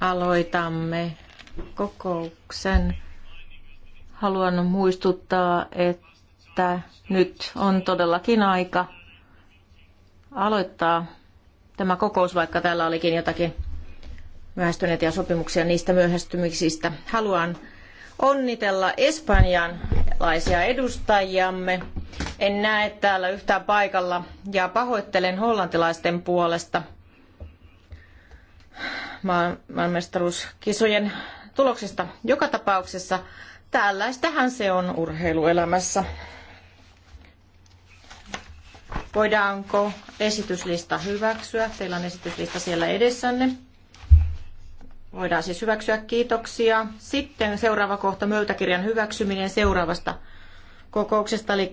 Aloitamme kokouksen. Haluan muistuttaa, että nyt on todellakin aika aloittaa tämä kokous, vaikka täällä olikin jotakin myöhästyneitä sopimuksia niistä myöhästymisistä. Haluan onnitella espanjanlaisia edustajiamme. En näe täällä yhtään paikalla ja pahoittelen hollantilaisten puolesta – maailmanmestaruuskisojen tuloksista. Joka tapauksessa tällaistähän se on urheiluelämässä. Voidaanko esityslista hyväksyä? Teillä on esityslista siellä edessänne. Voidaan siis hyväksyä kiitoksia. Sitten seuraava kohta möytäkirjan hyväksyminen seuraavasta kokouksesta, eli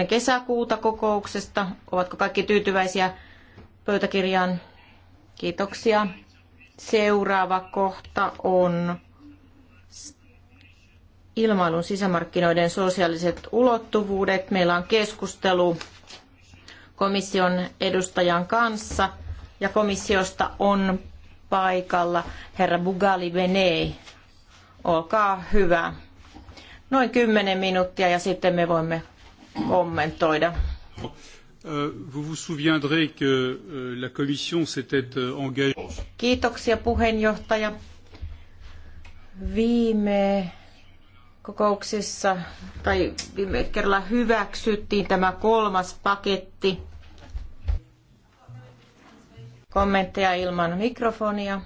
21.–22. kesäkuuta kokouksesta. Ovatko kaikki tyytyväisiä pöytäkirjaan? Kiitoksia. Seuraava kohta on ilmailun sisämarkkinoiden sosiaaliset ulottuvuudet. Meillä on keskustelu komission edustajan kanssa ja komissiosta on paikalla herra Bugali Venei. Olkaa hyvä. Noin kymmenen minuuttia ja sitten me voimme kommentoida. Euh, vous vous souviendrez que euh, la Commission s'était euh, engagée. Kiitoksia puheenjohtaja. Viime kokouksessa tai viime kerralla hyväksyttiin tämä kolmas paketti. Kommentteja ilman mikrofonia.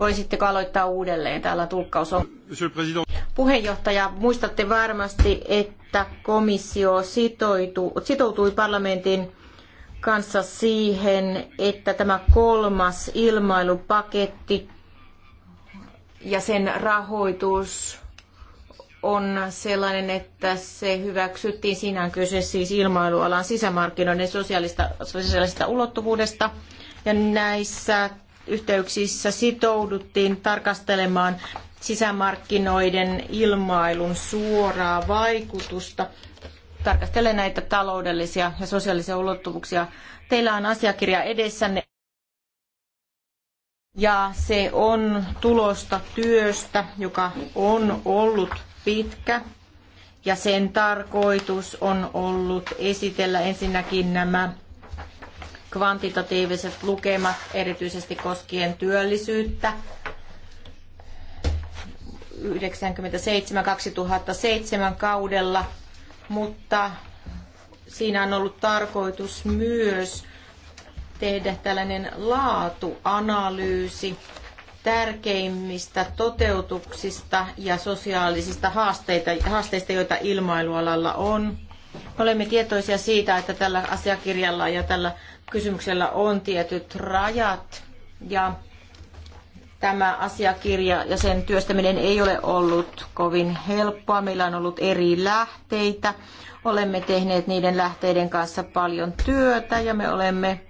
Voisitteko aloittaa uudelleen? Täällä tulkkaus on. Puheenjohtaja, muistatte varmasti, että komissio sitoutui parlamentin kanssa siihen, että tämä kolmas ilmailupaketti ja sen rahoitus on sellainen, että se hyväksyttiin. Siinä on kyse siis ilmailualan sisämarkkinoiden sosiaalista, sosiaalista ulottuvuudesta. Ja näissä yhteyksissä sitouduttiin tarkastelemaan sisämarkkinoiden ilmailun suoraa vaikutusta. Tarkastelen näitä taloudellisia ja sosiaalisia ulottuvuuksia. Teillä on asiakirja edessänne ja se on tulosta työstä, joka on ollut pitkä ja sen tarkoitus on ollut esitellä ensinnäkin nämä kvantitatiiviset lukemat, erityisesti koskien työllisyyttä. 97-2007 kaudella, mutta siinä on ollut tarkoitus myös tehdä tällainen laatuanalyysi tärkeimmistä toteutuksista ja sosiaalisista haasteita, haasteista, joita ilmailualalla on. Olemme tietoisia siitä, että tällä asiakirjalla ja tällä kysymyksellä on tietyt rajat ja tämä asiakirja ja sen työstäminen ei ole ollut kovin helppoa. Meillä on ollut eri lähteitä. Olemme tehneet niiden lähteiden kanssa paljon työtä ja me olemme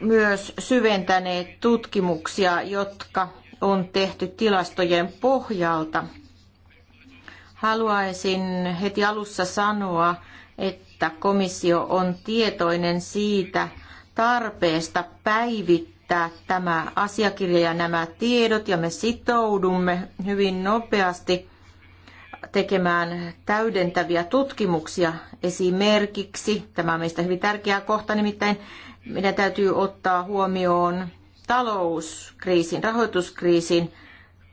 myös syventäneet tutkimuksia, jotka on tehty tilastojen pohjalta. Haluaisin heti alussa sanoa, että komissio on tietoinen siitä tarpeesta päivittää tämä asiakirja ja nämä tiedot, ja me sitoudumme hyvin nopeasti tekemään täydentäviä tutkimuksia esimerkiksi. Tämä on meistä hyvin tärkeä kohta, nimittäin meidän täytyy ottaa huomioon talouskriisin, rahoituskriisin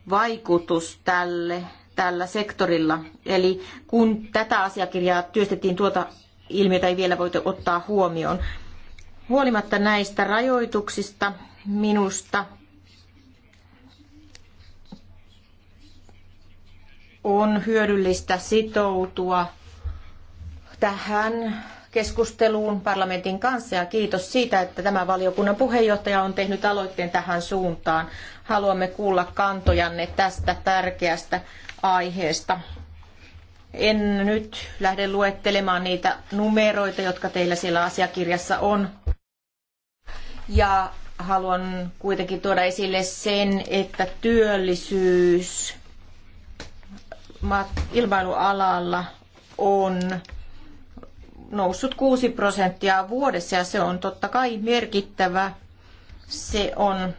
vaikutus tälle tällä sektorilla. Eli kun tätä asiakirjaa työstettiin, tuota ilmiötä ei vielä voitu ottaa huomioon. Huolimatta näistä rajoituksista minusta on hyödyllistä sitoutua tähän keskusteluun parlamentin kanssa ja kiitos siitä, että tämä valiokunnan puheenjohtaja on tehnyt aloitteen tähän suuntaan. Haluamme kuulla kantojanne tästä tärkeästä aiheesta. En nyt lähde luettelemaan niitä numeroita, jotka teillä siellä asiakirjassa on. Ja haluan kuitenkin tuoda esille sen, että työllisyys ilmailualalla on noussut 6 prosenttia vuodessa ja se on totta kai merkittävä. Se on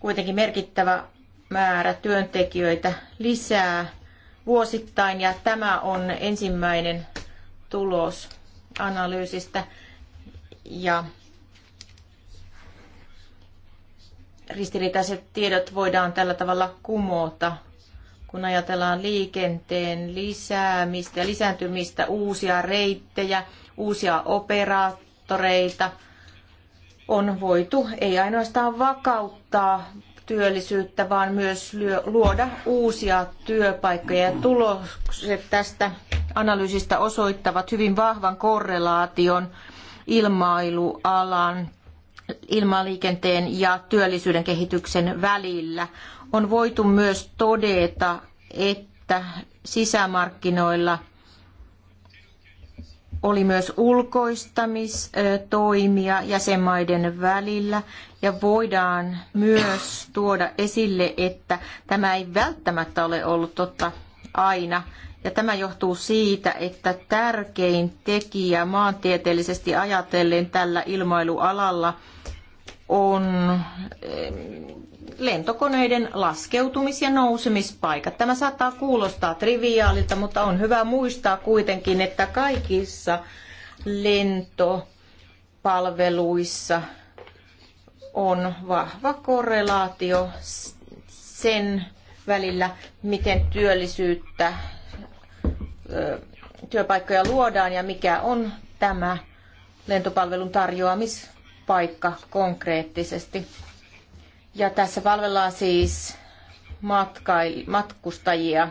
kuitenkin merkittävä määrä työntekijöitä lisää vuosittain ja tämä on ensimmäinen tulos analyysistä ja ristiriitaiset tiedot voidaan tällä tavalla kumota, kun ajatellaan liikenteen lisäämistä ja lisääntymistä, uusia reittejä, uusia operaattoreita, on voitu ei ainoastaan vakauttaa työllisyyttä, vaan myös luoda uusia työpaikkoja. Ja tulokset tästä analyysistä osoittavat hyvin vahvan korrelaation ilmailualan, ilmaliikenteen ja työllisyyden kehityksen välillä. On voitu myös todeta, että sisämarkkinoilla oli myös ulkoistamistoimia jäsenmaiden välillä ja voidaan myös tuoda esille, että tämä ei välttämättä ole ollut totta aina. Ja tämä johtuu siitä, että tärkein tekijä maantieteellisesti ajatellen tällä ilmailualalla on eh, lentokoneiden laskeutumis- ja nousemispaikat. Tämä saattaa kuulostaa triviaalilta, mutta on hyvä muistaa kuitenkin, että kaikissa lentopalveluissa – on vahva korrelaatio sen välillä, miten työllisyyttä, työpaikkoja luodaan ja mikä on tämä lentopalvelun tarjoamispaikka konkreettisesti. Ja tässä palvellaan siis matkustajia.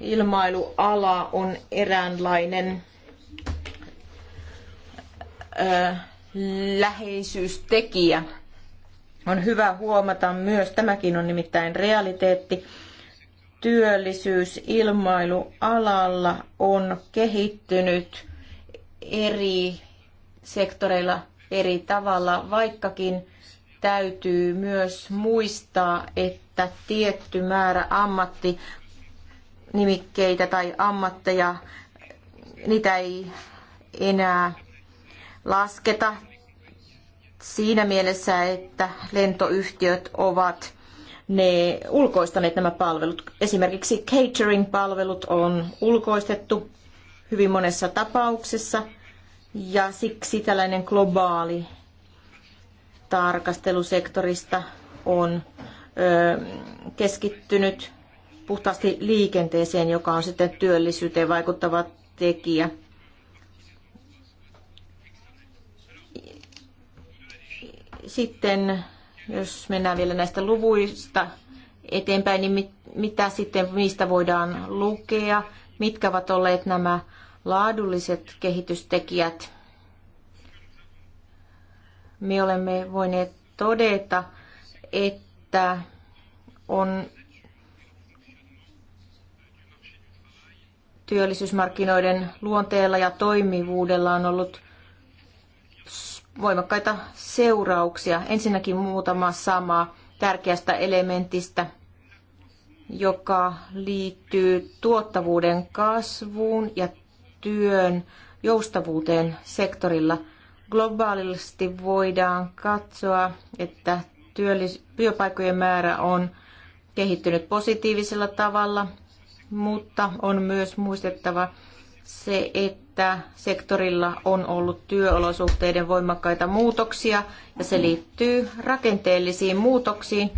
Ilmailuala on eräänlainen läheisyystekijä. On hyvä huomata myös, tämäkin on nimittäin realiteetti, työllisyysilmailualalla on kehittynyt eri sektoreilla eri tavalla, vaikkakin täytyy myös muistaa, että tietty määrä ammatti nimikkeitä tai ammatteja, niitä ei enää lasketa siinä mielessä, että lentoyhtiöt ovat ne ulkoistaneet nämä palvelut. Esimerkiksi catering-palvelut on ulkoistettu hyvin monessa tapauksessa ja siksi tällainen globaali tarkastelusektorista on ö, keskittynyt puhtaasti liikenteeseen, joka on sitten työllisyyteen vaikuttava tekijä. sitten, jos mennään vielä näistä luvuista eteenpäin, niin mit, mitä sitten niistä voidaan lukea, mitkä ovat olleet nämä laadulliset kehitystekijät. Me olemme voineet todeta, että on työllisyysmarkkinoiden luonteella ja toimivuudella on ollut voimakkaita seurauksia. Ensinnäkin muutama sama tärkeästä elementistä, joka liittyy tuottavuuden kasvuun ja työn joustavuuteen sektorilla. Globaalisti voidaan katsoa, että työpaikkojen määrä on kehittynyt positiivisella tavalla, mutta on myös muistettava, se, että sektorilla on ollut työolosuhteiden voimakkaita muutoksia ja se liittyy rakenteellisiin muutoksiin,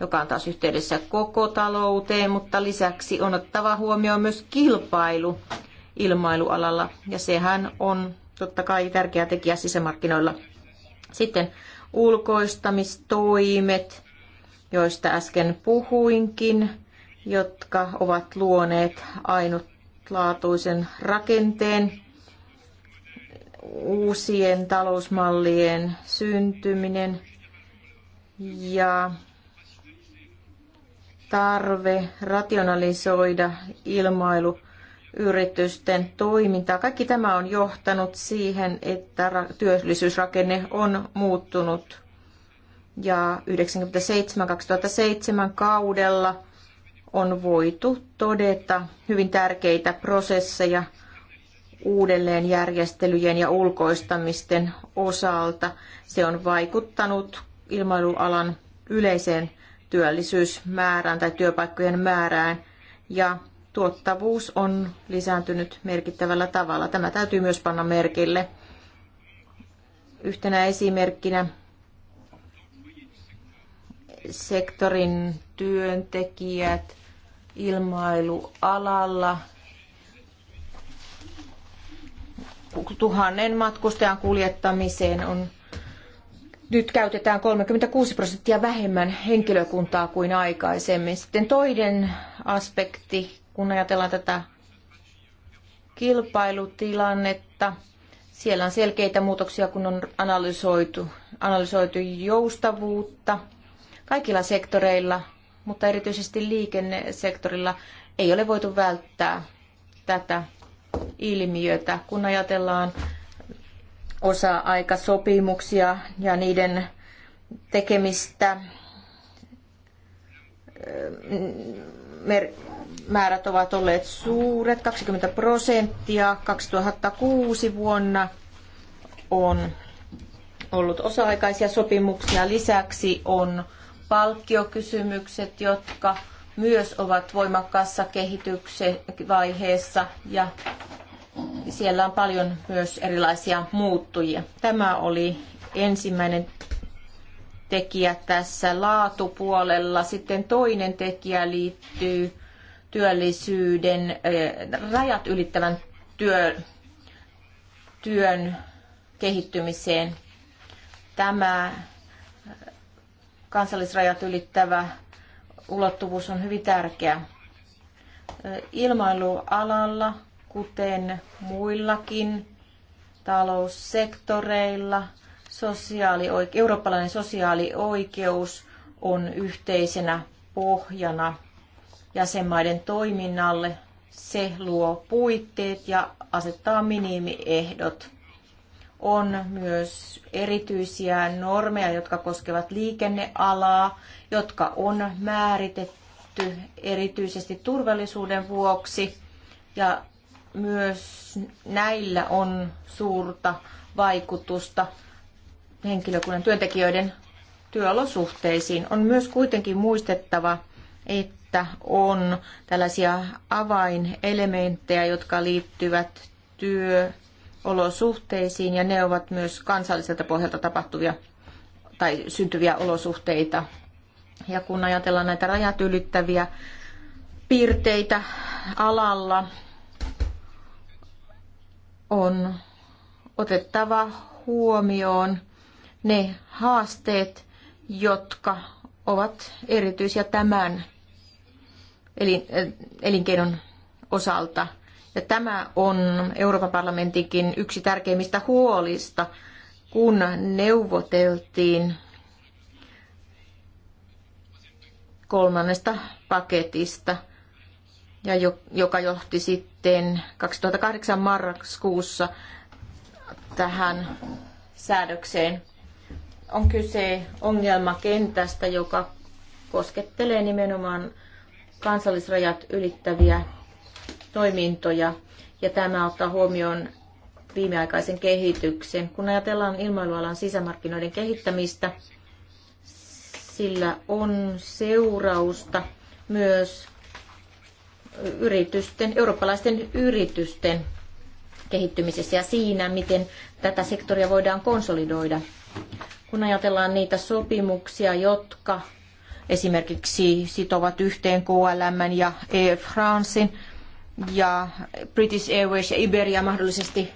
joka on taas yhteydessä koko talouteen, mutta lisäksi on ottava huomioon myös kilpailu ilmailualalla ja sehän on totta kai tärkeä tekijä sisämarkkinoilla. Sitten ulkoistamistoimet, joista äsken puhuinkin, jotka ovat luoneet ainut ainutlaatuisen rakenteen, uusien talousmallien syntyminen ja tarve rationalisoida yritysten toimintaa. Kaikki tämä on johtanut siihen, että työllisyysrakenne on muuttunut. Ja 97-2007 kaudella on voitu todeta hyvin tärkeitä prosesseja uudelleenjärjestelyjen ja ulkoistamisten osalta. Se on vaikuttanut ilmailualan yleiseen työllisyysmäärään tai työpaikkojen määrään ja tuottavuus on lisääntynyt merkittävällä tavalla. Tämä täytyy myös panna merkille. Yhtenä esimerkkinä sektorin työntekijät ilmailualalla tuhannen matkustajan kuljettamiseen on nyt käytetään 36 prosenttia vähemmän henkilökuntaa kuin aikaisemmin. Sitten toinen aspekti, kun ajatellaan tätä kilpailutilannetta, siellä on selkeitä muutoksia, kun on analysoitu, analysoitu joustavuutta – kaikilla sektoreilla, mutta erityisesti liikennesektorilla ei ole voitu välttää tätä ilmiötä, kun ajatellaan osa-aikasopimuksia ja niiden tekemistä. Määrät ovat olleet suuret, 20 prosenttia 2006 vuonna on ollut osa-aikaisia sopimuksia. Lisäksi on palkkiokysymykset, jotka myös ovat voimakkaassa kehityksen vaiheessa ja siellä on paljon myös erilaisia muuttujia. Tämä oli ensimmäinen tekijä tässä laatupuolella. Sitten toinen tekijä liittyy työllisyyden, eh, rajat ylittävän työ, työn kehittymiseen. Tämä kansallisrajat ylittävä ulottuvuus on hyvin tärkeä. Ilmailualalla, kuten muillakin taloussektoreilla, sosiaalioike- eurooppalainen sosiaalioikeus on yhteisenä pohjana jäsenmaiden toiminnalle. Se luo puitteet ja asettaa minimiehdot on myös erityisiä normeja, jotka koskevat liikennealaa, jotka on määritetty erityisesti turvallisuuden vuoksi. Ja myös näillä on suurta vaikutusta henkilökunnan työntekijöiden työolosuhteisiin. On myös kuitenkin muistettava, että on tällaisia avainelementtejä, jotka liittyvät työ, olosuhteisiin ja ne ovat myös kansalliselta pohjalta tapahtuvia tai syntyviä olosuhteita. Ja kun ajatellaan näitä rajat ylittäviä piirteitä alalla, on otettava huomioon ne haasteet, jotka ovat erityisiä tämän elinkeinon osalta – Tämä on Euroopan parlamentinkin yksi tärkeimmistä huolista, kun neuvoteltiin kolmannesta paketista, ja joka johti sitten 2008 marraskuussa tähän säädökseen. On kyse ongelmakentästä, joka koskettelee nimenomaan kansallisrajat ylittäviä toimintoja ja tämä ottaa huomioon viimeaikaisen kehityksen. Kun ajatellaan ilmailualan sisämarkkinoiden kehittämistä, sillä on seurausta myös yritysten, eurooppalaisten yritysten kehittymisessä ja siinä, miten tätä sektoria voidaan konsolidoida. Kun ajatellaan niitä sopimuksia, jotka esimerkiksi sitovat yhteen KLM ja Air e Francein, ja British Airways ja Iberia mahdollisesti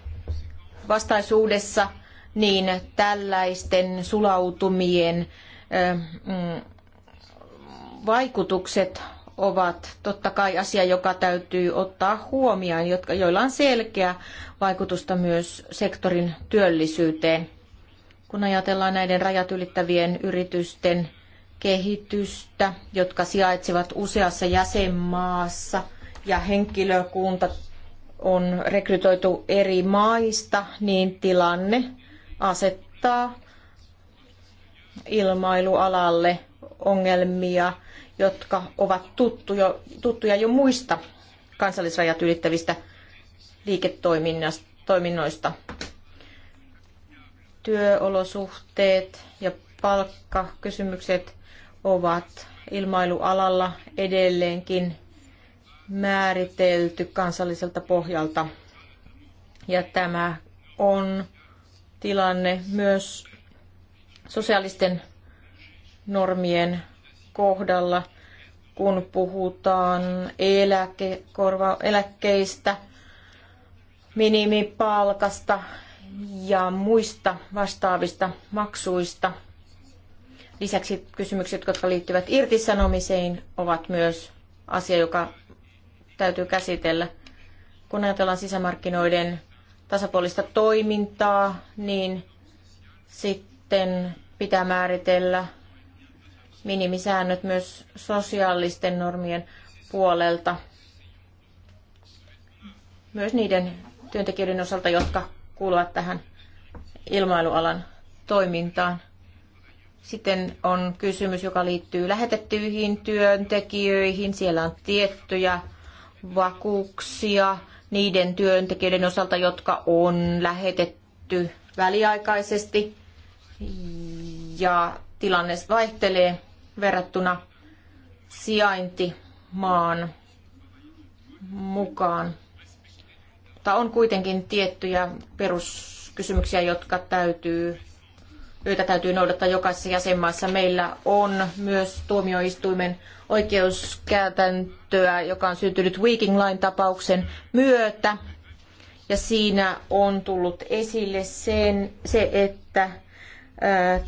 vastaisuudessa, niin tällaisten sulautumien mm, vaikutukset ovat totta kai asia, joka täytyy ottaa huomioon, jotka, joilla on selkeä vaikutusta myös sektorin työllisyyteen. Kun ajatellaan näiden rajat ylittävien yritysten kehitystä, jotka sijaitsevat useassa jäsenmaassa – ja henkilökunta on rekrytoitu eri maista, niin tilanne asettaa ilmailualalle ongelmia, jotka ovat tuttuja, tuttuja jo muista kansallisrajat ylittävistä liiketoiminnoista. Työolosuhteet ja palkkakysymykset ovat ilmailualalla edelleenkin määritelty kansalliselta pohjalta. Ja tämä on tilanne myös sosiaalisten normien kohdalla, kun puhutaan eläke, korva, eläkkeistä, minimipalkasta ja muista vastaavista maksuista. Lisäksi kysymykset, jotka liittyvät irtisanomiseen, ovat myös asia, joka täytyy käsitellä. Kun ajatellaan sisämarkkinoiden tasapuolista toimintaa, niin sitten pitää määritellä minimisäännöt myös sosiaalisten normien puolelta. Myös niiden työntekijöiden osalta, jotka kuuluvat tähän ilmailualan toimintaan. Sitten on kysymys, joka liittyy lähetettyihin työntekijöihin. Siellä on tiettyjä vakuuksia niiden työntekijöiden osalta, jotka on lähetetty väliaikaisesti ja tilanne vaihtelee verrattuna sijaintimaan mukaan. Mutta on kuitenkin tiettyjä peruskysymyksiä, jotka täytyy joita täytyy noudattaa jokaisessa jäsenmaassa. Meillä on myös tuomioistuimen oikeuskäytäntöä, joka on syntynyt Weeking Line tapauksen myötä. Ja siinä on tullut esille sen, se, että ää,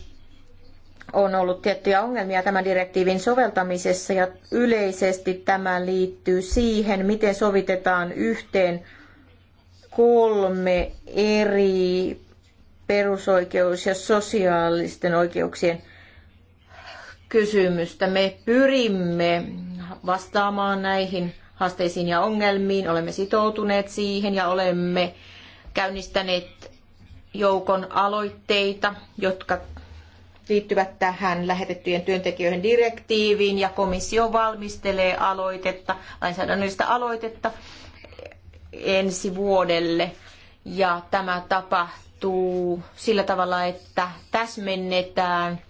on ollut tiettyjä ongelmia tämän direktiivin soveltamisessa ja yleisesti tämä liittyy siihen, miten sovitetaan yhteen kolme eri perusoikeus- ja sosiaalisten oikeuksien kysymystä. Me pyrimme vastaamaan näihin haasteisiin ja ongelmiin, olemme sitoutuneet siihen ja olemme käynnistäneet joukon aloitteita, jotka liittyvät tähän lähetettyjen työntekijöiden direktiiviin ja komissio valmistelee aloitetta, lainsäädännöllistä aloitetta ensi vuodelle ja tämä tapahtuu toteutuu sillä tavalla, että täsmennetään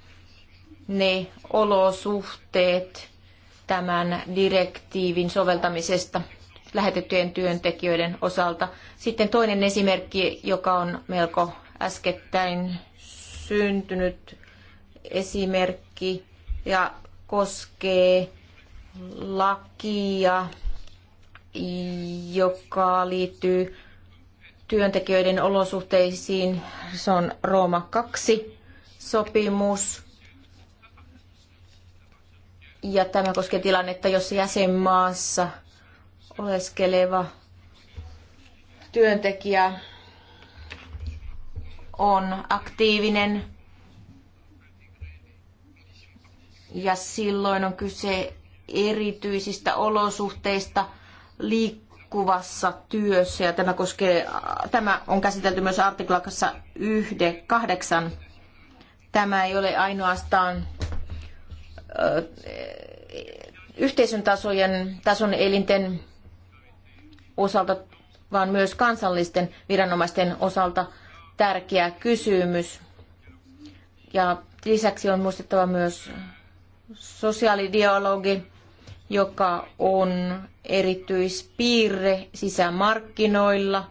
ne olosuhteet tämän direktiivin soveltamisesta lähetettyjen työntekijöiden osalta. Sitten toinen esimerkki, joka on melko äskettäin syntynyt esimerkki ja koskee lakia, joka liittyy työntekijöiden olosuhteisiin. Se on Rooma 2 sopimus. Ja tämä koskee tilannetta, jos jäsenmaassa oleskeleva työntekijä on aktiivinen ja silloin on kyse erityisistä olosuhteista liik- jatkuvassa työssä ja tämä, koskee, tämä on käsitelty myös artiklakassa 8. Tämä ei ole ainoastaan ö, yhteisön tasojen, tason elinten osalta, vaan myös kansallisten viranomaisten osalta tärkeä kysymys. Ja lisäksi on muistettava myös sosiaalidialogi joka on erityispiirre sisämarkkinoilla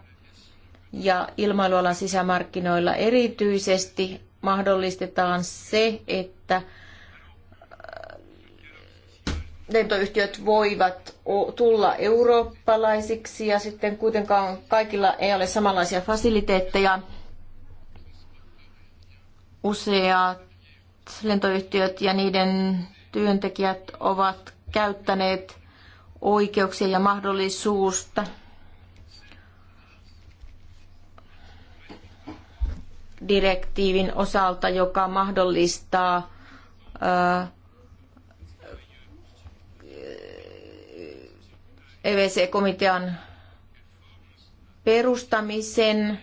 ja ilmailualan sisämarkkinoilla erityisesti mahdollistetaan se, että äh, lentoyhtiöt voivat tulla eurooppalaisiksi ja sitten kuitenkaan kaikilla ei ole samanlaisia fasiliteetteja. Useat lentoyhtiöt ja niiden työntekijät ovat käyttäneet oikeuksia ja mahdollisuutta direktiivin osalta, joka mahdollistaa EVC-komitean perustamisen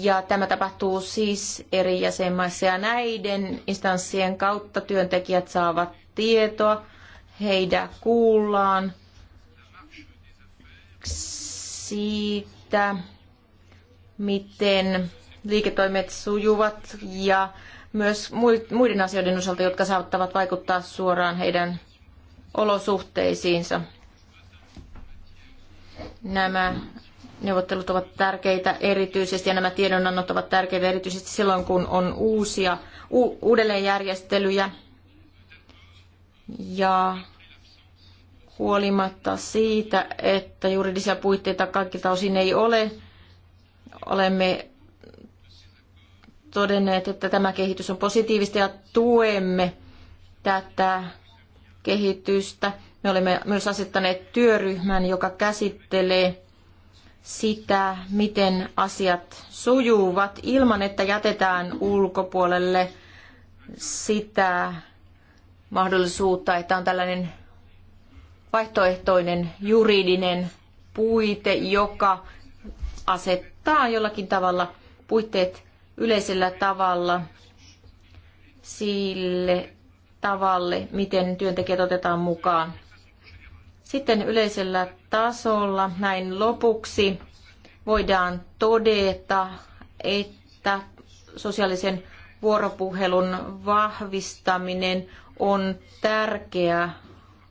ja tämä tapahtuu siis eri jäsenmaissa ja näiden instanssien kautta työntekijät saavat tietoa heidän kuullaan siitä, miten liiketoimet sujuvat ja myös muiden asioiden osalta, jotka saattavat vaikuttaa suoraan heidän olosuhteisiinsa. Nämä neuvottelut ovat tärkeitä erityisesti ja nämä tiedonannot ovat tärkeitä erityisesti silloin, kun on uusia u- uudelleenjärjestelyjä ja huolimatta siitä, että juridisia puitteita kaikilta osin ei ole, olemme todenneet, että tämä kehitys on positiivista ja tuemme tätä kehitystä. Me olemme myös asettaneet työryhmän, joka käsittelee sitä, miten asiat sujuvat ilman, että jätetään ulkopuolelle sitä, mahdollisuutta, että on tällainen vaihtoehtoinen juridinen puite, joka asettaa jollakin tavalla puitteet yleisellä tavalla sille tavalle, miten työntekijät otetaan mukaan. Sitten yleisellä tasolla näin lopuksi voidaan todeta, että sosiaalisen vuoropuhelun vahvistaminen on tärkeä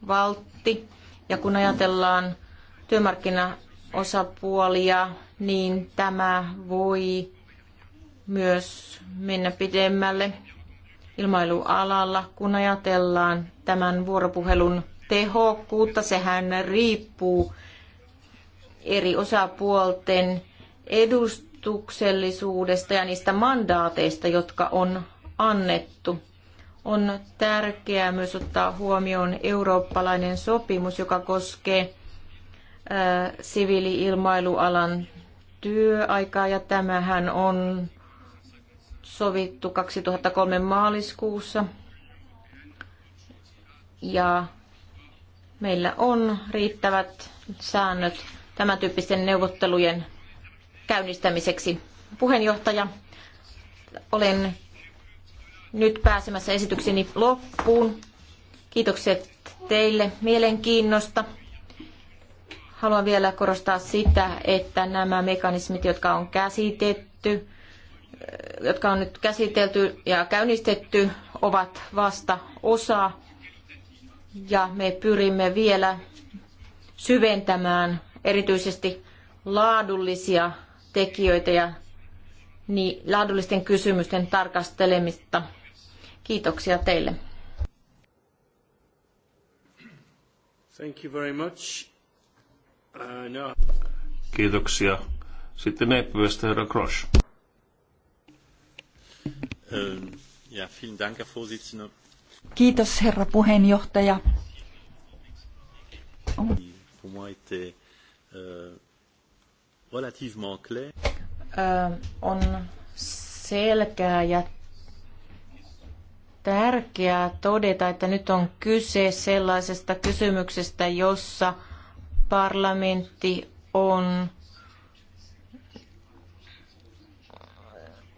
valtti. Ja kun ajatellaan työmarkkinaosapuolia, niin tämä voi myös mennä pidemmälle ilmailualalla, kun ajatellaan tämän vuoropuhelun tehokkuutta. Sehän riippuu eri osapuolten edustuksellisuudesta ja niistä mandaateista, jotka on annettu on tärkeää myös ottaa huomioon eurooppalainen sopimus, joka koskee siviili-ilmailualan työaikaa ja tämähän on sovittu 2003 maaliskuussa. Ja meillä on riittävät säännöt tämän tyyppisten neuvottelujen käynnistämiseksi. Puheenjohtaja, olen nyt pääsemässä esitykseni loppuun. Kiitokset teille mielenkiinnosta. Haluan vielä korostaa sitä, että nämä mekanismit, jotka on käsitetty, jotka on nyt käsitelty ja käynnistetty, ovat vasta osa ja me pyrimme vielä syventämään erityisesti laadullisia tekijöitä ja niin laadullisten kysymysten tarkastelemista Kiitoksia teille. Thank you very much. Uh, no. Kiitoksia. Sitten EPVstä herra Grosch. Ähm, Kiitos, herra puheenjohtaja. Pour äh, äh, On selkeä ja tärkeää todeta, että nyt on kyse sellaisesta kysymyksestä, jossa parlamentti on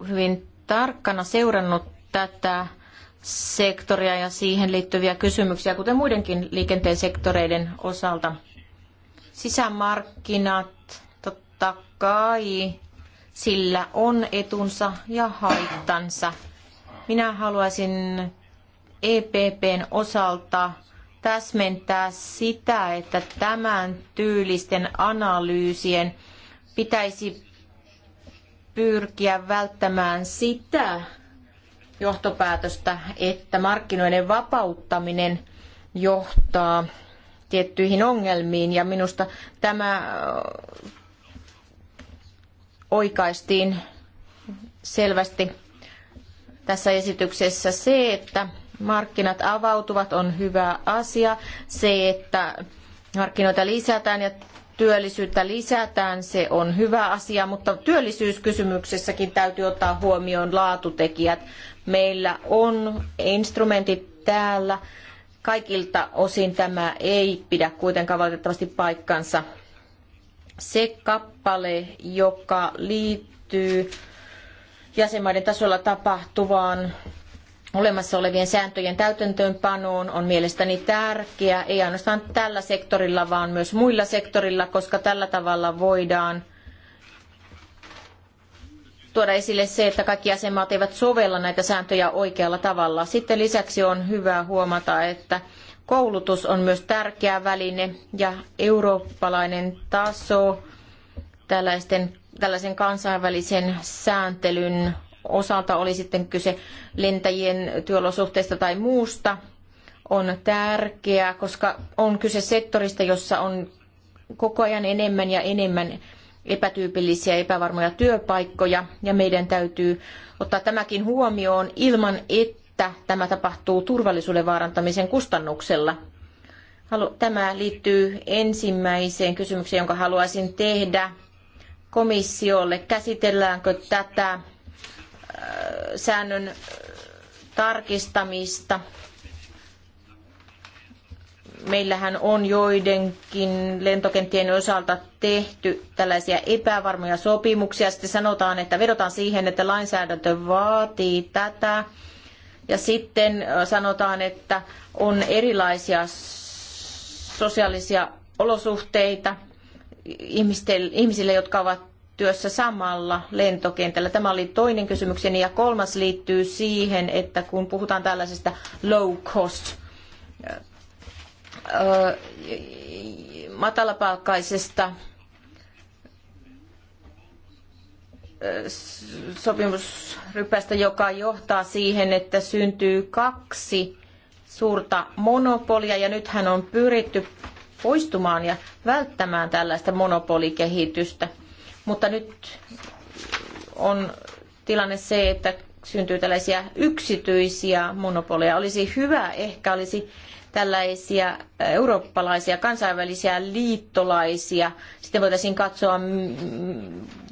hyvin tarkkana seurannut tätä sektoria ja siihen liittyviä kysymyksiä, kuten muidenkin liikenteen sektoreiden osalta. Sisämarkkinat, totta kai, sillä on etunsa ja haittansa. Minä haluaisin EPPn osalta täsmentää sitä, että tämän tyylisten analyysien pitäisi pyrkiä välttämään sitä johtopäätöstä, että markkinoiden vapauttaminen johtaa tiettyihin ongelmiin ja minusta tämä oikaistiin selvästi tässä esityksessä. Se, että markkinat avautuvat, on hyvä asia. Se, että markkinoita lisätään ja työllisyyttä lisätään, se on hyvä asia, mutta työllisyyskysymyksessäkin täytyy ottaa huomioon laatutekijät. Meillä on instrumentit täällä. Kaikilta osin tämä ei pidä kuitenkaan valitettavasti paikkansa. Se kappale, joka liittyy jäsenmaiden tasolla tapahtuvaan olemassa olevien sääntöjen täytäntöönpanoon on mielestäni tärkeä, ei ainoastaan tällä sektorilla, vaan myös muilla sektorilla, koska tällä tavalla voidaan tuoda esille se, että kaikki jäsenmaat eivät sovella näitä sääntöjä oikealla tavalla. Sitten lisäksi on hyvä huomata, että koulutus on myös tärkeä väline ja eurooppalainen taso tällaisten tällaisen kansainvälisen sääntelyn osalta oli sitten kyse lentäjien työolosuhteista tai muusta, on tärkeää, koska on kyse sektorista, jossa on koko ajan enemmän ja enemmän epätyypillisiä, epävarmoja työpaikkoja, ja meidän täytyy ottaa tämäkin huomioon ilman, että tämä tapahtuu turvallisuuden vaarantamisen kustannuksella. Tämä liittyy ensimmäiseen kysymykseen, jonka haluaisin tehdä komissiolle, käsitelläänkö tätä äh, säännön äh, tarkistamista. Meillähän on joidenkin lentokenttien osalta tehty tällaisia epävarmoja sopimuksia. Sitten sanotaan, että vedotaan siihen, että lainsäädäntö vaatii tätä. Ja sitten äh, sanotaan, että on erilaisia sosiaalisia olosuhteita ihmisille, jotka ovat työssä samalla lentokentällä? Tämä oli toinen kysymykseni. Ja kolmas liittyy siihen, että kun puhutaan tällaisesta low cost matalapalkkaisesta sopimusrypästä, joka johtaa siihen, että syntyy kaksi suurta monopolia ja nythän on pyritty poistumaan ja välttämään tällaista monopolikehitystä. Mutta nyt on tilanne se, että syntyy tällaisia yksityisiä monopoleja. Olisi hyvä, ehkä olisi tällaisia eurooppalaisia kansainvälisiä liittolaisia. Sitten voitaisiin katsoa,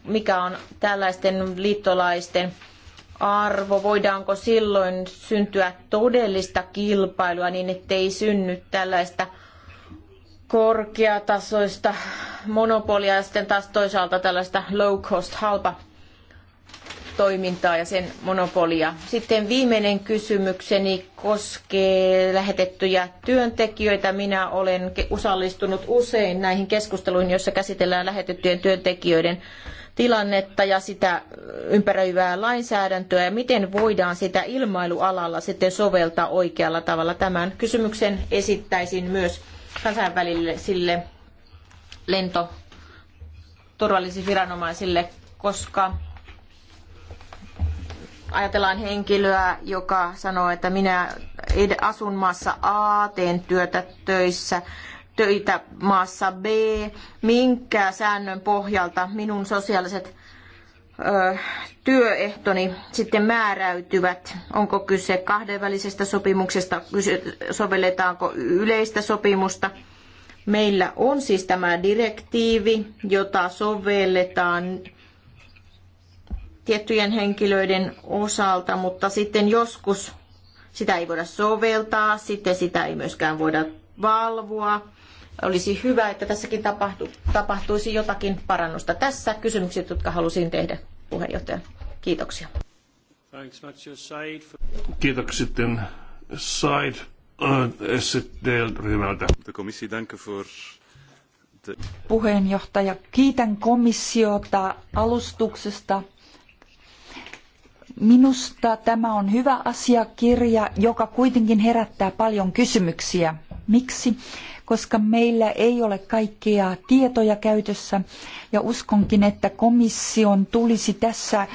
mikä on tällaisten liittolaisten arvo, voidaanko silloin syntyä todellista kilpailua niin, ettei synny tällaista korkeatasoista monopolia ja sitten taas toisaalta tällaista low cost halpa toimintaa ja sen monopolia. Sitten viimeinen kysymykseni koskee lähetettyjä työntekijöitä. Minä olen osallistunut usein näihin keskusteluihin, joissa käsitellään lähetettyjen työntekijöiden tilannetta ja sitä ympäröivää lainsäädäntöä ja miten voidaan sitä ilmailualalla sitten soveltaa oikealla tavalla. Tämän kysymyksen esittäisin myös kansainvälisille lentoturvallisuusviranomaisille, koska ajatellaan henkilöä, joka sanoo, että minä asun maassa A, teen työtä töissä, töitä maassa B, minkä säännön pohjalta minun sosiaaliset työehtoni sitten määräytyvät? Onko kyse kahdenvälisestä sopimuksesta, sovelletaanko yleistä sopimusta? Meillä on siis tämä direktiivi, jota sovelletaan tiettyjen henkilöiden osalta, mutta sitten joskus sitä ei voida soveltaa, sitten sitä ei myöskään voida valvoa. Olisi hyvä, että tässäkin tapahtu, tapahtuisi jotakin parannusta. Tässä kysymykset, jotka halusin tehdä puheenjohtaja. Kiitoksia. Kiitoksia sitten Said äh, STL-ryhmältä. Puheenjohtaja, kiitän komissiota alustuksesta. Minusta tämä on hyvä asiakirja, joka kuitenkin herättää paljon kysymyksiä. Miksi? koska meillä ei ole kaikkia tietoja käytössä. Ja uskonkin, että komission tulisi tässä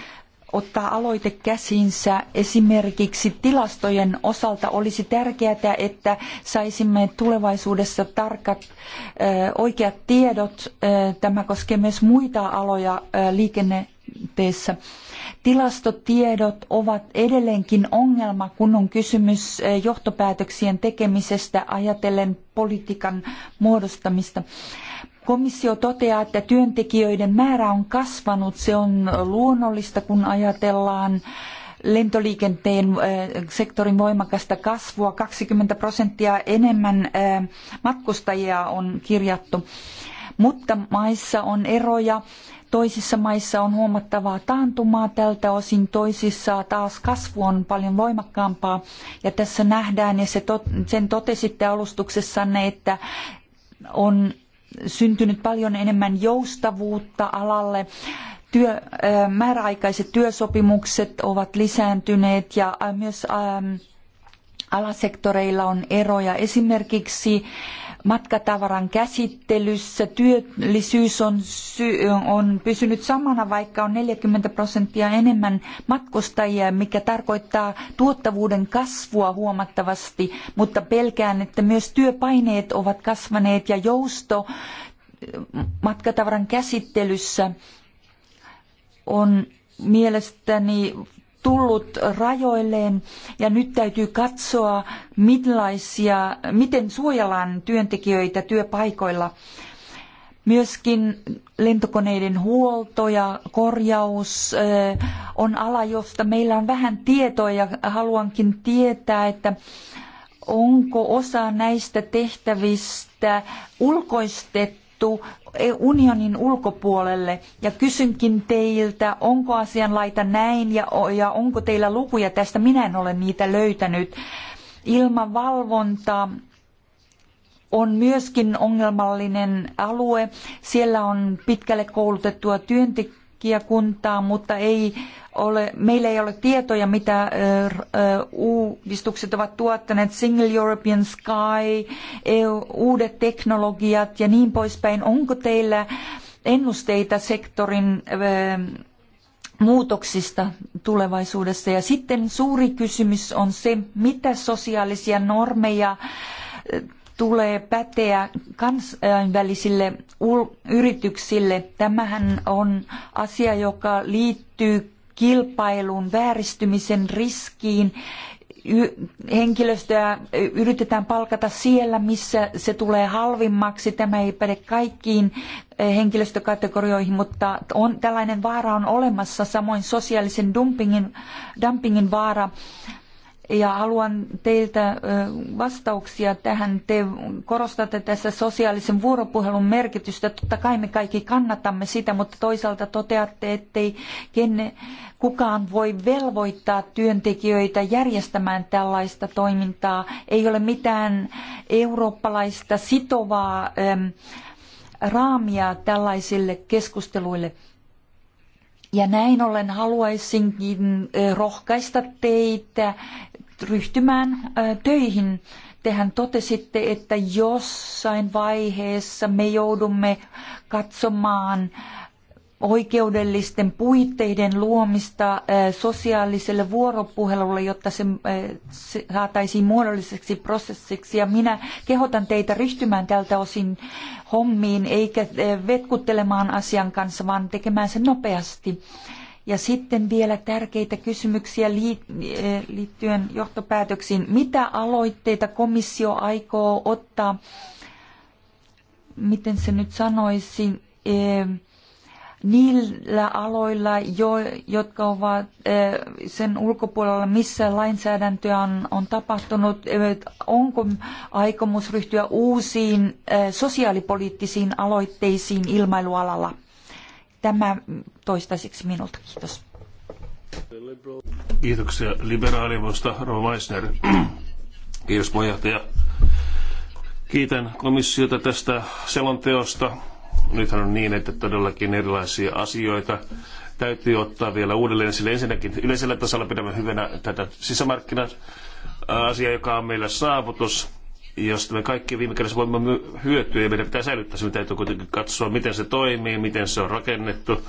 ottaa aloite käsinsä esimerkiksi tilastojen osalta olisi tärkeää, että saisimme tulevaisuudessa tarkat oikeat tiedot. Tämä koskee myös muita aloja liikenne tilanteessa. Tilastotiedot ovat edelleenkin ongelma, kun on kysymys eh, johtopäätöksien tekemisestä ajatellen politiikan muodostamista. Komissio toteaa, että työntekijöiden määrä on kasvanut. Se on luonnollista, kun ajatellaan lentoliikenteen eh, sektorin voimakasta kasvua. 20 prosenttia enemmän eh, matkustajia on kirjattu. Mutta maissa on eroja Toisissa maissa on huomattavaa taantumaa tältä osin, toisissa taas kasvu on paljon voimakkaampaa. Ja tässä nähdään, ja se tot, sen totesitte alustuksessanne, että on syntynyt paljon enemmän joustavuutta alalle. Työ, määräaikaiset työsopimukset ovat lisääntyneet ja myös alasektoreilla on eroja. Esimerkiksi matkatavaran käsittelyssä työllisyys on, on pysynyt samana, vaikka on 40 prosenttia enemmän matkustajia, mikä tarkoittaa tuottavuuden kasvua huomattavasti, mutta pelkään, että myös työpaineet ovat kasvaneet ja jousto matkatavaran käsittelyssä on mielestäni tullut rajoilleen ja nyt täytyy katsoa, millaisia, miten suojellaan työntekijöitä työpaikoilla. Myöskin lentokoneiden huolto ja korjaus eh, on ala, josta meillä on vähän tietoa ja haluankin tietää, että onko osa näistä tehtävistä ulkoistettu sidottu e, unionin ulkopuolelle. Ja kysynkin teiltä, onko asianlaita näin ja, ja onko teillä lukuja tästä? Minä en ole niitä löytänyt. Ilman on myöskin ongelmallinen alue. Siellä on pitkälle koulutettua työntekijää kuntaa, mutta ei ole, meillä ei ole tietoja, mitä uudistukset ovat tuottaneet, Single European Sky, EU, uudet teknologiat ja niin poispäin. Onko teillä ennusteita sektorin muutoksista tulevaisuudessa? Ja sitten suuri kysymys on se, mitä sosiaalisia normeja tulee päteä kansainvälisille yrityksille. Tämähän on asia, joka liittyy kilpailun vääristymisen riskiin. henkilöstöä yritetään palkata siellä, missä se tulee halvimmaksi. Tämä ei päde kaikkiin eh, henkilöstökategorioihin, mutta on, tällainen vaara on olemassa. Samoin sosiaalisen dumpingin, dumpingin vaara ja haluan teiltä vastauksia tähän. Te korostatte tässä sosiaalisen vuoropuhelun merkitystä. Totta kai me kaikki kannatamme sitä, mutta toisaalta toteatte, ettei kenne, kukaan voi velvoittaa työntekijöitä järjestämään tällaista toimintaa. Ei ole mitään eurooppalaista sitovaa raamia tällaisille keskusteluille. Ja näin ollen haluaisinkin rohkaista teitä ryhtymään töihin. Tehän totesitte, että jossain vaiheessa me joudumme katsomaan oikeudellisten puitteiden luomista sosiaaliselle vuoropuhelulle, jotta se saataisiin muodolliseksi prosessiksi. Ja minä kehotan teitä ryhtymään tältä osin hommiin, eikä vetkuttelemaan asian kanssa, vaan tekemään sen nopeasti. Ja sitten vielä tärkeitä kysymyksiä eh, liittyen johtopäätöksiin. Mitä aloitteita komissio aikoo ottaa, miten se nyt sanoisi, eh, niillä aloilla, jo, jotka ovat eh, sen ulkopuolella, missä lainsäädäntöä on, on tapahtunut, onko aikomus ryhtyä uusiin sosiaalipoliittisiin aloitteisiin ilmailualalla? Tämä toistaiseksi minulta. Kiitos. Kiitoksia liberaalivosta, Rova Weisner. Kiitos puheenjohtaja. Kiitän komissiota tästä selonteosta. Nythän on niin, että todellakin erilaisia asioita täytyy ottaa vielä uudelleen, sille ensinnäkin yleisellä tasolla pidämme hyvänä tätä sisämarkkina asiaa, joka on meillä saavutus jos me kaikki viime kädessä voimme hyötyä ja meidän pitää säilyttää, se täytyy kuitenkin katsoa, miten se toimii, miten se on rakennettu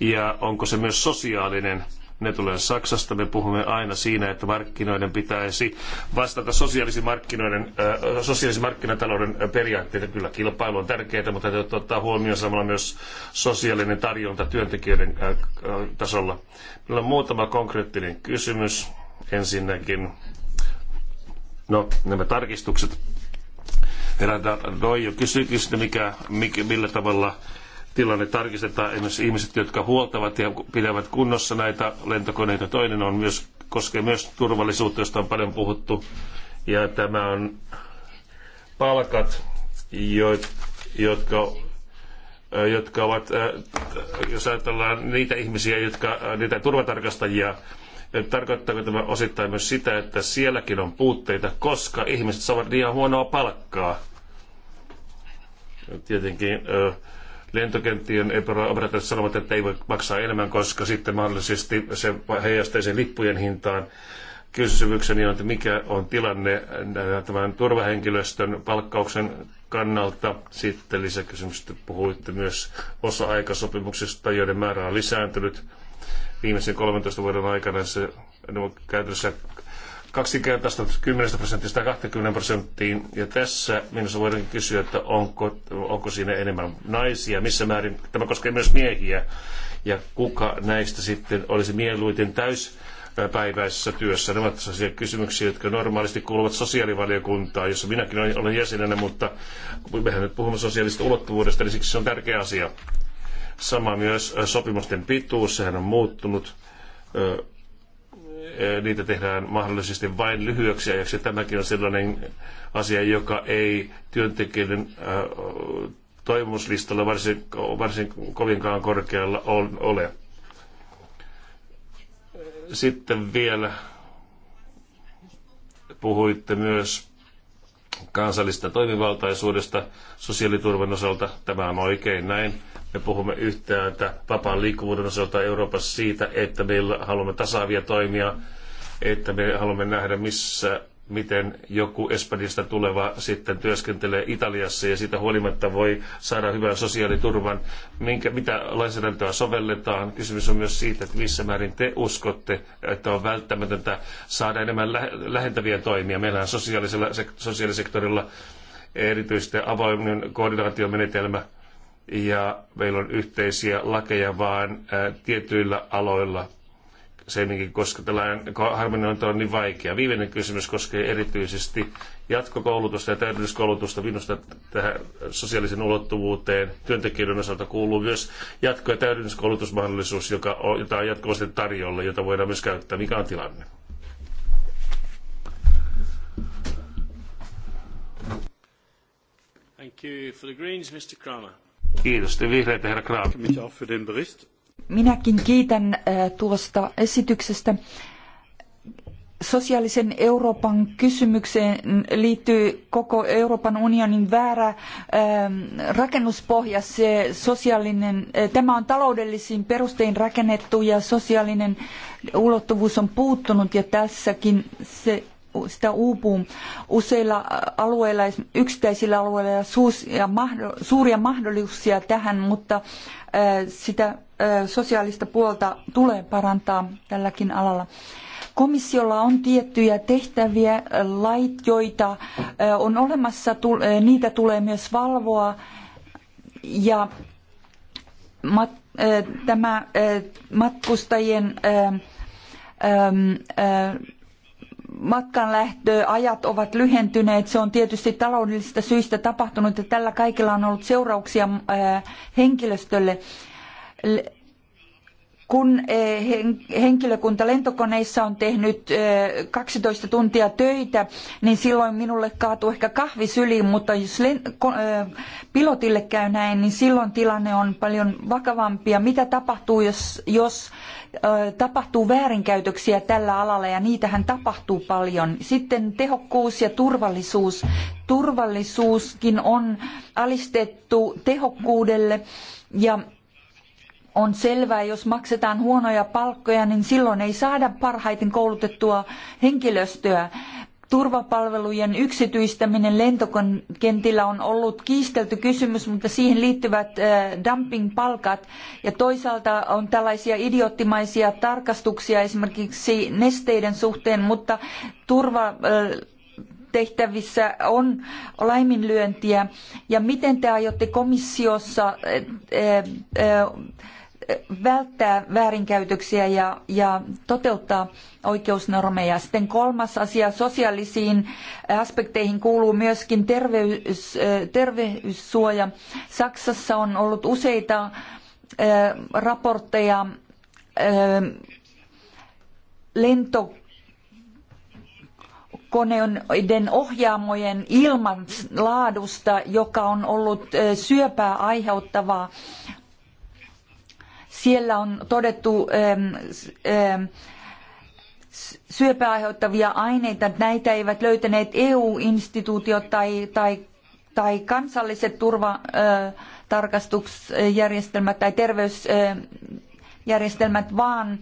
ja onko se myös sosiaalinen. Ne tulee Saksasta, me puhumme aina siinä, että markkinoiden pitäisi vastata sosiaalisen, markkinoiden, äh, sosiaalisen markkinatalouden äh, periaatteita. Kyllä kilpailu on tärkeää, mutta täytyy ottaa huomioon samalla myös sosiaalinen tarjonta työntekijöiden äh, äh, tasolla. Meillä on muutama konkreettinen kysymys. Ensinnäkin No, nämä tarkistukset. Herra Doijo kysyikin mikä, mikä, millä tavalla tilanne tarkistetaan. Esimerkiksi ihmiset, jotka huoltavat ja pitävät kunnossa näitä lentokoneita. Toinen on myös, koskee myös turvallisuutta, josta on paljon puhuttu. Ja tämä on palkat, jotka, jotka ovat, äh, jos ajatellaan niitä ihmisiä, jotka, äh, niitä turvatarkastajia, Tarkoittaako tämä osittain myös sitä, että sielläkin on puutteita, koska ihmiset saavat liian huonoa palkkaa? Tietenkin lentokenttien operaattorit sanovat, että ei voi maksaa enemmän, koska sitten mahdollisesti se heijastaisi lippujen hintaan. Kysymykseni on, että mikä on tilanne tämän turvahenkilöstön palkkauksen kannalta. Sitten lisäkysymys, että puhuitte myös osa-aikasopimuksista, joiden määrä on lisääntynyt viimeisen 13 vuoden aikana se käytössä käytännössä kertaa 10 prosentista 20 prosenttiin. Ja tässä minusta voidaan kysyä, että onko, onko siinä enemmän naisia, missä määrin tämä koskee myös miehiä. Ja kuka näistä sitten olisi mieluiten täys päiväisessä työssä. Nämä ovat sellaisia kysymyksiä, jotka normaalisti kuuluvat sosiaalivaliokuntaan, jossa minäkin olen jäsenenä, mutta mehän nyt puhumme sosiaalisesta ulottuvuudesta, niin siksi se on tärkeä asia. Sama myös sopimusten pituus, sehän on muuttunut. Niitä tehdään mahdollisesti vain lyhyeksi ajaksi. Tämäkin on sellainen asia, joka ei työntekijöiden toivomuslistalla varsin, varsin kovinkaan korkealla ole. Sitten vielä puhuitte myös kansallista toimivaltaisuudesta sosiaaliturvan osalta. Tämä on oikein näin. Me puhumme yhtäältä vapaan liikkuvuuden osalta Euroopassa siitä, että meillä haluamme tasaavia toimia, että me haluamme nähdä missä miten joku Espanjasta tuleva sitten työskentelee Italiassa ja siitä huolimatta voi saada hyvän sosiaaliturvan. Minkä, mitä lainsäädäntöä sovelletaan? Kysymys on myös siitä, että missä määrin te uskotte, että on välttämätöntä saada enemmän lähe, lähentäviä toimia. Meillä on sosiaalisella, sosiaalisektorilla erityisesti avoimen koordinaatiomenetelmä, ja meillä on yhteisiä lakeja vaan tietyillä aloilla semminkin, koska tällainen harmonilointi on niin vaikea. Viimeinen kysymys koskee erityisesti jatkokoulutusta ja täydennyskoulutusta. Minusta tähän sosiaalisen ulottuvuuteen työntekijöiden osalta kuuluu myös jatko- ja täydennyskoulutusmahdollisuus, joka on, jota on jatkuvasti tarjolla, jota voidaan myös käyttää. Mikä on tilanne? Thank you for the Greens, Mr. Kramer. Kiitos. herra Graaf. Minäkin kiitän äh, tuosta esityksestä. Sosiaalisen Euroopan kysymykseen liittyy koko Euroopan unionin väärä ähm, rakennuspohja. Se sosiaalinen, äh, tämä on taloudellisiin perustein rakennettu ja sosiaalinen ulottuvuus on puuttunut ja tässäkin se sitä uupuu useilla alueilla, yksittäisillä alueilla ja suuria mahdollisuuksia tähän, mutta sitä sosiaalista puolta tulee parantaa tälläkin alalla. Komissiolla on tiettyjä tehtäviä, lait, joita on olemassa, niitä tulee myös valvoa ja tämä matkustajien matkanlähtöajat ovat lyhentyneet. Se on tietysti taloudellisista syistä tapahtunut ja tällä kaikilla on ollut seurauksia äh, henkilöstölle kun eh, henkilökunta lentokoneissa on tehnyt 12 eh, tuntia töitä, niin silloin minulle kaatuu ehkä kahvi syliin, mutta jos eh, pilotille käy näin, niin silloin tilanne on paljon vakavampi. Ja mitä tapahtuu, jos, jos tapahtuu väärinkäytöksiä tällä alalla, ja niitähän tapahtuu paljon. Sitten tehokkuus ja turvallisuus. Turvallisuuskin on alistettu tehokkuudelle, ja on selvää, jos maksetaan huonoja palkkoja, niin silloin ei saada parhaiten koulutettua henkilöstöä. Turvapalvelujen yksityistäminen lentokentillä on ollut kiistelty kysymys, mutta siihen liittyvät äh, dumping-palkat ja toisaalta on tällaisia idioottimaisia tarkastuksia esimerkiksi nesteiden suhteen, mutta turva äh, tehtävissä on laiminlyöntiä ja miten te aiotte komissiossa äh, välttää väärinkäytöksiä ja, ja toteuttaa oikeusnormeja. Sitten kolmas asia, sosiaalisiin aspekteihin kuuluu myöskin terveys, terveyssuoja. Saksassa on ollut useita raportteja lento koneiden ohjaamojen ilmanlaadusta, joka on ollut syöpää aiheuttavaa siellä on todettu ähm, ähm, syöpää aiheuttavia aineita. Näitä eivät löytäneet EU-instituutiot tai, tai, tai kansalliset turvatarkastusjärjestelmät äh, tai terveysjärjestelmät, äh, vaan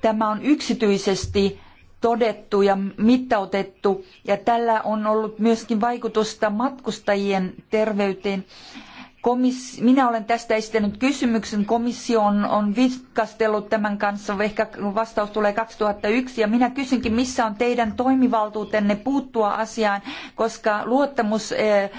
tämä on yksityisesti todettu ja mittautettu ja tällä on ollut myöskin vaikutusta matkustajien terveyteen. Minä olen tästä esittänyt kysymyksen. Komissio on, on vitkastellut tämän kanssa. Ehkä vastaus tulee 2001. Ja minä kysynkin, missä on teidän toimivaltuutenne puuttua asiaan, koska luottamus eh,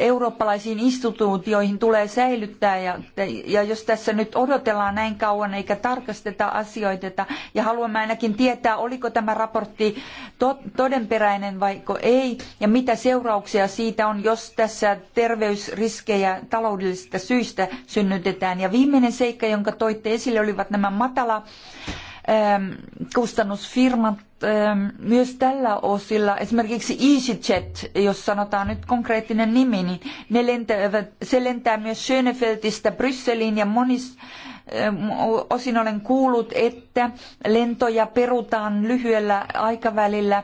eurooppalaisiin instituutioihin tulee säilyttää ja, ja jos tässä nyt odotellaan näin kauan eikä tarkasteta asioita ja haluamme ainakin tietää, oliko tämä raportti to, todenperäinen vai ei ja mitä seurauksia siitä on, jos tässä terveysriskejä taloudellisista syistä synnytetään. Ja viimeinen seikka, jonka toitte esille, olivat nämä matala Ähm, kustannusfirmat ähm, myös tällä osilla, esimerkiksi EasyJet, jos sanotaan nyt konkreettinen nimi, niin ne lentävät, se lentää myös Schönefeldistä Brysseliin ja monis, ähm, osin olen kuullut, että lentoja perutaan lyhyellä aikavälillä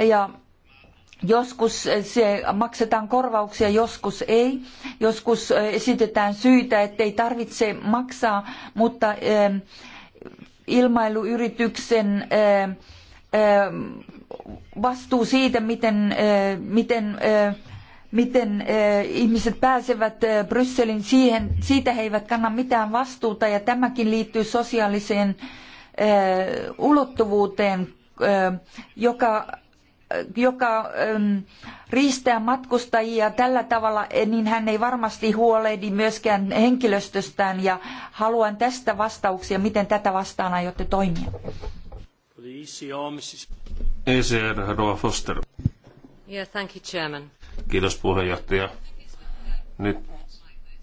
ja Joskus se maksetaan korvauksia, joskus ei. Joskus esitetään syitä, ettei tarvitse maksaa, mutta ilmailuyrityksen vastuu siitä, miten, miten, miten ihmiset pääsevät Brysselin, siihen, siitä he eivät kanna mitään vastuuta ja tämäkin liittyy sosiaaliseen ulottuvuuteen, joka joka ähm, riistää matkustajia tällä tavalla, eh, niin hän ei varmasti huolehdi myöskään henkilöstöstään ja haluan tästä vastauksia, miten tätä vastaan aiotte toimia. ECR, Roa Foster. Yeah, thank you, Chairman. Kiitos puheenjohtaja. Nyt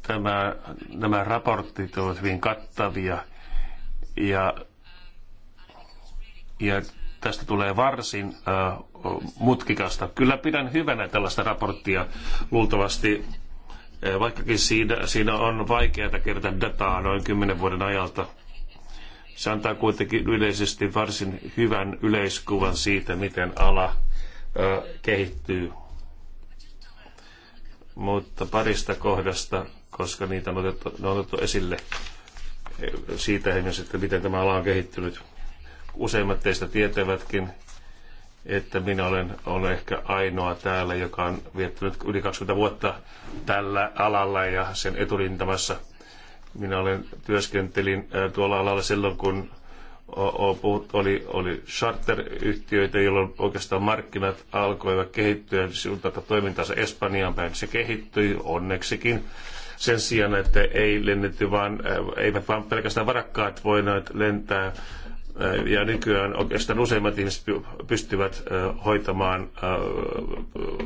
tämä, nämä raportit ovat hyvin kattavia ja, ja tästä tulee varsin äh, mutkikasta. Kyllä pidän hyvänä tällaista raporttia luultavasti, eh, vaikkakin siinä, siinä on vaikeaa kertaa dataa noin kymmenen vuoden ajalta. Se antaa kuitenkin yleisesti varsin hyvän yleiskuvan siitä, miten ala eh, kehittyy. Mutta parista kohdasta, koska niitä on otettu, ne on otettu esille eh, siitä että miten tämä ala on kehittynyt. Useimmat teistä tietävätkin, että minä olen, olen ehkä ainoa täällä, joka on viettänyt yli 20 vuotta tällä alalla ja sen eturintamassa. Minä olen työskentelin äh, tuolla alalla silloin, kun oli, oli charter-yhtiöitä, jolloin oikeastaan markkinat alkoivat kehittyä niin suuntata toimintansa Espanjaan päin. Se kehittyi onneksikin sen sijaan, että ei lennetty vaan, äh, eivät vaan pelkästään varakkaat voineet lentää ja nykyään oikeastaan useimmat ihmiset pystyvät hoitamaan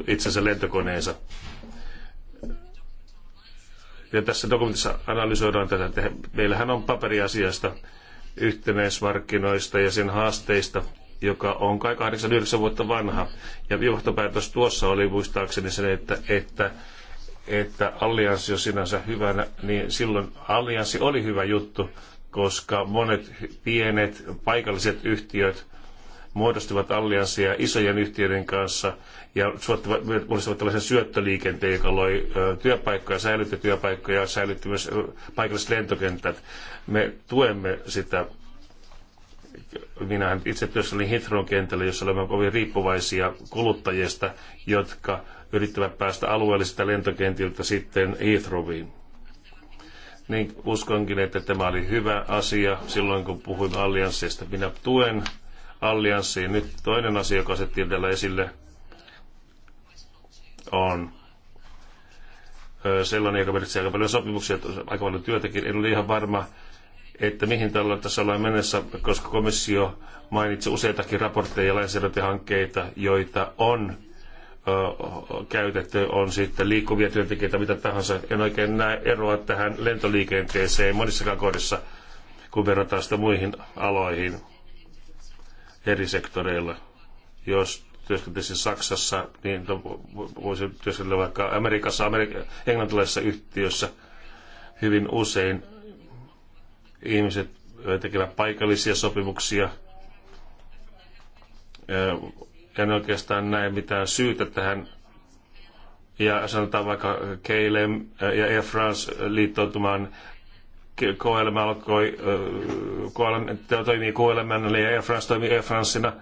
itsensä lentokoneensa. Ja tässä dokumentissa analysoidaan tätä. Meillähän on paperiasiasta, yhtenäismarkkinoista ja sen haasteista, joka on kai 89 vuotta vanha. Ja johtopäätös tuossa oli muistaakseni sen, että, että että allianssi on sinänsä hyvänä, niin silloin allianssi oli hyvä juttu, koska monet pienet paikalliset yhtiöt muodostivat allianssia isojen yhtiöiden kanssa ja muodostivat tällaisen syöttöliikenteen, joka loi työpaikkoja, säilytti työpaikkoja ja säilytti myös paikalliset lentokentät. Me tuemme sitä. Minähän itse työskentelin Heathrow kentällä, jossa olemme kovin riippuvaisia kuluttajista, jotka yrittävät päästä alueellisista lentokentiltä sitten Heathrowiin niin uskonkin, että tämä oli hyvä asia silloin, kun puhuin allianssista. Minä tuen allianssia. Nyt toinen asia, joka asettiin täällä esille, on sellainen, joka merkitsee aika paljon sopimuksia, aika paljon työtäkin. En ole ihan varma, että mihin tällä tässä ollaan mennessä, koska komissio mainitsi useitakin raportteja ja lainsäädäntöhankkeita, joita on käytetty, on sitten liikkuvia työntekijöitä, mitä tahansa. En oikein näe eroa tähän lentoliikenteeseen monissakaan kohdissa, kun verrataan sitä muihin aloihin eri sektoreilla. Jos työskentelisin Saksassa, niin voisin työskennellä vaikka Amerikassa, Amerik- englantilaisessa yhtiössä. Hyvin usein ihmiset tekevät paikallisia sopimuksia en oikeastaan näe mitään syytä tähän. Ja sanotaan vaikka KLM äh, ja Air France liittoutumaan KLM alkoi, äh, KLM, toimii KLM ja Air France toimii Air Francena.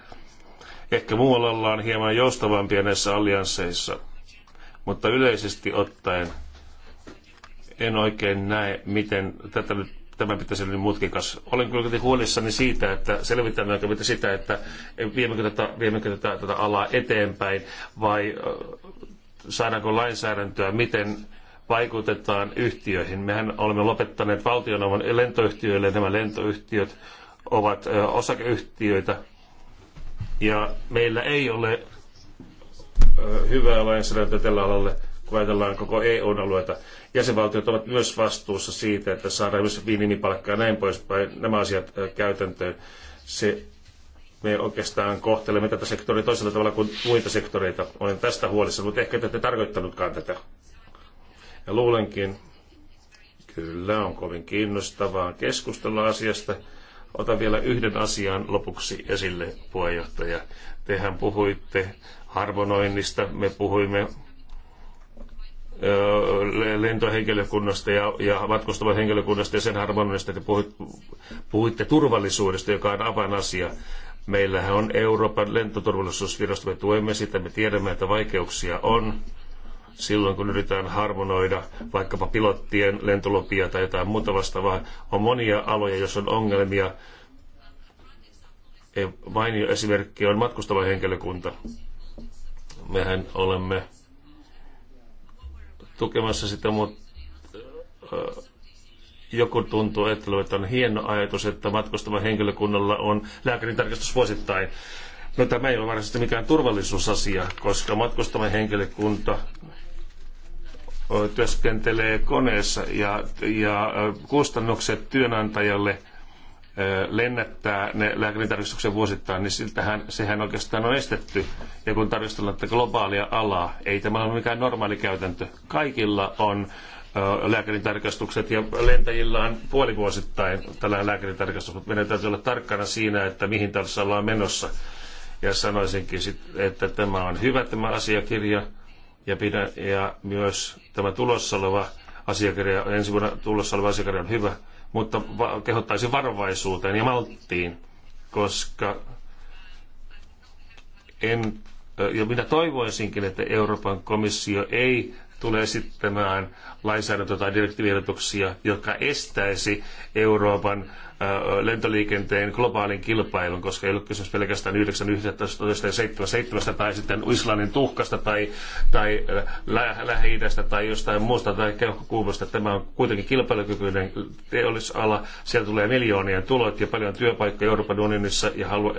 Ehkä muualla ollaan hieman joustavampia näissä alliansseissa, mutta yleisesti ottaen en oikein näe, miten tätä nyt tämä pitäisi olla niin mutkikas. Olen kyllä huolissani siitä, että selvitämmekö mitä sitä, että viemmekö tätä, viemmekö tätä, tätä alaa eteenpäin vai saadaanko lainsäädäntöä, miten vaikutetaan yhtiöihin. Mehän olemme lopettaneet valtionavun lentoyhtiöille, nämä lentoyhtiöt ovat osakeyhtiöitä, ja meillä ei ole hyvää lainsäädäntöä tällä alalla, kun ajatellaan koko EU-alueita jäsenvaltiot ovat myös vastuussa siitä, että saadaan myös minimipalkkaa ja näin poispäin, nämä asiat käytäntöön. Se, me oikeastaan kohtelemme tätä sektoria toisella tavalla kuin muita sektoreita. Olen tästä huolissa, mutta ehkä te ette tarkoittanutkaan tätä. Ja luulenkin, kyllä on kovin kiinnostavaa keskustella asiasta. Otan vielä yhden asian lopuksi esille, puheenjohtaja. Tehän puhuitte harmonoinnista, me puhuimme lentohenkilökunnasta ja, ja matkustavan henkilökunnasta ja sen harmonista, että puhuitte turvallisuudesta, joka on avainasia. Meillähän on Euroopan lentoturvallisuusvirasto, me tuemme sitä, me tiedämme, että vaikeuksia on silloin, kun yritetään harmonoida vaikkapa pilottien lentolupia tai jotain muuta vastaavaa. On monia aloja, jos on ongelmia. E, mainio esimerkki on matkustava henkilökunta. Mehän olemme tukemassa sitä, mutta joku tuntuu että on hieno ajatus, että matkustava henkilökunnalla on lääkärin tarkastus vuosittain. No tämä ei ole varsinaisesti mikään turvallisuusasia, koska matkustava henkilökunta työskentelee koneessa ja, ja kustannukset työnantajalle lennättää ne lääkärintarkistuksen vuosittain, niin siltähän, sehän oikeastaan on estetty. Ja kun tarkastellaan tätä globaalia alaa, ei tämä ole mikään normaali käytäntö. Kaikilla on lääkärintarkastukset ja lentäjillä on puolivuosittain tällainen lääkärintarkastus, mutta meidän täytyy olla tarkkana siinä, että mihin tässä ollaan menossa. Ja sanoisinkin, sit, että tämä on hyvä tämä asiakirja ja, pidä, ja myös tämä tulossa oleva asiakirja, ensi vuonna tulossa oleva asiakirja on hyvä, mutta kehottaisin varovaisuuteen ja malttiin, koska en, ja minä toivoisinkin, että Euroopan komissio ei tulee esittämään lainsäädäntö- tai direktiiviehdotuksia, jotka estäisi Euroopan lentoliikenteen globaalin kilpailun, koska ei ollut kysymys pelkästään 9, 11 ja 7, seitsemästä tai sitten Islannin tuhkasta tai, tai Lähi-idästä tai jostain muusta tai keuhkokuumasta. Tämä on kuitenkin kilpailukykyinen teollisala. Siellä tulee miljoonien tulot ja paljon työpaikkoja Euroopan unionissa ja haluan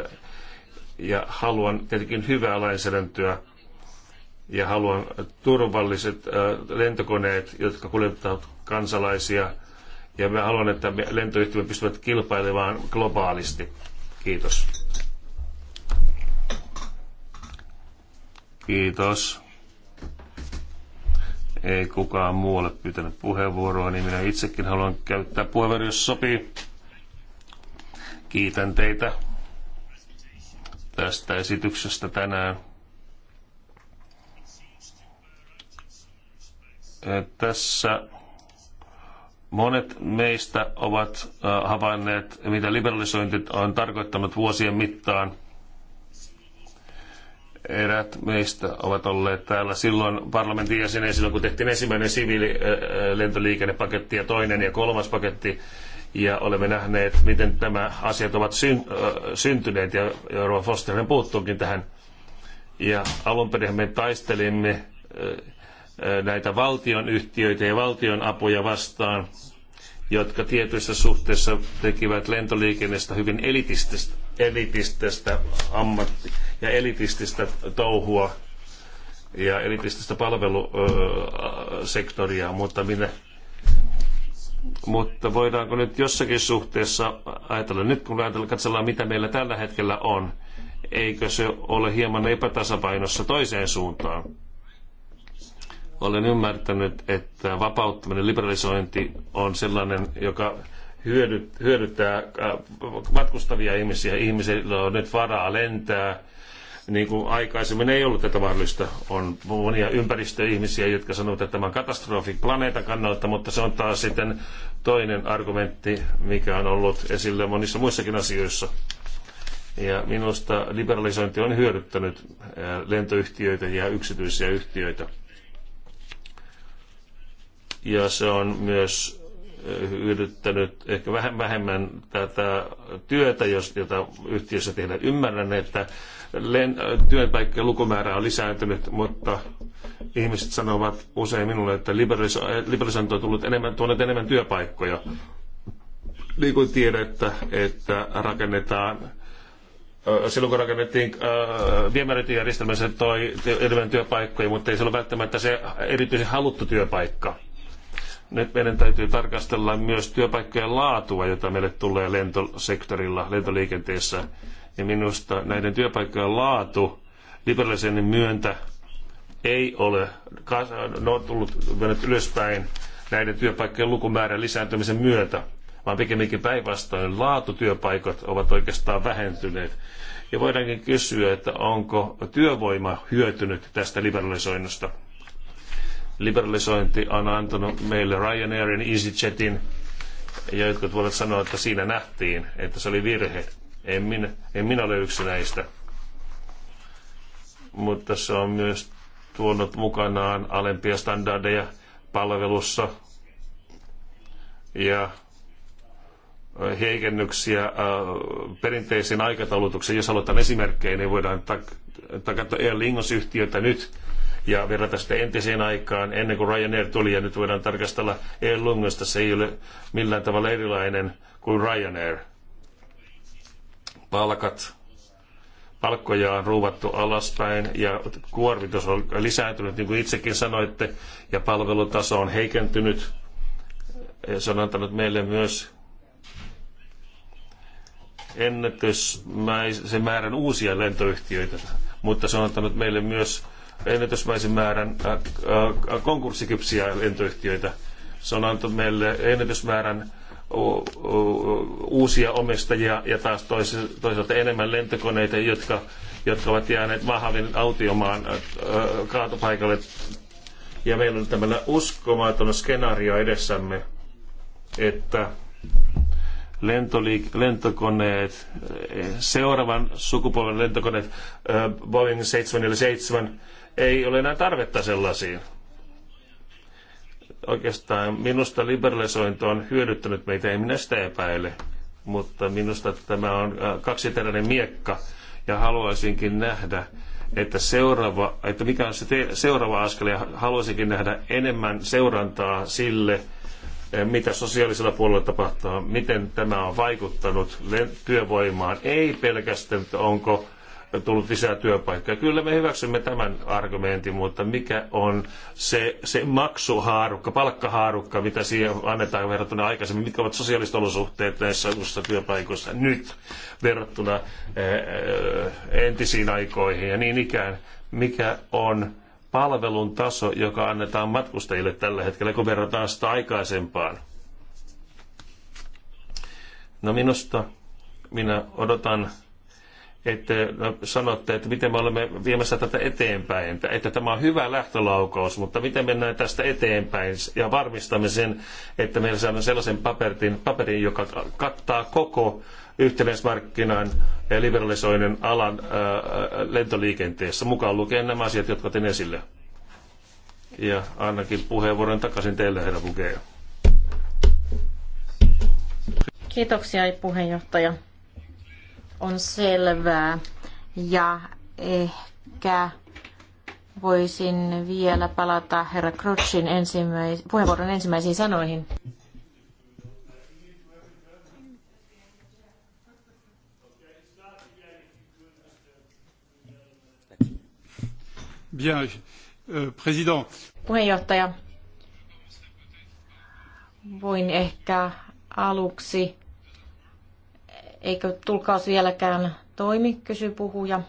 ja haluan tietenkin hyvää lainsäädäntöä ja haluan äh, turvalliset äh, lentokoneet, jotka kuljettavat kansalaisia. Ja mä haluan, että lentoyhtiöt pystyvät kilpailemaan globaalisti. Kiitos. Kiitos. Ei kukaan muu ole pyytänyt puheenvuoroa, niin minä itsekin haluan käyttää puheenvuoron, jos sopii. Kiitän teitä tästä esityksestä tänään Tässä monet meistä ovat havainneet, mitä liberalisointi on tarkoittanut vuosien mittaan. Erät meistä ovat olleet täällä silloin parlamentin jäseniä, silloin kun tehtiin ensimmäinen siviililentoliikennepaketti ja toinen ja kolmas paketti ja olemme nähneet, miten nämä asiat ovat syn, äh, syntyneet, ja Euroopan Fosterinen puuttuukin tähän. Ja alun perin me taistelimme äh, näitä valtionyhtiöitä ja valtion apuja vastaan, jotka tietyissä suhteissa tekivät lentoliikennestä hyvin elitististä, elitististä ammatti- ja elitististä touhua ja elitististä palvelusektoria, mutta minä mutta voidaanko nyt jossakin suhteessa ajatella, nyt kun ajatella, katsellaan mitä meillä tällä hetkellä on, eikö se ole hieman epätasapainossa toiseen suuntaan? Olen ymmärtänyt, että vapauttaminen, liberalisointi on sellainen, joka hyödyttää äh, matkustavia ihmisiä. Ihmisillä on nyt varaa lentää. Niin kuin aikaisemmin ei ollut tätä mahdollista. On monia ympäristöihmisiä, jotka sanovat, että tämä on katastrofi planeetan kannalta, mutta se on taas sitten toinen argumentti, mikä on ollut esillä monissa muissakin asioissa. Ja minusta liberalisointi on hyödyttänyt äh, lentoyhtiöitä ja yksityisiä yhtiöitä ja se on myös eh, yrittänyt ehkä vähän vähemmän tätä työtä, jos, jota yhtiössä tehdään. Ymmärrän, että työpaikkojen lukumäärä on lisääntynyt, mutta ihmiset sanovat usein minulle, että eh, liberalisointi on tullut enemmän, tuonut enemmän työpaikkoja. Niin kuin tiedät, että rakennetaan silloin kun rakennettiin viemäritietojärjestelmä, se toi enemmän työpaikkoja, mutta ei se ole välttämättä se erityisen haluttu työpaikka nyt meidän täytyy tarkastella myös työpaikkojen laatua, jota meille tulee lentosektorilla, lentoliikenteessä. Ja minusta näiden työpaikkojen laatu liberalisoinnin myöntä ei ole no, tullut mennyt ylöspäin näiden työpaikkojen lukumäärän lisääntymisen myötä, vaan pikemminkin päinvastoin laatutyöpaikat ovat oikeastaan vähentyneet. Ja voidaankin kysyä, että onko työvoima hyötynyt tästä liberalisoinnista liberalisointi on antanut meille Ryanairin, EasyJetin, ja jotkut voivat sanoa, että siinä nähtiin, että se oli virhe. En minä, en minä ole yksi näistä. Mutta se on myös tuonut mukanaan alempia standardeja palvelussa ja äh, heikennyksiä äh, perinteisiin aikataulutuksiin. Jos halutaan esimerkkejä, niin voidaan katsoa Air Lingos-yhtiötä nyt, ja verrata sitä entiseen aikaan ennen kuin Ryanair tuli ja nyt voidaan tarkastella Air Lungasta. Se ei ole millään tavalla erilainen kuin Ryanair. Palkat, palkkoja on ruuvattu alaspäin ja kuormitus on lisääntynyt, niin kuin itsekin sanoitte, ja palvelutaso on heikentynyt. Se on antanut meille myös ennätysmäisen määrän uusia lentoyhtiöitä, mutta se on antanut meille myös ennätysmäisen määrän äh, äh, konkurssikypsiä lentoyhtiöitä. Se on antanut meille ennätysmäärän uusia omistajia ja taas toisaalta enemmän lentokoneita, jotka, jotka ovat jääneet Mahavin autiomaan kaatopaikalle. Ja meillä on tämmöinen uskomaton skenaario edessämme, että lentoliik- lentokoneet, seuraavan sukupolven lentokoneet, Boeing 747, ei ole enää tarvetta sellaisiin. Oikeastaan minusta liberalisointi on hyödyttänyt meitä, ei minä sitä epäile, mutta minusta tämä on äh, kaksiteräinen miekka ja haluaisinkin nähdä, että, seuraava, että mikä on se te- seuraava askel ja haluaisinkin nähdä enemmän seurantaa sille, äh, mitä sosiaalisella puolella tapahtuu, miten tämä on vaikuttanut työvoimaan, ei pelkästään, että onko tullut lisää työpaikkoja. Kyllä me hyväksymme tämän argumentin, mutta mikä on se, se maksuhaarukka, palkkahaarukka, mitä siihen annetaan verrattuna aikaisemmin? Mitkä ovat sosiaaliset olosuhteet näissä uusissa työpaikoissa nyt verrattuna eh, eh, entisiin aikoihin ja niin ikään? Mikä on palvelun taso, joka annetaan matkustajille tällä hetkellä, kun verrataan sitä aikaisempaan? No minusta minä odotan että no, sanotte, että miten me olemme viemässä tätä eteenpäin, että, että tämä on hyvä lähtölaukaus, mutta miten mennään tästä eteenpäin ja varmistamme sen, että meillä saadaan sellaisen paperin, paperin joka kattaa koko yhtenäismarkkinan ja liberalisoinnin alan ää, lentoliikenteessä, mukaan lukien nämä asiat, jotka otin esille. Ja annakin puheenvuoron takaisin teille, herra Bugea. Kiitoksia puheenjohtaja on selvää. Ja ehkä voisin vielä palata herra Crutchin ensimmäis- puheenvuoron ensimmäisiin sanoihin. Bien, euh, président. Puheenjohtaja, voin ehkä aluksi Eikö tulkaa vieläkään toimi, kysy puhuja.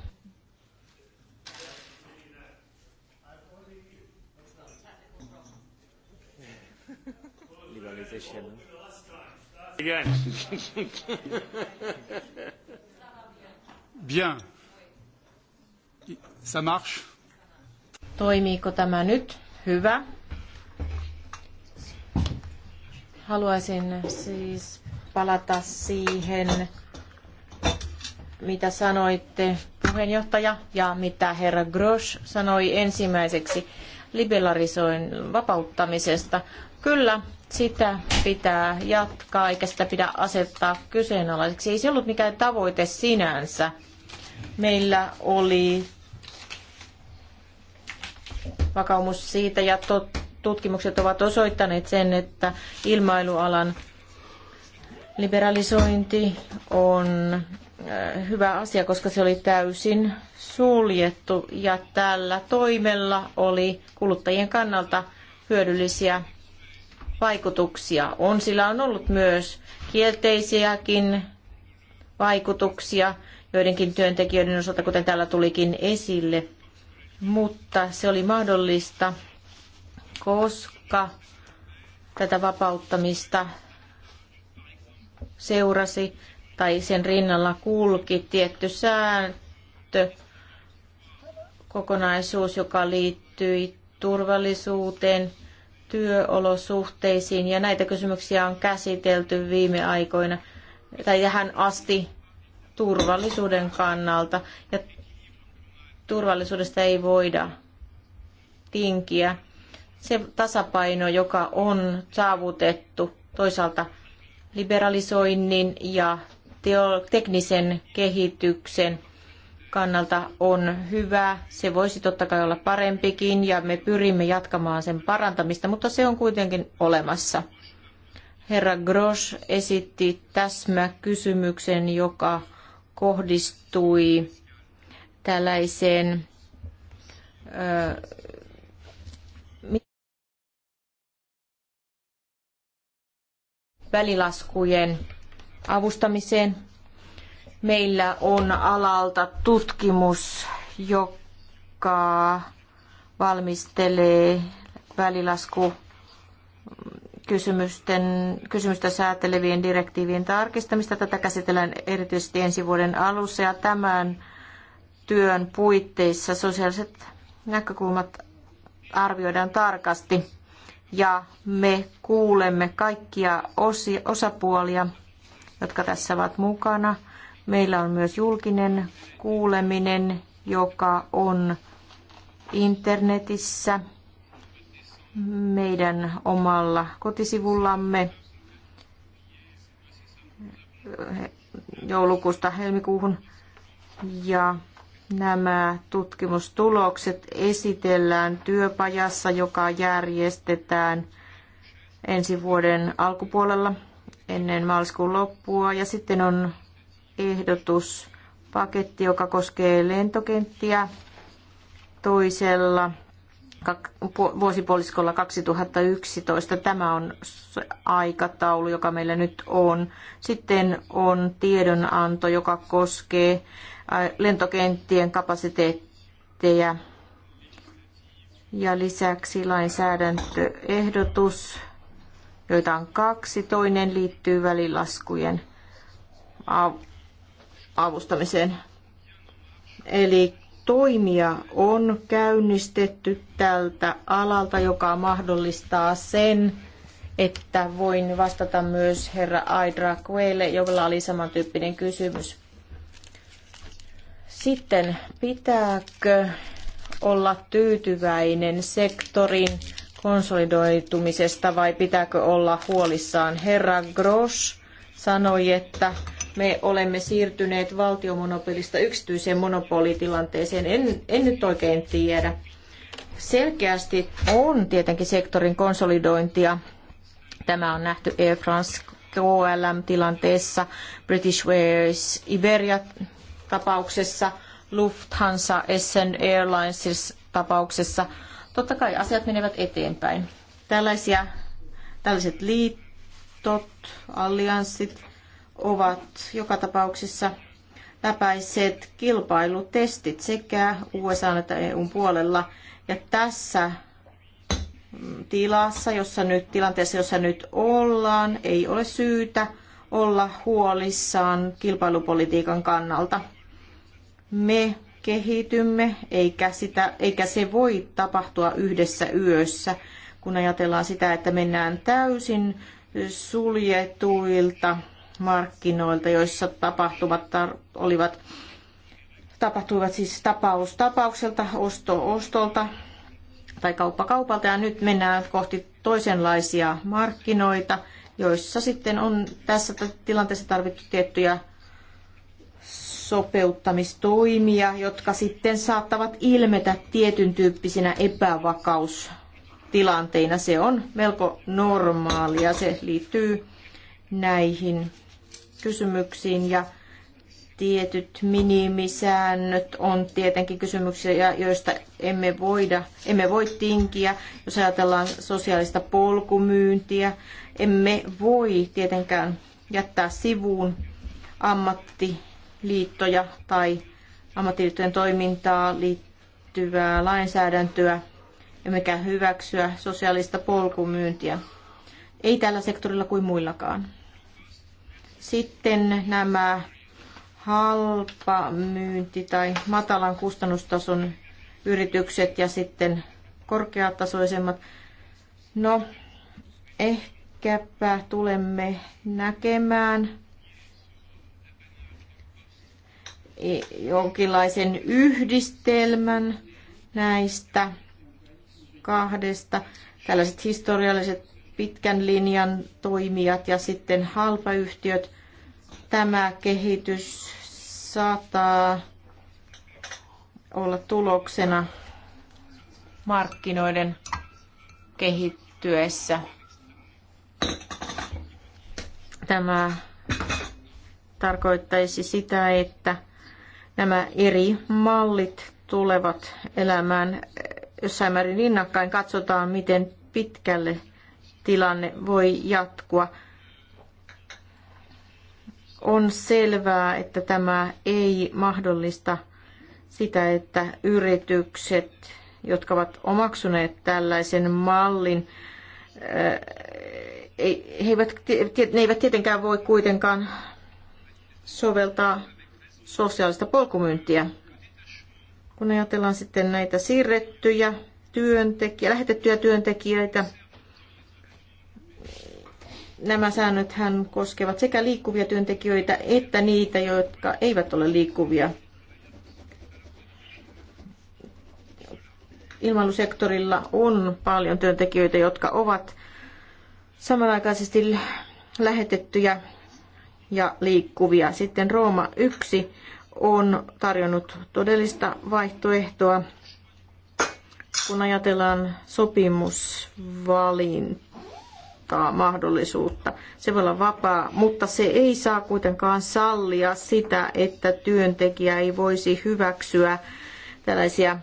Bien. Ça marche. Toimiiko tämä nyt? Hyvä. Haluaisin siis palata siihen, mitä sanoitte puheenjohtaja ja mitä herra Grosch sanoi ensimmäiseksi liberalisoin vapauttamisesta. Kyllä, sitä pitää jatkaa, eikä sitä pidä asettaa kyseenalaiseksi. Ei se ollut mikään tavoite sinänsä. Meillä oli vakaumus siitä ja tutkimukset ovat osoittaneet sen, että ilmailualan liberalisointi on äh, hyvä asia, koska se oli täysin suljettu ja tällä toimella oli kuluttajien kannalta hyödyllisiä vaikutuksia. On, sillä on ollut myös kielteisiäkin vaikutuksia joidenkin työntekijöiden osalta, kuten täällä tulikin esille, mutta se oli mahdollista, koska tätä vapauttamista seurasi tai sen rinnalla kulki tietty sääntö, kokonaisuus, joka liittyi turvallisuuteen, työolosuhteisiin ja näitä kysymyksiä on käsitelty viime aikoina tai tähän asti turvallisuuden kannalta ja turvallisuudesta ei voida tinkiä. Se tasapaino, joka on saavutettu toisaalta liberalisoinnin ja teknisen kehityksen kannalta on hyvä. Se voisi totta kai olla parempikin ja me pyrimme jatkamaan sen parantamista, mutta se on kuitenkin olemassa. Herra Grosch esitti täsmäkysymyksen, joka kohdistui tällaiseen välilaskujen avustamiseen. Meillä on alalta tutkimus, joka valmistelee välilasku kysymysten, kysymystä säätelevien direktiivien tarkistamista. Tätä käsitellään erityisesti ensi vuoden alussa ja tämän työn puitteissa sosiaaliset näkökulmat arvioidaan tarkasti ja me kuulemme kaikkia osi, osapuolia, jotka tässä ovat mukana. Meillä on myös julkinen kuuleminen, joka on internetissä meidän omalla kotisivullamme joulukuusta helmikuuhun. Ja nämä tutkimustulokset esitellään työpajassa, joka järjestetään ensi vuoden alkupuolella ennen maaliskuun loppua. Ja sitten on ehdotuspaketti, joka koskee lentokenttiä toisella vuosipuoliskolla 2011. Tämä on aikataulu, joka meillä nyt on. Sitten on tiedonanto, joka koskee äh, lentokenttien kapasiteetteja ja lisäksi lainsäädäntöehdotus, joita on kaksi. Toinen liittyy välilaskujen avustamiseen. Eli toimia on käynnistetty tältä alalta, joka mahdollistaa sen, että voin vastata myös herra Aydra Kuele jolla oli samantyyppinen kysymys. Sitten pitääkö olla tyytyväinen sektorin konsolidoitumisesta vai pitääkö olla huolissaan? Herra Gross sanoi, että me olemme siirtyneet valtiomonopolista yksityiseen monopolitilanteeseen. En, en nyt oikein tiedä. Selkeästi on tietenkin sektorin konsolidointia. Tämä on nähty Air France KLM-tilanteessa, British Airways, Iberia-tapauksessa, Lufthansa, Essen Airlines-tapauksessa. Totta kai asiat menevät eteenpäin. Tällaisia, tällaiset liit, liitot, allianssit ovat joka tapauksessa läpäiset kilpailutestit sekä USA että EUn puolella. Ja tässä mm, tilassa, jossa nyt, tilanteessa, jossa nyt ollaan, ei ole syytä olla huolissaan kilpailupolitiikan kannalta. Me kehitymme, eikä, sitä, eikä se voi tapahtua yhdessä yössä, kun ajatellaan sitä, että mennään täysin suljetuilta markkinoilta, joissa tapahtuvat tar- olivat, tapahtuivat siis tapaus tapaukselta, osto ostolta tai kauppa ja nyt mennään kohti toisenlaisia markkinoita, joissa sitten on tässä tilanteessa tarvittu tiettyjä sopeuttamistoimia, jotka sitten saattavat ilmetä tietyn tyyppisinä epävakaus tilanteina. Se on melko normaalia. Se liittyy näihin kysymyksiin ja tietyt minimisäännöt on tietenkin kysymyksiä, joista emme, voida, emme voi tinkiä. Jos ajatellaan sosiaalista polkumyyntiä, emme voi tietenkään jättää sivuun ammattiliittoja tai ammattiliittojen toimintaa liittyvää lainsäädäntöä emmekä hyväksyä sosiaalista polkumyyntiä. Ei tällä sektorilla kuin muillakaan. Sitten nämä halpa myynti tai matalan kustannustason yritykset ja sitten korkeatasoisemmat. No, ehkäpä tulemme näkemään jonkinlaisen yhdistelmän näistä kahdesta. Tällaiset historialliset pitkän linjan toimijat ja sitten halpayhtiöt. Tämä kehitys saattaa olla tuloksena markkinoiden kehittyessä. Tämä tarkoittaisi sitä, että nämä eri mallit tulevat elämään jossain määrin rinnakkain. Katsotaan, miten pitkälle tilanne voi jatkua. On selvää, että tämä ei mahdollista sitä, että yritykset, jotka ovat omaksuneet tällaisen mallin, he eivät, ne eivät tietenkään voi kuitenkaan soveltaa sosiaalista polkumyyntiä kun ajatellaan sitten näitä siirrettyjä työntekijä, lähetettyjä työntekijöitä, nämä säännöt hän koskevat sekä liikkuvia työntekijöitä että niitä, jotka eivät ole liikkuvia. Ilmailusektorilla on paljon työntekijöitä, jotka ovat samanaikaisesti lähetettyjä ja liikkuvia. Sitten Rooma 1 on tarjonnut todellista vaihtoehtoa, kun ajatellaan sopimusvalintaa mahdollisuutta. Se voi olla vapaa, mutta se ei saa kuitenkaan sallia sitä, että työntekijä ei voisi hyväksyä tällaisia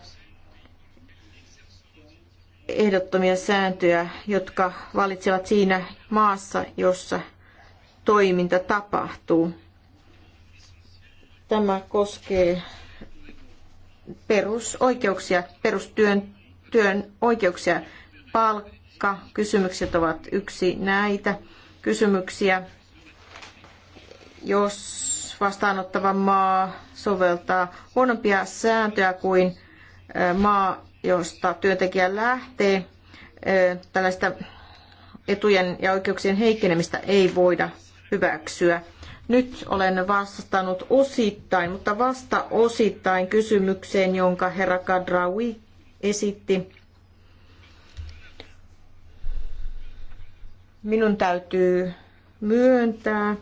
ehdottomia sääntöjä, jotka valitsevat siinä maassa, jossa toiminta tapahtuu. Tämä koskee perusoikeuksia, perustyön työn oikeuksia. Palkka, kysymykset ovat yksi näitä kysymyksiä. Jos vastaanottava maa soveltaa huonompia sääntöjä kuin maa, josta työntekijä lähtee, tällaista etujen ja oikeuksien heikkenemistä ei voida hyväksyä. Nyt olen vastannut osittain, mutta vasta osittain kysymykseen, jonka herra Kadrawi esitti. Minun täytyy myöntää,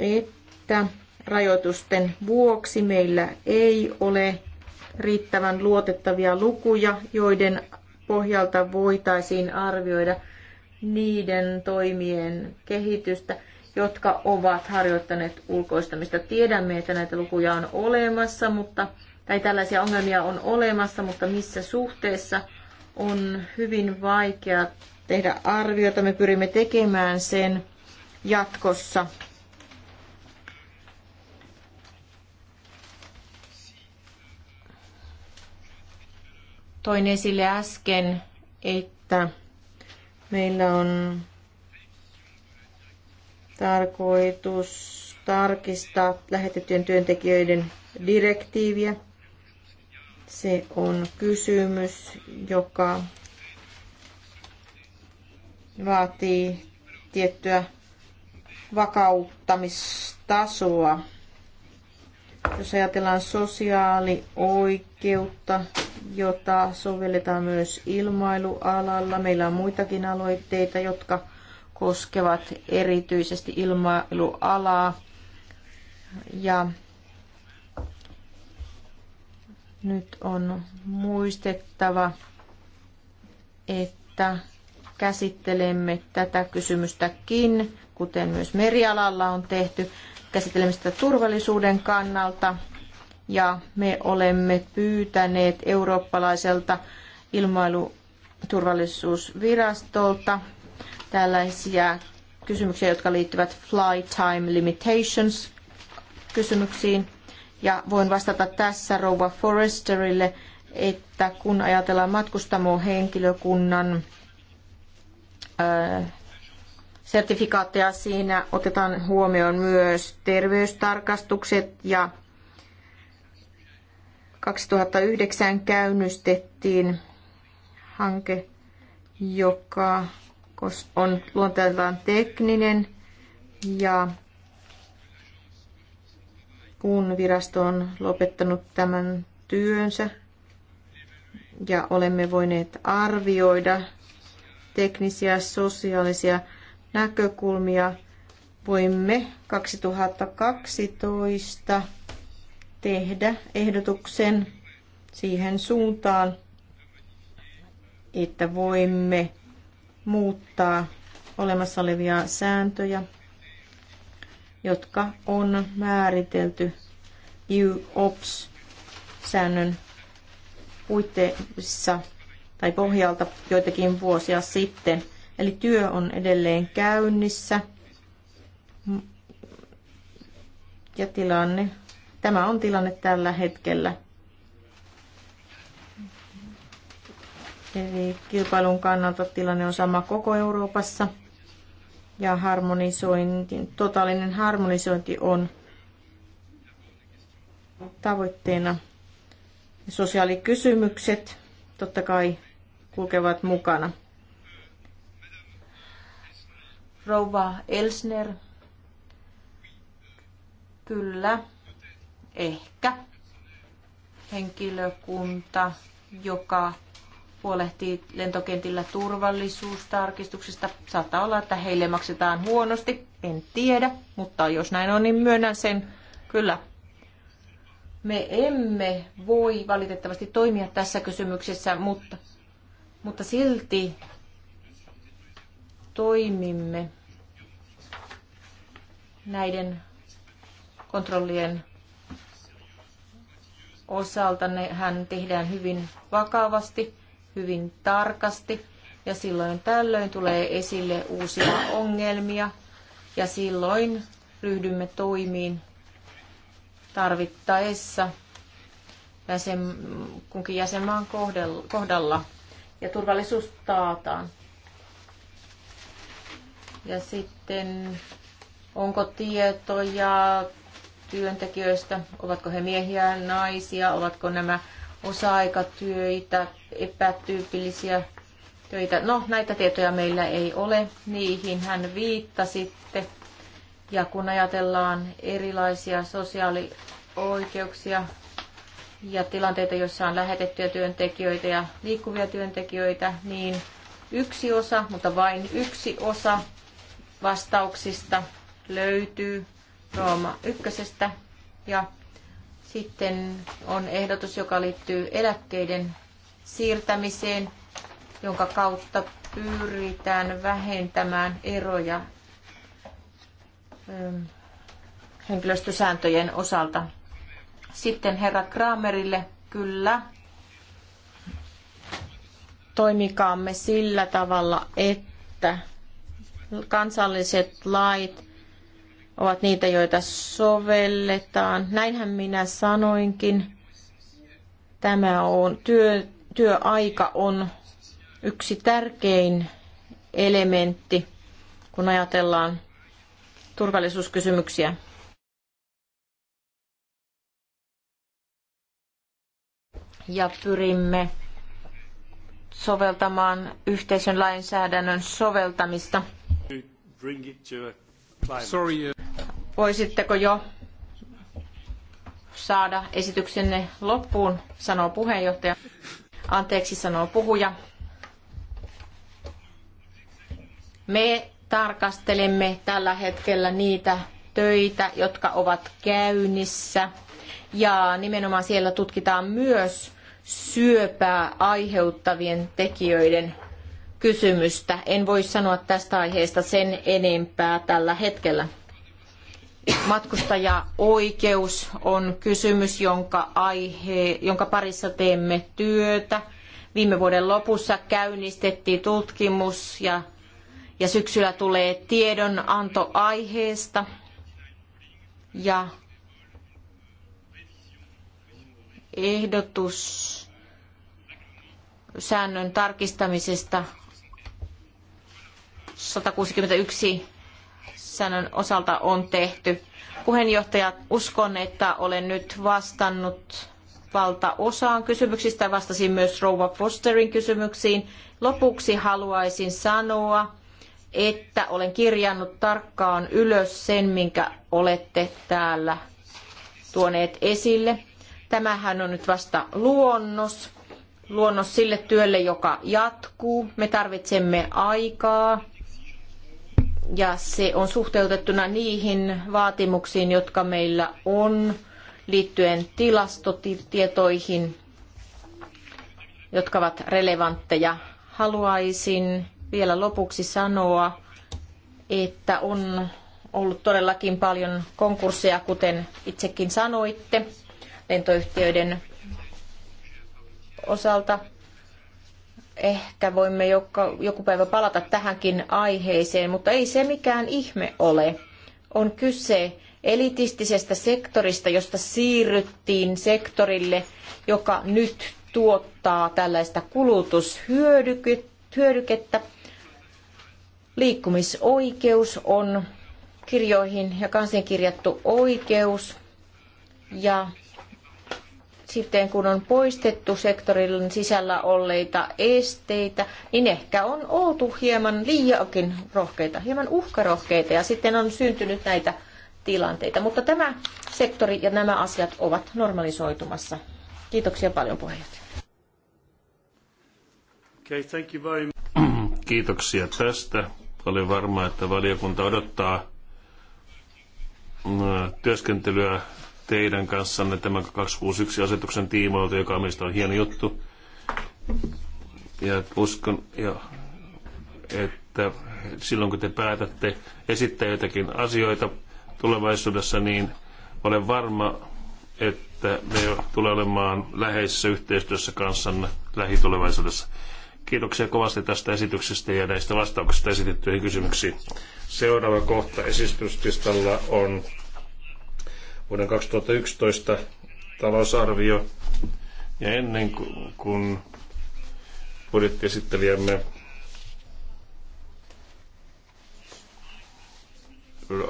että rajoitusten vuoksi meillä ei ole riittävän luotettavia lukuja, joiden pohjalta voitaisiin arvioida niiden toimien kehitystä, jotka ovat harjoittaneet ulkoistamista. Tiedämme, että näitä lukuja on olemassa, mutta, tai tällaisia ongelmia on olemassa, mutta missä suhteessa on hyvin vaikea tehdä arviota. Me pyrimme tekemään sen jatkossa. Toin esille äsken, että meillä on tarkoitus tarkistaa lähetettyjen työntekijöiden direktiiviä. Se on kysymys, joka vaatii tiettyä vakauttamistasoa. Jos ajatellaan sosiaalioikeutta, jota sovelletaan myös ilmailualalla, meillä on muitakin aloitteita, jotka koskevat erityisesti ilmailualaa. Ja nyt on muistettava, että käsittelemme tätä kysymystäkin, kuten myös merialalla on tehty, käsittelemme sitä turvallisuuden kannalta. Ja me olemme pyytäneet eurooppalaiselta ilmailuturvallisuusvirastolta tällaisia kysymyksiä, jotka liittyvät flight time limitations kysymyksiin. Ja voin vastata tässä Rouva Foresterille, että kun ajatellaan henkilökunnan sertifikaatteja, siinä otetaan huomioon myös terveystarkastukset ja 2009 käynnistettiin hanke, joka on luonteeltaan tekninen ja kun virasto on lopettanut tämän työnsä ja olemme voineet arvioida teknisiä sosiaalisia näkökulmia, voimme 2012 tehdä ehdotuksen siihen suuntaan, että voimme muuttaa olemassa olevia sääntöjä, jotka on määritelty EU-OPS-säännön puitteissa tai pohjalta joitakin vuosia sitten. Eli työ on edelleen käynnissä ja tilanne, tämä on tilanne tällä hetkellä. Eli kilpailun kannalta tilanne on sama koko Euroopassa ja harmonisointi, totaalinen harmonisointi on tavoitteena. Sosiaalikysymykset totta kai kulkevat mukana. Rouva Elsner. Kyllä. Ehkä. Henkilökunta, joka huolehtii lentokentillä turvallisuustarkistuksista. Saattaa olla, että heille maksetaan huonosti, en tiedä, mutta jos näin on, niin myönnän sen kyllä. Me emme voi valitettavasti toimia tässä kysymyksessä, mutta, mutta silti toimimme näiden kontrollien osalta. Nehän tehdään hyvin vakavasti hyvin tarkasti ja silloin tällöin tulee esille uusia ongelmia ja silloin ryhdymme toimiin tarvittaessa jäsen, kunkin jäsenmaan kohdalla ja turvallisuus taataan. Ja sitten onko tietoja työntekijöistä, ovatko he miehiä, naisia, ovatko nämä osa-aikatyöitä, epätyypillisiä töitä. No, näitä tietoja meillä ei ole, niihin hän viittasi, Ja kun ajatellaan erilaisia sosiaalioikeuksia ja tilanteita, joissa on lähetettyjä työntekijöitä ja liikkuvia työntekijöitä, niin yksi osa, mutta vain yksi osa vastauksista löytyy Rooma ykkösestä ja sitten on ehdotus, joka liittyy eläkkeiden siirtämiseen, jonka kautta pyritään vähentämään eroja ähm, henkilöstösääntöjen osalta. Sitten herra Kramerille, kyllä, toimikaamme sillä tavalla, että kansalliset lait ovat niitä, joita sovelletaan. Näinhän minä sanoinkin. Tämä on, työ, työaika on yksi tärkein elementti, kun ajatellaan turvallisuuskysymyksiä. Ja pyrimme soveltamaan yhteisön lainsäädännön soveltamista. Sorry. Voisitteko jo saada esityksenne loppuun, sanoo puheenjohtaja. Anteeksi, sanoo puhuja. Me tarkastelemme tällä hetkellä niitä töitä, jotka ovat käynnissä. Ja nimenomaan siellä tutkitaan myös syöpää aiheuttavien tekijöiden kysymystä. En voi sanoa tästä aiheesta sen enempää tällä hetkellä. Matkustajaoikeus on kysymys, jonka, aihe, jonka parissa teemme työtä. Viime vuoden lopussa käynnistettiin tutkimus ja, ja syksyllä tulee tiedonanto aiheesta. Ja ehdotus säännön tarkistamisesta 161 säännön osalta on tehty. Puheenjohtaja, uskon, että olen nyt vastannut valtaosaan kysymyksistä. Vastasin myös Rouva Fosterin kysymyksiin. Lopuksi haluaisin sanoa, että olen kirjannut tarkkaan ylös sen, minkä olette täällä tuoneet esille. Tämähän on nyt vasta luonnos, luonnos sille työlle, joka jatkuu. Me tarvitsemme aikaa ja se on suhteutettuna niihin vaatimuksiin, jotka meillä on liittyen tilastotietoihin, jotka ovat relevantteja. Haluaisin vielä lopuksi sanoa, että on ollut todellakin paljon konkursseja, kuten itsekin sanoitte, lentoyhtiöiden osalta ehkä voimme joku päivä palata tähänkin aiheeseen, mutta ei se mikään ihme ole. On kyse elitistisestä sektorista, josta siirryttiin sektorille, joka nyt tuottaa tällaista kulutushyödykettä. Liikkumisoikeus on kirjoihin ja kansiin kirjattu oikeus ja sitten kun on poistettu sektorin sisällä olleita esteitä, niin ehkä on oltu hieman liiakin rohkeita, hieman uhkarohkeita ja sitten on syntynyt näitä tilanteita. Mutta tämä sektori ja nämä asiat ovat normalisoitumassa. Kiitoksia paljon puheenjohtaja. Okay, thank you very much. Kiitoksia tästä. Olen varma, että valiokunta odottaa työskentelyä teidän kanssanne tämän 261-asetuksen tiimoilta, joka meistä on hieno juttu. Ja uskon, ja, että silloin kun te päätätte esittää jotakin asioita tulevaisuudessa, niin olen varma, että me tulee olemaan läheisessä yhteistyössä kanssanne lähitulevaisuudessa. Kiitoksia kovasti tästä esityksestä ja näistä vastauksista esitettyihin kysymyksiin. Seuraava kohta esityslistalla on vuoden 2011 talousarvio. Ja ennen kuin budjettiesittelijämme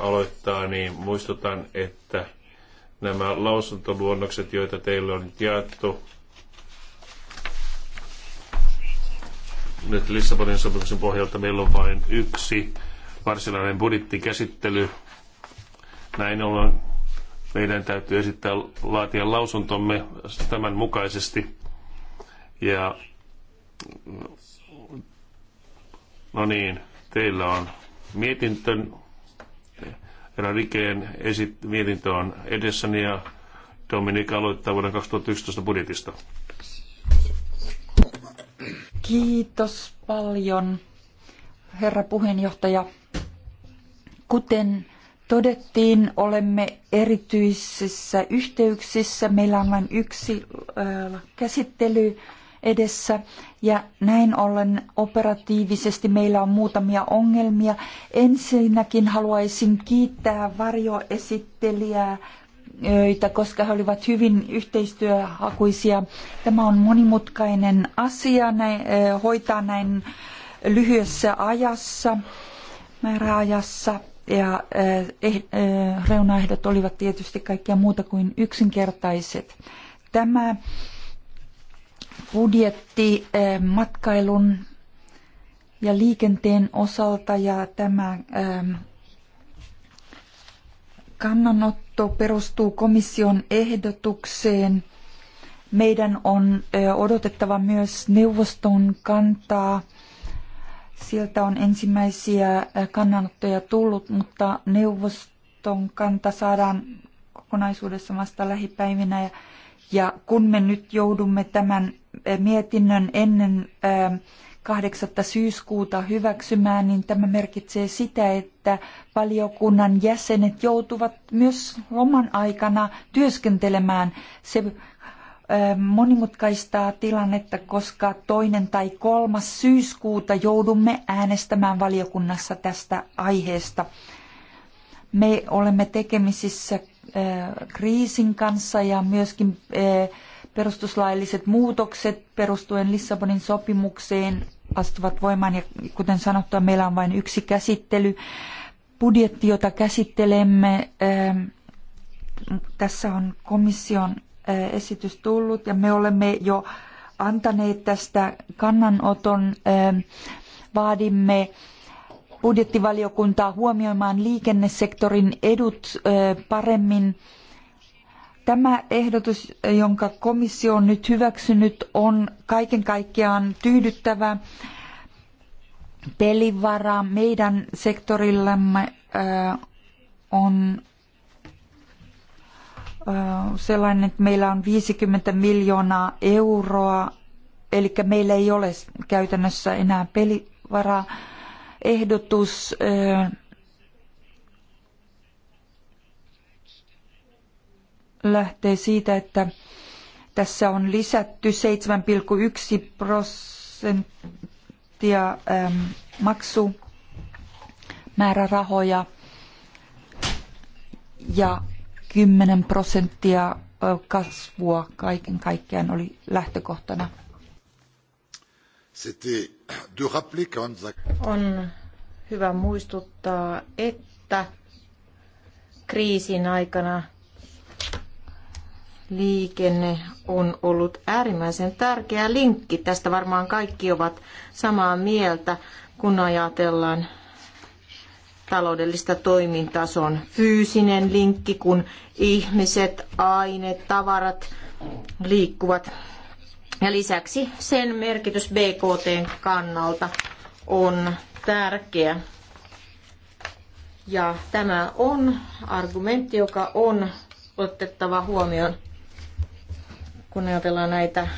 aloittaa, niin muistutan, että nämä lausuntoluonnokset, joita teille on nyt jaettu, nyt Lissabonin sopimuksen pohjalta meillä on vain yksi varsinainen budjettikäsittely. Näin ollen meidän täytyy esittää laatia lausuntomme tämän mukaisesti. Ja no niin, teillä on mietintö. Herra Rikeen esit, mietintö on edessäni ja Dominika aloittaa vuoden 2011 budjetista. Kiitos paljon, herra puheenjohtaja. Kuten todettiin, olemme erityisissä yhteyksissä. Meillä on vain yksi käsittely edessä ja näin ollen operatiivisesti meillä on muutamia ongelmia. Ensinnäkin haluaisin kiittää varjoesittelijää joita, koska he olivat hyvin yhteistyöhakuisia. Tämä on monimutkainen asia näin, hoitaa näin lyhyessä ajassa, määräajassa ja eh, eh, eh, reunaehdot olivat tietysti kaikkia muuta kuin yksinkertaiset. Tämä budjetti matkailun ja liikenteen osalta ja tämä kannanotto perustuu komission ehdotukseen. Meidän on odotettava myös neuvoston kantaa – Sieltä on ensimmäisiä kannanottoja tullut, mutta neuvoston kanta saadaan kokonaisuudessa vasta lähipäivinä. Ja kun me nyt joudumme tämän mietinnön ennen 8. syyskuuta hyväksymään, niin tämä merkitsee sitä, että valiokunnan jäsenet joutuvat myös loman aikana työskentelemään. Se monimutkaistaa tilannetta, koska toinen tai kolmas syyskuuta joudumme äänestämään valiokunnassa tästä aiheesta. Me olemme tekemisissä kriisin kanssa ja myöskin perustuslailliset muutokset perustuen Lissabonin sopimukseen astuvat voimaan ja kuten sanottua, meillä on vain yksi käsittely. Budjetti, jota käsittelemme, tässä on komission Eh, esitys tullut ja me olemme jo antaneet tästä kannanoton. Eh, vaadimme budjettivaliokuntaa huomioimaan liikennesektorin edut eh, paremmin. Tämä ehdotus, jonka komissio on nyt hyväksynyt, on kaiken kaikkiaan tyydyttävä pelivara meidän sektorillamme on sellainen, että meillä on 50 miljoonaa euroa, eli meillä ei ole käytännössä enää pelivaraa. Ehdotus lähtee siitä, että tässä on lisätty 7,1 prosenttia maksumäärärahoja ja 10 prosenttia kasvua kaiken kaikkiaan oli lähtökohtana. On hyvä muistuttaa, että kriisin aikana liikenne on ollut äärimmäisen tärkeä linkki. Tästä varmaan kaikki ovat samaa mieltä, kun ajatellaan taloudellista toimintaa. Se on fyysinen linkki, kun ihmiset, aineet, tavarat liikkuvat. Ja lisäksi sen merkitys BKTn kannalta on tärkeä. Ja tämä on argumentti, joka on otettava huomioon, kun ajatellaan näitä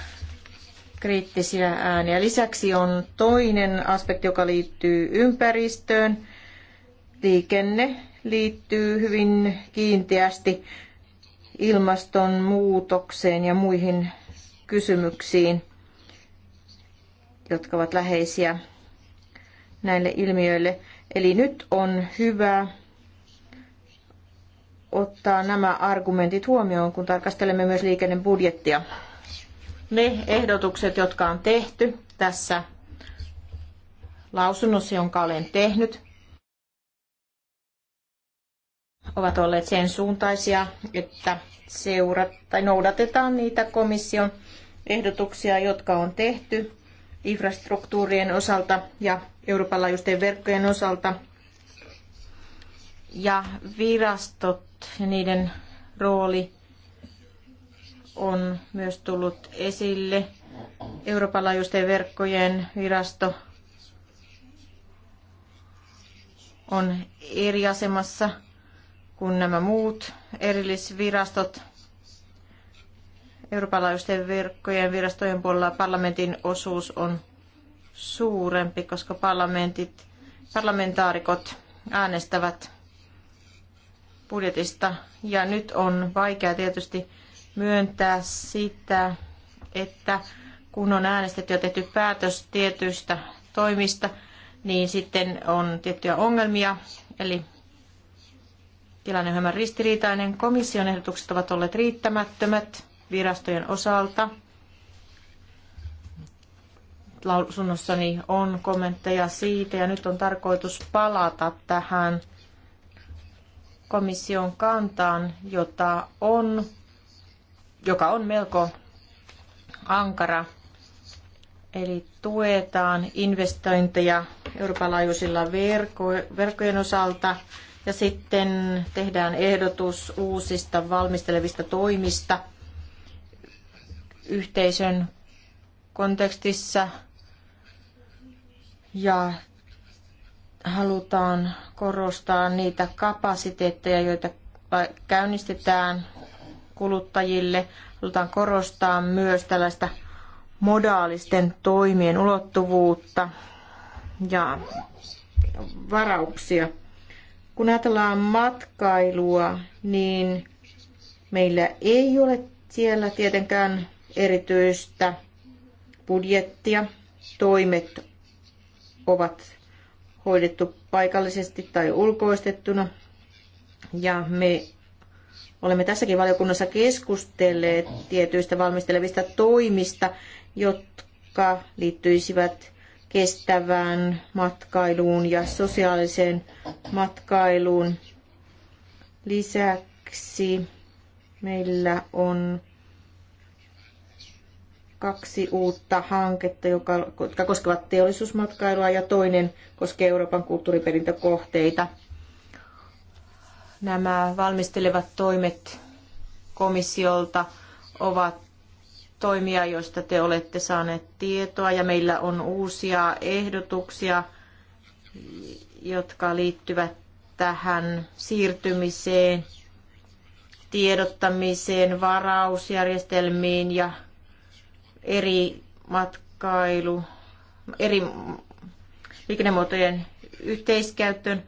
kriittisiä ääniä. Lisäksi on toinen aspekti, joka liittyy ympäristöön liikenne liittyy hyvin kiinteästi ilmastonmuutokseen ja muihin kysymyksiin, jotka ovat läheisiä näille ilmiöille. Eli nyt on hyvä ottaa nämä argumentit huomioon, kun tarkastelemme myös liikennebudjettia. Ne ehdotukset, jotka on tehty tässä lausunnossa, jonka olen tehnyt, ovat olleet sen suuntaisia, että seurat, tai noudatetaan niitä komission ehdotuksia, jotka on tehty infrastruktuurien osalta ja Euroopan laajuisten verkkojen osalta. Ja virastot ja niiden rooli on myös tullut esille. Euroopan laajuisten verkkojen virasto on eri asemassa kun nämä muut erillisvirastot Euroopan laajuisten verkkojen virastojen puolella parlamentin osuus on suurempi, koska parlamentit, parlamentaarikot äänestävät budjetista. Ja nyt on vaikea tietysti myöntää sitä, että kun on äänestetty ja tehty päätös tietyistä toimista, niin sitten on tiettyjä ongelmia. Eli Tilanne on hieman ristiriitainen. Komission ehdotukset ovat olleet riittämättömät virastojen osalta. Lausunnossani on kommentteja siitä ja nyt on tarkoitus palata tähän komission kantaan, jota on, joka on melko ankara. Eli tuetaan investointeja Euroopan laajuisilla verko, verkkojen osalta – ja sitten tehdään ehdotus uusista valmistelevista toimista yhteisön kontekstissa ja halutaan korostaa niitä kapasiteetteja, joita käynnistetään kuluttajille. Halutaan korostaa myös tällaista modaalisten toimien ulottuvuutta ja varauksia. Kun ajatellaan matkailua, niin meillä ei ole siellä tietenkään erityistä budjettia. Toimet ovat hoidettu paikallisesti tai ulkoistettuna. Ja me olemme tässäkin valiokunnassa keskustelleet tietyistä valmistelevista toimista, jotka liittyisivät kestävään matkailuun ja sosiaaliseen matkailuun. Lisäksi meillä on kaksi uutta hanketta, jotka koskevat teollisuusmatkailua ja toinen koskee Euroopan kulttuuriperintökohteita. Nämä valmistelevat toimet komissiolta ovat toimia, joista te olette saaneet tietoa ja meillä on uusia ehdotuksia, jotka liittyvät tähän siirtymiseen, tiedottamiseen, varausjärjestelmiin ja eri matkailu, eri liikennemuotojen yhteiskäyttöön.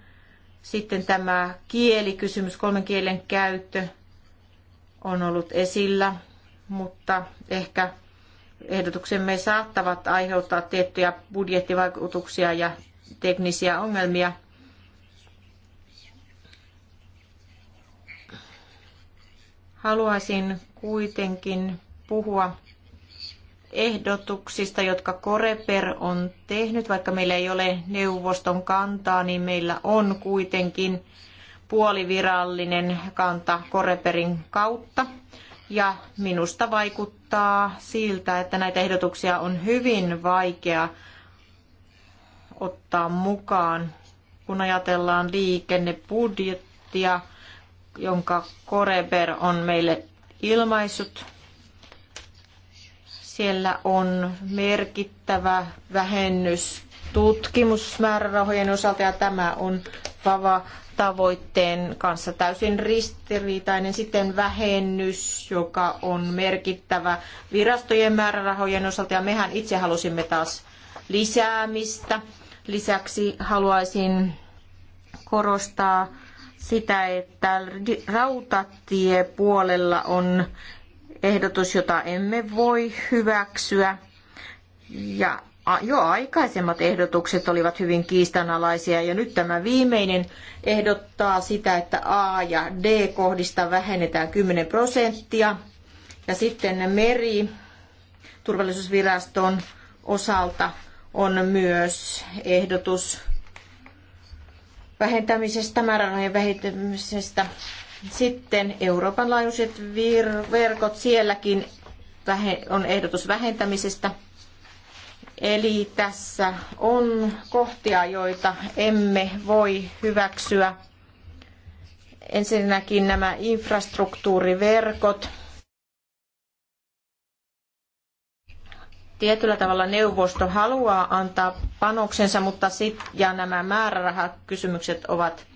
Sitten tämä kielikysymys, kolmen kielen käyttö on ollut esillä mutta ehkä ehdotuksemme saattavat aiheuttaa tiettyjä budjettivaikutuksia ja teknisiä ongelmia. Haluaisin kuitenkin puhua ehdotuksista, jotka Koreper on tehnyt. Vaikka meillä ei ole neuvoston kantaa, niin meillä on kuitenkin puolivirallinen kanta Koreperin kautta ja minusta vaikuttaa siltä, että näitä ehdotuksia on hyvin vaikea ottaa mukaan, kun ajatellaan liikennebudjettia, jonka Koreber on meille ilmaissut. Siellä on merkittävä vähennys tutkimusmäärärahojen osalta ja tämä on kasvava tavoitteen kanssa täysin ristiriitainen sitten vähennys, joka on merkittävä virastojen määrärahojen osalta ja mehän itse halusimme taas lisäämistä. Lisäksi haluaisin korostaa sitä, että rautatiepuolella on ehdotus, jota emme voi hyväksyä. Ja jo aikaisemmat ehdotukset olivat hyvin kiistanalaisia ja nyt tämä viimeinen ehdottaa sitä, että A ja D kohdista vähennetään 10 prosenttia ja sitten meri turvallisuusviraston osalta on myös ehdotus vähentämisestä, määrärahojen vähentämisestä. Sitten Euroopan laajuiset verkot sielläkin on ehdotus vähentämisestä Eli tässä on kohtia, joita emme voi hyväksyä. Ensinnäkin nämä infrastruktuuriverkot. Tietyllä tavalla neuvosto haluaa antaa panoksensa, mutta sit, ja nämä määrärahakysymykset ovat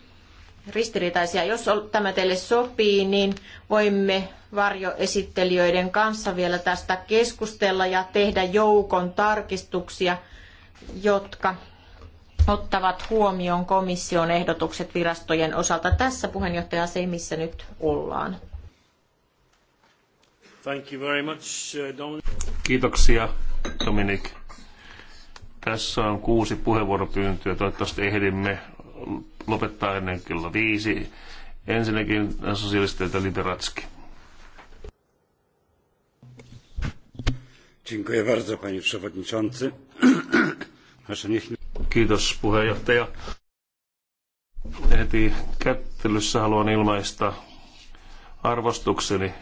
ristiriitaisia. Jos tämä teille sopii, niin voimme varjoesittelijöiden kanssa vielä tästä keskustella ja tehdä joukon tarkistuksia, jotka ottavat huomioon komission ehdotukset virastojen osalta. Tässä puheenjohtaja se, missä nyt ollaan. Thank you very much, uh, Kiitoksia, Dominik. Tässä on kuusi puheenvuoropyyntöä. Toivottavasti ehdimme lopettaa ennen kello viisi. Ensinnäkin äh, sosialisteilta Liberatski. Dziękuję bardzo, panie przewodniczący. Kiitos puheenjohtaja. Heti kättelyssä haluan ilmaista arvostukseni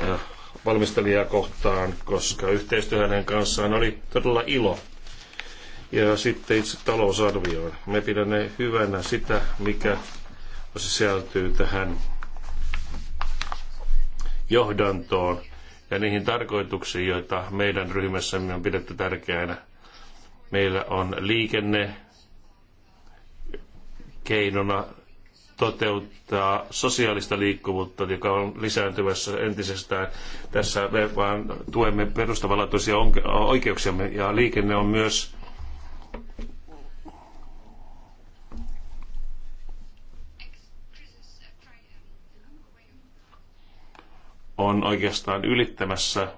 äh, valmistelijaa kohtaan, koska yhteistyö hänen kanssaan oli todella ilo. Ja sitten itse talousarvioon. Me pidämme hyvänä sitä, mikä sisältyy tähän johdantoon ja niihin tarkoituksiin, joita meidän ryhmässämme on pidetty tärkeänä. Meillä on liikenne keinona toteuttaa sosiaalista liikkuvuutta, joka on lisääntymässä entisestään. Tässä me vaan tuemme perustavanlaatuisia oikeuksiamme ja liikenne on myös on oikeastaan ylittämässä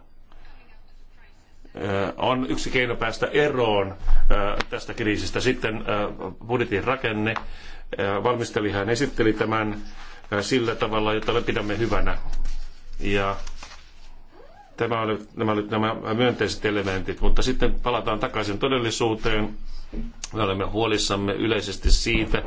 on yksi keino päästä eroon tästä kriisistä. Sitten budjetin rakenne. Valmistelijahan esitteli tämän sillä tavalla, jota me pidämme hyvänä. Ja Tämä oli, nämä olivat nämä myönteiset elementit, mutta sitten palataan takaisin todellisuuteen. Me olemme huolissamme yleisesti siitä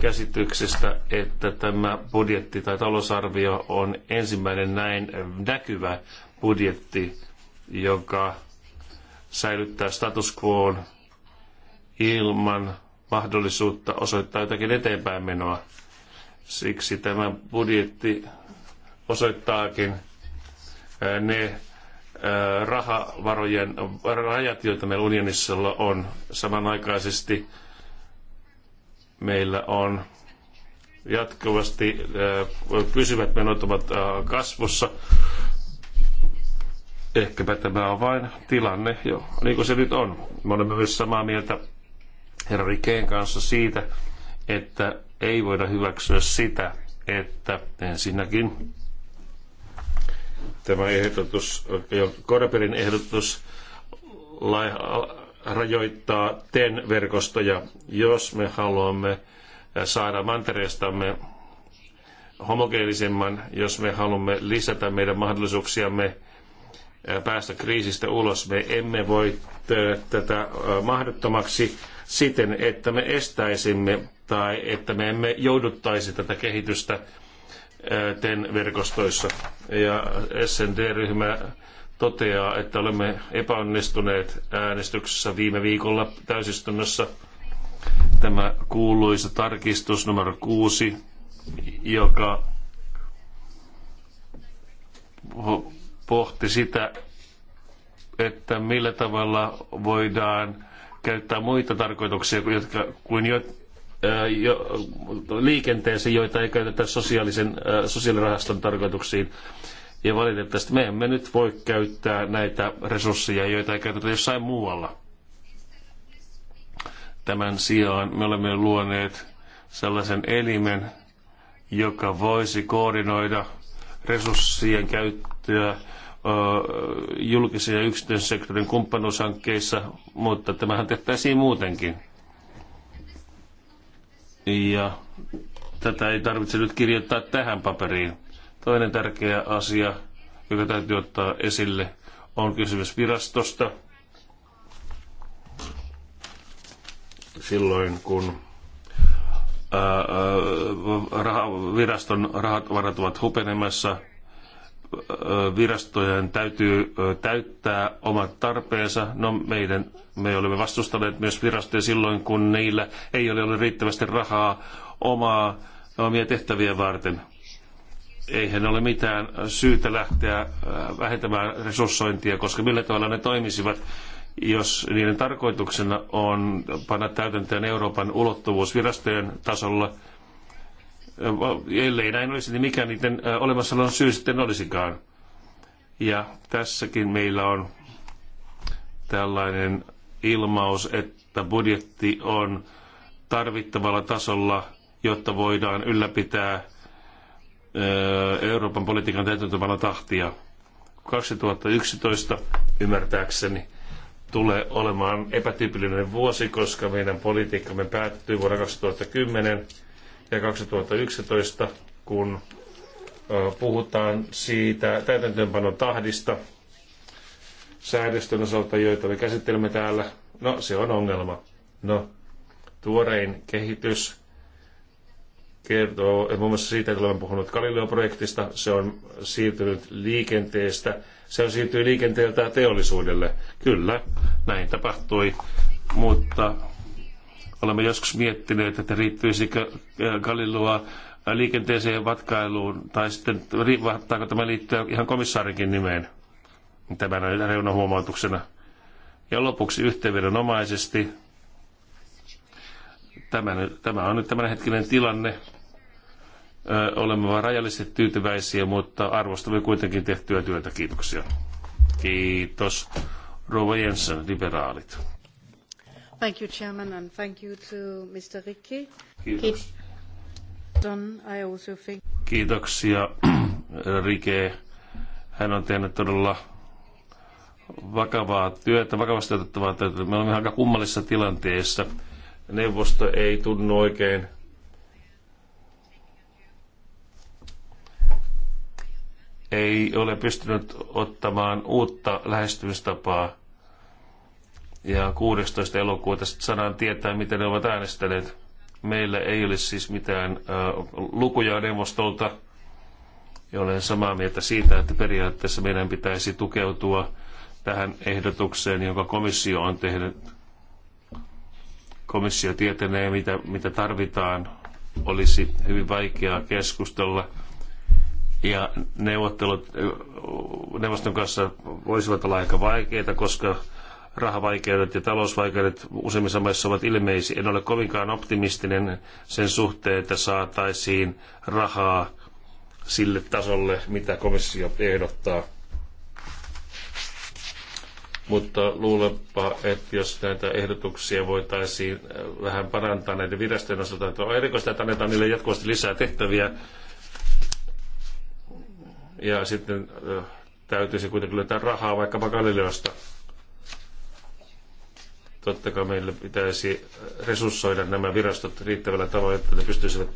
käsityksestä, että tämä budjetti tai talousarvio on ensimmäinen näin näkyvä budjetti, joka säilyttää status quoon ilman mahdollisuutta osoittaa jotakin eteenpäin menoa. Siksi tämä budjetti osoittaakin ne rahavarojen rajat, joita meillä unionissa on. Samanaikaisesti meillä on jatkuvasti pysyvät menot ovat kasvussa. Ehkäpä tämä on vain tilanne, jo, niin kuin se nyt on. Me olemme myös samaa mieltä herra Rikeen kanssa siitä, että ei voida hyväksyä sitä, että ensinnäkin Tämä ehdotus, Koreperin ehdotus rajoittaa TEN-verkostoja, jos me haluamme saada mantereestamme homogeenisemman, jos me haluamme lisätä meidän mahdollisuuksiamme päästä kriisistä ulos. Me emme voi tätä mahdottomaksi siten, että me estäisimme tai että me emme jouduttaisi tätä kehitystä TEN-verkostoissa. Ja SND-ryhmä toteaa, että olemme epäonnistuneet äänestyksessä viime viikolla täysistunnossa. Tämä kuuluisa tarkistus numero kuusi, joka pohti sitä, että millä tavalla voidaan käyttää muita tarkoituksia jotka, kuin liikenteeseen, joita ei käytetä sosiaalisen, sosiaalirahaston tarkoituksiin. Ja valitettavasti me emme nyt voi käyttää näitä resursseja, joita ei käytetä jossain muualla. Tämän sijaan me olemme luoneet sellaisen elimen, joka voisi koordinoida resurssien käyttöä julkisen ja yksityisen sektorin kumppanuushankkeissa, mutta tämähän tehtäisiin muutenkin. Ja tätä ei tarvitse nyt kirjoittaa tähän paperiin. Toinen tärkeä asia, joka täytyy ottaa esille, on kysymys virastosta. Silloin kun ää, ää, viraston rahat varat ovat hupenemassa – virastojen täytyy täyttää omat tarpeensa. No meidän, me olemme vastustaneet myös virastoja silloin, kun niillä ei ole ollut riittävästi rahaa omaa, omia tehtäviä varten. Eihän ole mitään syytä lähteä vähentämään resurssointia, koska millä tavalla ne toimisivat, jos niiden tarkoituksena on panna täytäntöön Euroopan ulottuvuus virastojen tasolla – ellei näin olisi, niin mikä niiden olemassaolon syy sitten olisikaan. Ja tässäkin meillä on tällainen ilmaus, että budjetti on tarvittavalla tasolla, jotta voidaan ylläpitää Euroopan politiikan täytäntöpana tahtia. 2011 ymmärtääkseni tulee olemaan epätyypillinen vuosi, koska meidän politiikkamme päättyy vuonna 2010 ja 2011, kun puhutaan siitä täytäntöönpanon tahdista säädösten osalta, joita me käsittelemme täällä. No, se on ongelma. No, tuorein kehitys kertoo, muun muassa siitä, että olen puhunut Galileo-projektista, se on siirtynyt liikenteestä, se on siirtynyt liikenteeltä teollisuudelle. Kyllä, näin tapahtui, mutta Olemme joskus miettineet, että riittyisikö äh, Galiloa äh, liikenteeseen ja matkailuun, tai sitten vaihtaako tämä liittyä ihan komissaarinkin nimeen. Tämä on huomautuksena. Ja lopuksi yhteenvedonomaisesti. Tämä, tämä on nyt tämänhetkinen tilanne. Äh, olemme vain rajallisesti tyytyväisiä, mutta arvostamme kuitenkin tehtyä työtä. Kiitoksia. Kiitos. Rova Jensen, liberaalit. Thank you, Chairman, and thank you to Mr. Rikki. Kiitos. Kiitoksia, Rike. Hän on tehnyt todella vakavaa työtä, vakavasti otettavaa työtä. Me olemme aika kummallisessa tilanteessa. Neuvosto ei tunnu oikein ei ole pystynyt ottamaan uutta lähestymistapaa ja 16. elokuuta saadaan tietää, miten ne ovat äänestäneet. Meillä ei ole siis mitään äh, lukuja neuvostolta, ja olen samaa mieltä siitä, että periaatteessa meidän pitäisi tukeutua tähän ehdotukseen, jonka komissio on tehnyt. Komissio tietenee, mitä, mitä tarvitaan. Olisi hyvin vaikeaa keskustella ja neuvottelut neuvoston kanssa voisivat olla aika vaikeita, koska rahavaikeudet ja talousvaikeudet useimmissa maissa ovat ilmeisiä. En ole kovinkaan optimistinen sen suhteen, että saataisiin rahaa sille tasolle, mitä komissio ehdottaa. Mutta luulepa, että jos näitä ehdotuksia voitaisiin äh, vähän parantaa näiden virastojen osalta, että on erikoista, että annetaan niille jatkuvasti lisää tehtäviä. Ja sitten äh, täytyisi kuitenkin löytää rahaa vaikkapa Galileosta Totta kai meillä pitäisi resurssoida nämä virastot riittävällä tavalla, että ne pystyisivät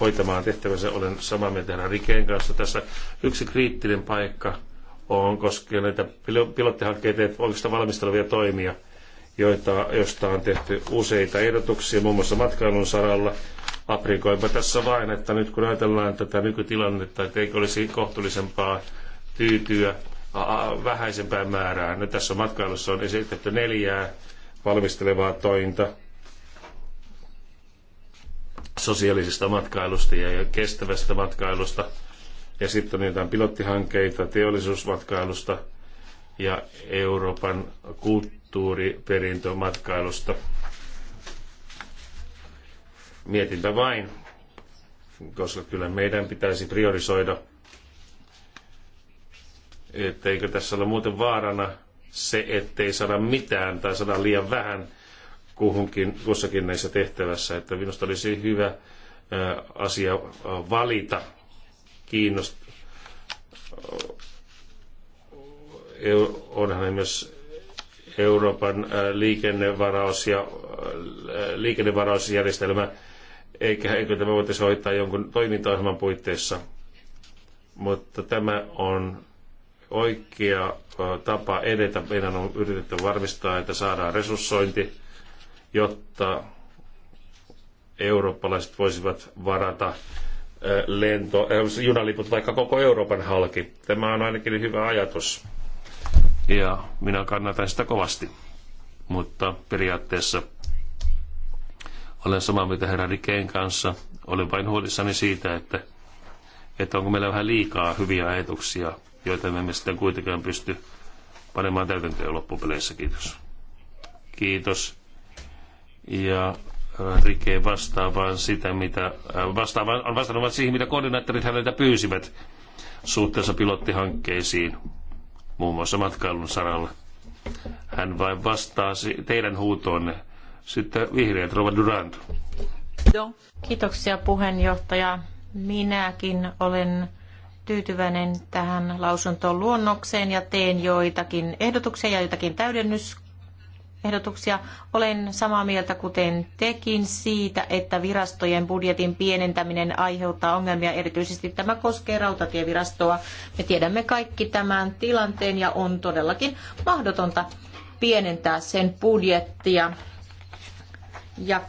hoitamaan tehtävänsä. Olen samaa mieltä herran Rikeen kanssa. Tässä yksi kriittinen paikka on koskien näitä pilottihankkeita, että oikeastaan valmistelevia toimia, joita, josta on tehty useita ehdotuksia, muun muassa matkailun saralla. Aprikoinpa tässä vain, että nyt kun ajatellaan tätä nykytilannetta, että eikö olisi kohtuullisempaa tyytyä vähäisempään määrään. Nyt no, tässä matkailussa on esitetty neljää valmistelevaa tointa sosiaalisesta matkailusta ja kestävästä matkailusta. Ja sitten on jotain pilottihankkeita teollisuusmatkailusta ja Euroopan kulttuuriperintömatkailusta. Mietintä vain, koska kyllä meidän pitäisi priorisoida, etteikö tässä ole muuten vaarana, se, ettei saada mitään tai saada liian vähän kuhunkin, kussakin näissä tehtävässä. Että minusta olisi hyvä asia valita kiinnost... Onhan myös Euroopan liikennevaraus ja liikennevarausjärjestelmä, eikä, eikö tämä voitaisiin hoitaa jonkun toimintaohjelman puitteissa. Mutta tämä on oikea tapa edetä. Meidän on yritetty varmistaa, että saadaan resurssointi, jotta eurooppalaiset voisivat varata lento, junaliput vaikka koko Euroopan halki. Tämä on ainakin hyvä ajatus. Ja minä kannatan sitä kovasti. Mutta periaatteessa olen samaa mieltä herra Rikeen kanssa. Olen vain huolissani siitä, että, että onko meillä vähän liikaa hyviä ajatuksia joita me emme sitten kuitenkaan pysty panemaan täytäntöön loppupeleissä. Kiitos. Kiitos. Ja äh, Rike vastaa vaan sitä, mitä, äh, vastaa vaan, on vastannut vaan siihen, mitä koordinaattorit häneltä pyysivät suhteessa pilottihankkeisiin, muun muassa matkailun saralla. Hän vain vastaa teidän huutoonne. Sitten vihreät, Rova Durant. Kiitoksia puheenjohtaja. Minäkin olen tyytyväinen tähän lausuntoon luonnokseen ja teen joitakin ehdotuksia ja joitakin täydennysehdotuksia. Olen samaa mieltä kuten tekin siitä, että virastojen budjetin pienentäminen aiheuttaa ongelmia. Erityisesti tämä koskee rautatievirastoa. Me tiedämme kaikki tämän tilanteen ja on todellakin mahdotonta pienentää sen budjettia. Ja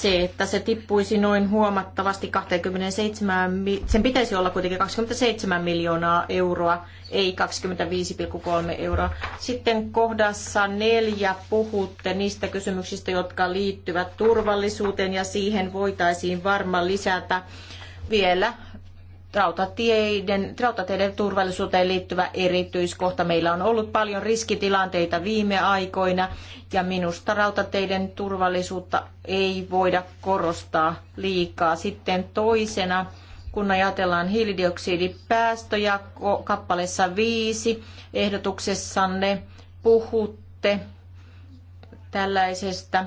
se, että se tippuisi noin huomattavasti 27, sen pitäisi olla kuitenkin 27 miljoonaa euroa, ei 25,3 euroa. Sitten kohdassa neljä puhutte niistä kysymyksistä, jotka liittyvät turvallisuuteen ja siihen voitaisiin varmaan lisätä vielä rautateiden, rautateiden turvallisuuteen liittyvä erityiskohta. Meillä on ollut paljon riskitilanteita viime aikoina ja minusta rautateiden turvallisuutta ei voida korostaa liikaa. Sitten toisena, kun ajatellaan hiilidioksidipäästöjä kappaleessa viisi ehdotuksessanne puhutte tällaisesta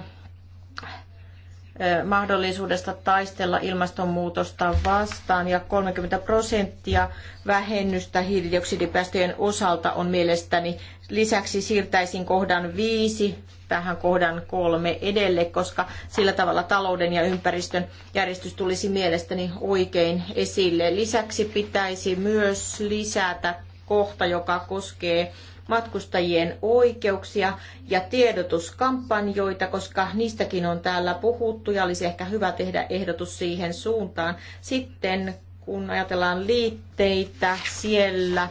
mahdollisuudesta taistella ilmastonmuutosta vastaan ja 30 prosenttia vähennystä hiilidioksidipäästöjen osalta on mielestäni. Lisäksi siirtäisin kohdan viisi tähän kohdan kolme edelle, koska sillä tavalla talouden ja ympäristön järjestys tulisi mielestäni oikein esille. Lisäksi pitäisi myös lisätä kohta, joka koskee matkustajien oikeuksia ja tiedotuskampanjoita, koska niistäkin on täällä puhuttu ja olisi ehkä hyvä tehdä ehdotus siihen suuntaan. Sitten kun ajatellaan liitteitä siellä,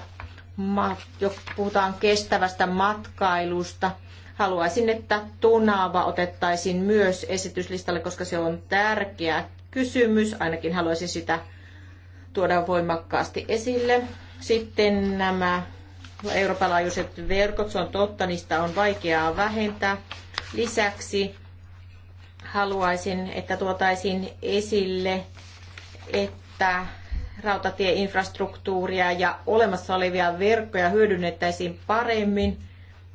jo puhutaan kestävästä matkailusta, haluaisin, että tunaava otettaisiin myös esityslistalle, koska se on tärkeä kysymys. Ainakin haluaisin sitä tuoda voimakkaasti esille. Sitten nämä Euroopan laajuiset verkot, se on totta, niistä on vaikeaa vähentää. Lisäksi haluaisin, että tuotaisin esille, että rautatieinfrastruktuuria ja olemassa olevia verkkoja hyödynnettäisiin paremmin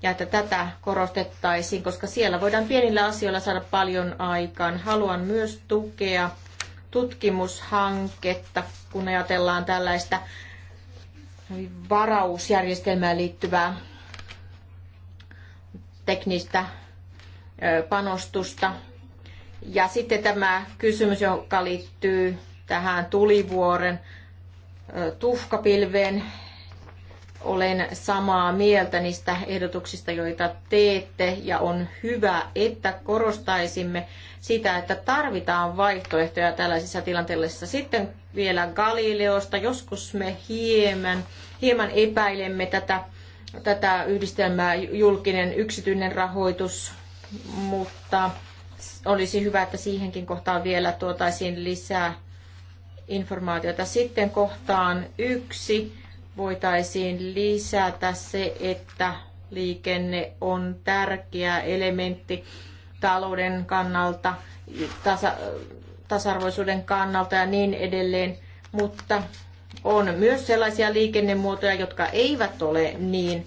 ja että tätä korostettaisiin, koska siellä voidaan pienillä asioilla saada paljon aikaan. Haluan myös tukea tutkimushanketta, kun ajatellaan tällaista varausjärjestelmään liittyvää teknistä panostusta. Ja sitten tämä kysymys, joka liittyy tähän tulivuoren tuhkapilveen olen samaa mieltä niistä ehdotuksista, joita teette, ja on hyvä, että korostaisimme sitä, että tarvitaan vaihtoehtoja tällaisissa tilanteissa. Sitten vielä Galileosta. Joskus me hieman, hieman epäilemme tätä, tätä yhdistelmää julkinen yksityinen rahoitus, mutta olisi hyvä, että siihenkin kohtaan vielä tuotaisiin lisää informaatiota. Sitten kohtaan yksi voitaisiin lisätä se, että liikenne on tärkeä elementti talouden kannalta, tasa, tasa-arvoisuuden kannalta ja niin edelleen, mutta on myös sellaisia liikennemuotoja, jotka eivät ole niin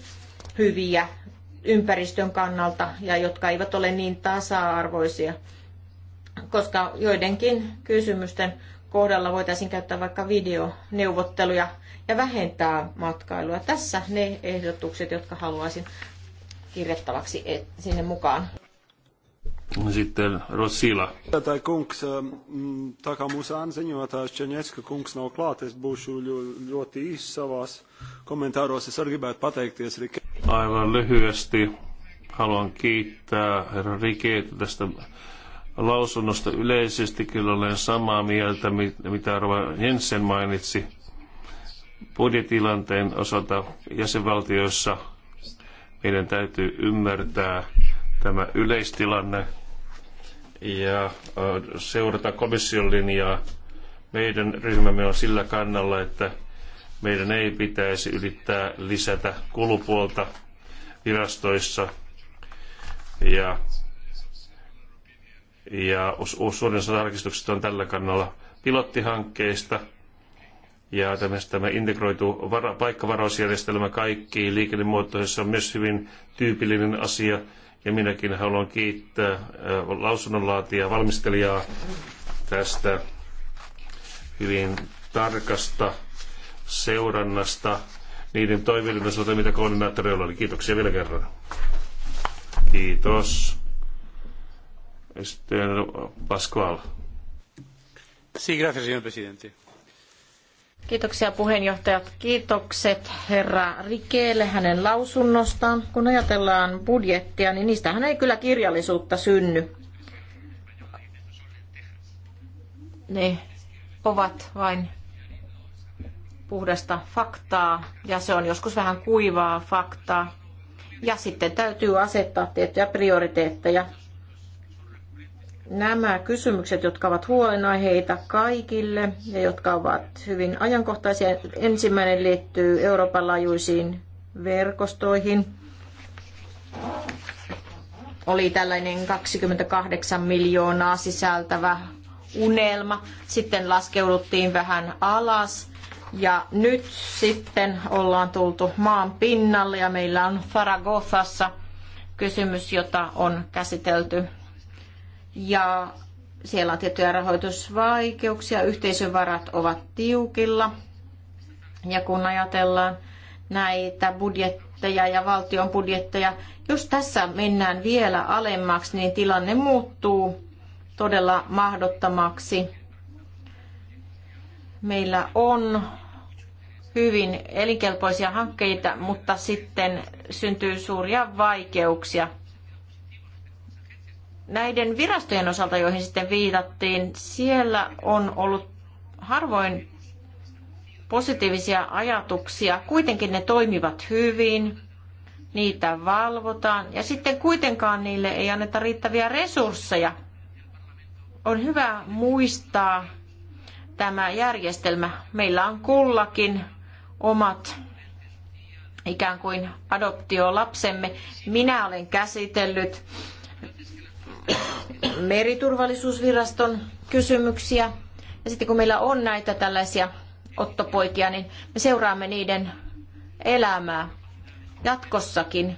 hyviä ympäristön kannalta ja jotka eivät ole niin tasa-arvoisia, koska joidenkin kysymysten kohdalla voitaisiin käyttää vaikka videoneuvotteluja ja vähentää matkailua. Tässä ne ehdotukset, jotka haluaisin kirjattavaksi eh, sinne mukaan. Sitten Rossila. Tai kunksa tā kā mūsu ānziņotājs Čeņecka kungs nav klāt, es būšu ļoti īsi savās komentāros. Es arī gribētu pateikties Rike. Aivan lyhyesti haluan kiittää herra Rikeitä tästä lausunnosta yleisesti. Kyllä olen samaa mieltä, mitä Rova Jensen mainitsi budjetilanteen osalta jäsenvaltioissa meidän täytyy ymmärtää tämä yleistilanne ja seurata komission linjaa. Meidän ryhmämme on sillä kannalla, että meidän ei pitäisi yrittää lisätä kulupuolta virastoissa ja, ja suurin osa tarkistuksista on tällä kannalla pilottihankkeista – ja tämä integroitu vara, paikkavarausjärjestelmä kaikkiin liikennemuotoihin on myös hyvin tyypillinen asia. Ja minäkin haluan kiittää äh, lausunnonlaatijaa valmistelijaa tästä hyvin tarkasta seurannasta niiden toiveiden osalta, mitä koordinaattoreilla oli. Kiitoksia vielä kerran. Kiitos. Sitten Pascual. Sí, gracias, señor presidente. Kiitoksia puheenjohtajat. Kiitokset herra Rikeelle hänen lausunnostaan. Kun ajatellaan budjettia, niin niistähän ei kyllä kirjallisuutta synny. Ne ovat vain puhdasta faktaa ja se on joskus vähän kuivaa faktaa. Ja sitten täytyy asettaa tiettyjä prioriteetteja nämä kysymykset, jotka ovat huolenaiheita kaikille ja jotka ovat hyvin ajankohtaisia. Ensimmäinen liittyy Euroopan laajuisiin verkostoihin. Oli tällainen 28 miljoonaa sisältävä unelma. Sitten laskeuduttiin vähän alas ja nyt sitten ollaan tultu maan pinnalle ja meillä on Zaragoza:ssa kysymys, jota on käsitelty ja siellä on tiettyjä rahoitusvaikeuksia, yhteisövarat ovat tiukilla. Ja kun ajatellaan näitä budjetteja ja valtion budjetteja, jos tässä mennään vielä alemmaksi, niin tilanne muuttuu todella mahdottomaksi. Meillä on hyvin elinkelpoisia hankkeita, mutta sitten syntyy suuria vaikeuksia – näiden virastojen osalta, joihin sitten viitattiin, siellä on ollut harvoin positiivisia ajatuksia. Kuitenkin ne toimivat hyvin, niitä valvotaan ja sitten kuitenkaan niille ei anneta riittäviä resursseja. On hyvä muistaa tämä järjestelmä. Meillä on kullakin omat ikään kuin adoptiolapsemme. Minä olen käsitellyt meriturvallisuusviraston kysymyksiä. Ja sitten kun meillä on näitä tällaisia ottopoikia, niin me seuraamme niiden elämää jatkossakin.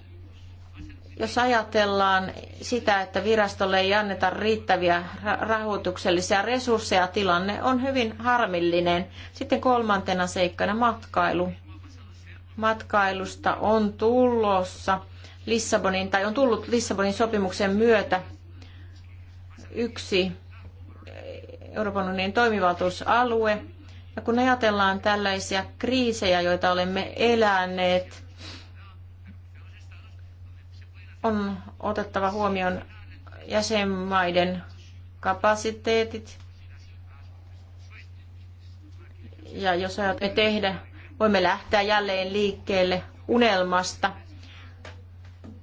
Jos ajatellaan sitä, että virastolle ei anneta riittäviä rahoituksellisia resursseja, tilanne on hyvin harmillinen. Sitten kolmantena seikkana matkailu. Matkailusta on tulossa Lissabonin, tai on tullut Lissabonin sopimuksen myötä yksi Euroopan unionin toimivaltuusalue. Ja kun ajatellaan tällaisia kriisejä, joita olemme eläneet, on otettava huomioon jäsenmaiden kapasiteetit. Ja jos me tehdä, voimme lähteä jälleen liikkeelle unelmasta.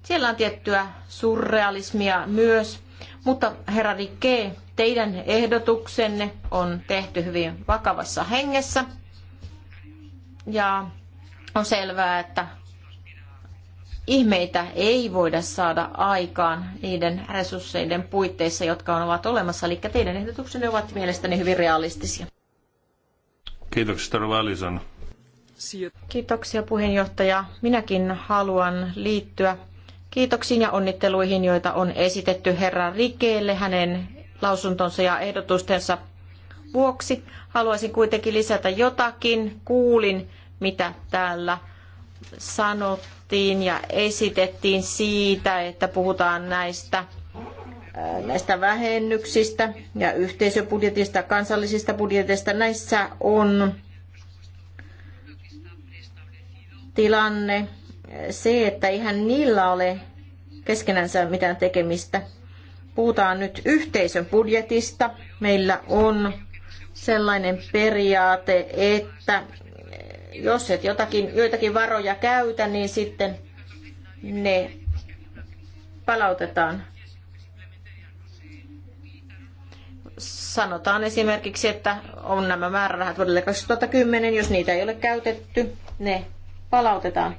Siellä on tiettyä surrealismia myös, mutta herra Rikke, teidän ehdotuksenne on tehty hyvin vakavassa hengessä. Ja on selvää, että ihmeitä ei voida saada aikaan niiden resursseiden puitteissa, jotka ovat olemassa. Eli teidän ehdotuksenne ovat mielestäni hyvin realistisia. Kiitoksia, Tarva Alison. Kiitoksia puheenjohtaja. Minäkin haluan liittyä kiitoksiin ja onnitteluihin, joita on esitetty herra Rikeelle hänen lausuntonsa ja ehdotustensa vuoksi. Haluaisin kuitenkin lisätä jotakin. Kuulin, mitä täällä sanottiin ja esitettiin siitä, että puhutaan näistä äh, näistä vähennyksistä ja yhteisöbudjetista, kansallisista budjeteista. Näissä on tilanne, se, että ihan niillä ole keskenänsä mitään tekemistä. Puhutaan nyt yhteisön budjetista. Meillä on sellainen periaate, että jos et jotakin, joitakin varoja käytä, niin sitten ne palautetaan. Sanotaan esimerkiksi, että on nämä määrärahat vuodelle 2010, jos niitä ei ole käytetty, ne palautetaan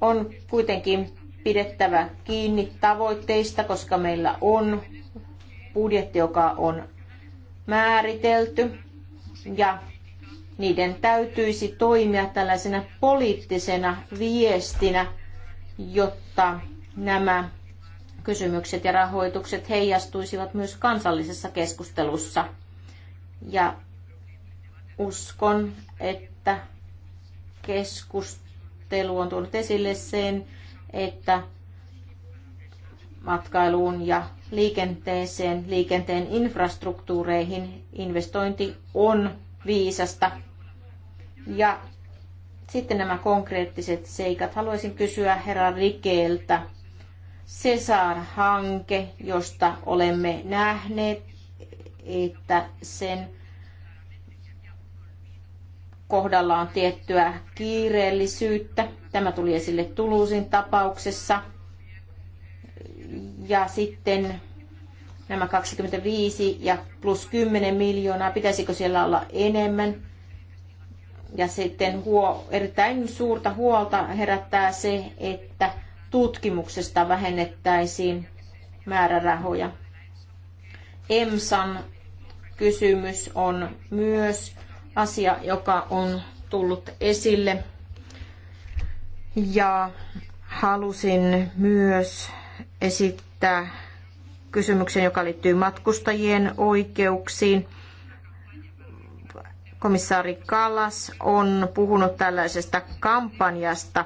on kuitenkin pidettävä kiinni tavoitteista, koska meillä on budjetti, joka on määritelty ja niiden täytyisi toimia tällaisena poliittisena viestinä, jotta nämä kysymykset ja rahoitukset heijastuisivat myös kansallisessa keskustelussa. Ja uskon, että keskustelu keskustelu on tuonut esille sen, että matkailuun ja liikenteeseen, liikenteen infrastruktuureihin investointi on viisasta. Ja sitten nämä konkreettiset seikat. Haluaisin kysyä herra Rikeeltä. Cesar-hanke, josta olemme nähneet, että sen kohdalla on tiettyä kiireellisyyttä. Tämä tuli esille Tuluusin tapauksessa. Ja sitten nämä 25 ja plus 10 miljoonaa, pitäisikö siellä olla enemmän? Ja sitten huo, erittäin suurta huolta herättää se, että tutkimuksesta vähennettäisiin määrärahoja. EMSAn kysymys on myös asia, joka on tullut esille. Ja halusin myös esittää kysymyksen, joka liittyy matkustajien oikeuksiin. Komissaari Kallas on puhunut tällaisesta kampanjasta,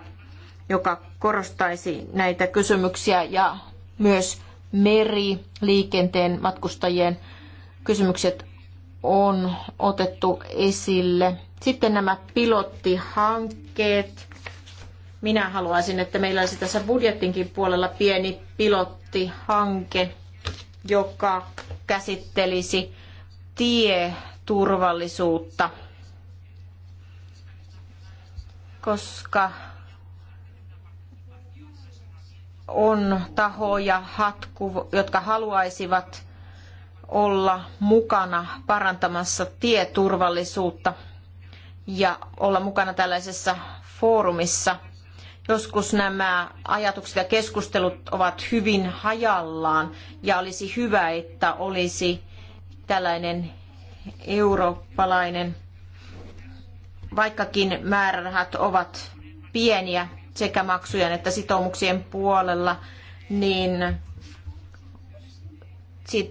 joka korostaisi näitä kysymyksiä ja myös meriliikenteen matkustajien kysymykset on otettu esille. Sitten nämä pilottihankkeet. Minä haluaisin, että meillä olisi tässä budjettinkin puolella pieni pilottihanke, joka käsittelisi tieturvallisuutta, koska on tahoja, jotka haluaisivat olla mukana parantamassa tieturvallisuutta ja olla mukana tällaisessa foorumissa. Joskus nämä ajatukset ja keskustelut ovat hyvin hajallaan ja olisi hyvä, että olisi tällainen eurooppalainen, vaikkakin määrärahat ovat pieniä sekä maksujen että sitoumuksien puolella, niin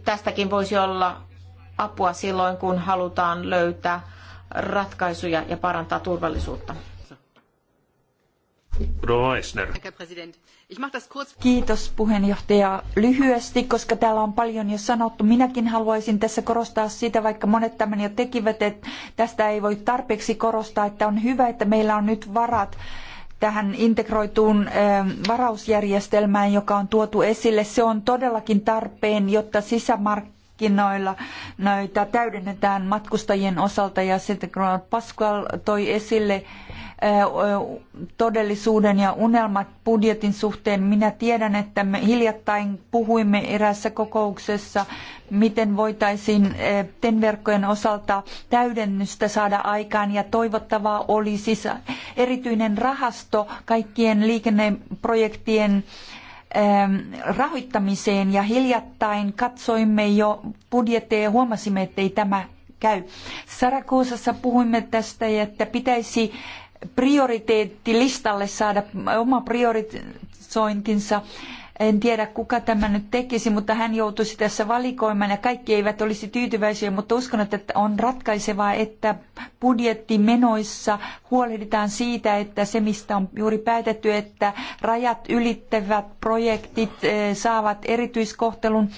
tästäkin voisi olla apua silloin, kun halutaan löytää ratkaisuja ja parantaa turvallisuutta. Kiitos puheenjohtaja. Lyhyesti, koska täällä on paljon jo sanottu. Minäkin haluaisin tässä korostaa sitä, vaikka monet tämän jo tekivät, että tästä ei voi tarpeeksi korostaa, että on hyvä, että meillä on nyt varat tähän integroituun varausjärjestelmään, joka on tuotu esille. Se on todellakin tarpeen, jotta sisämark- markkinoilla. Näitä täydennetään matkustajien osalta ja sitten Grand Pascal toi esille todellisuuden ja unelmat budjetin suhteen. Minä tiedän, että me hiljattain puhuimme eräässä kokouksessa, miten voitaisiin TEN-verkkojen osalta täydennystä saada aikaan ja toivottavaa oli siis erityinen rahasto kaikkien liikenneprojektien Ähm, rahoittamiseen ja hiljattain katsoimme jo budjetteja ja huomasimme, että ei tämä käy. Sarakuusassa puhuimme tästä, että pitäisi prioriteettilistalle saada oma priorisointinsa en tiedä, kuka tämän nyt tekisi, mutta hän joutuisi tässä valikoimaan ja kaikki eivät olisi tyytyväisiä, mutta uskon, että on ratkaisevaa, että budjettimenoissa huolehditaan siitä, että se, mistä on juuri päätetty, että rajat ylittävät projektit eh, saavat erityiskohtelun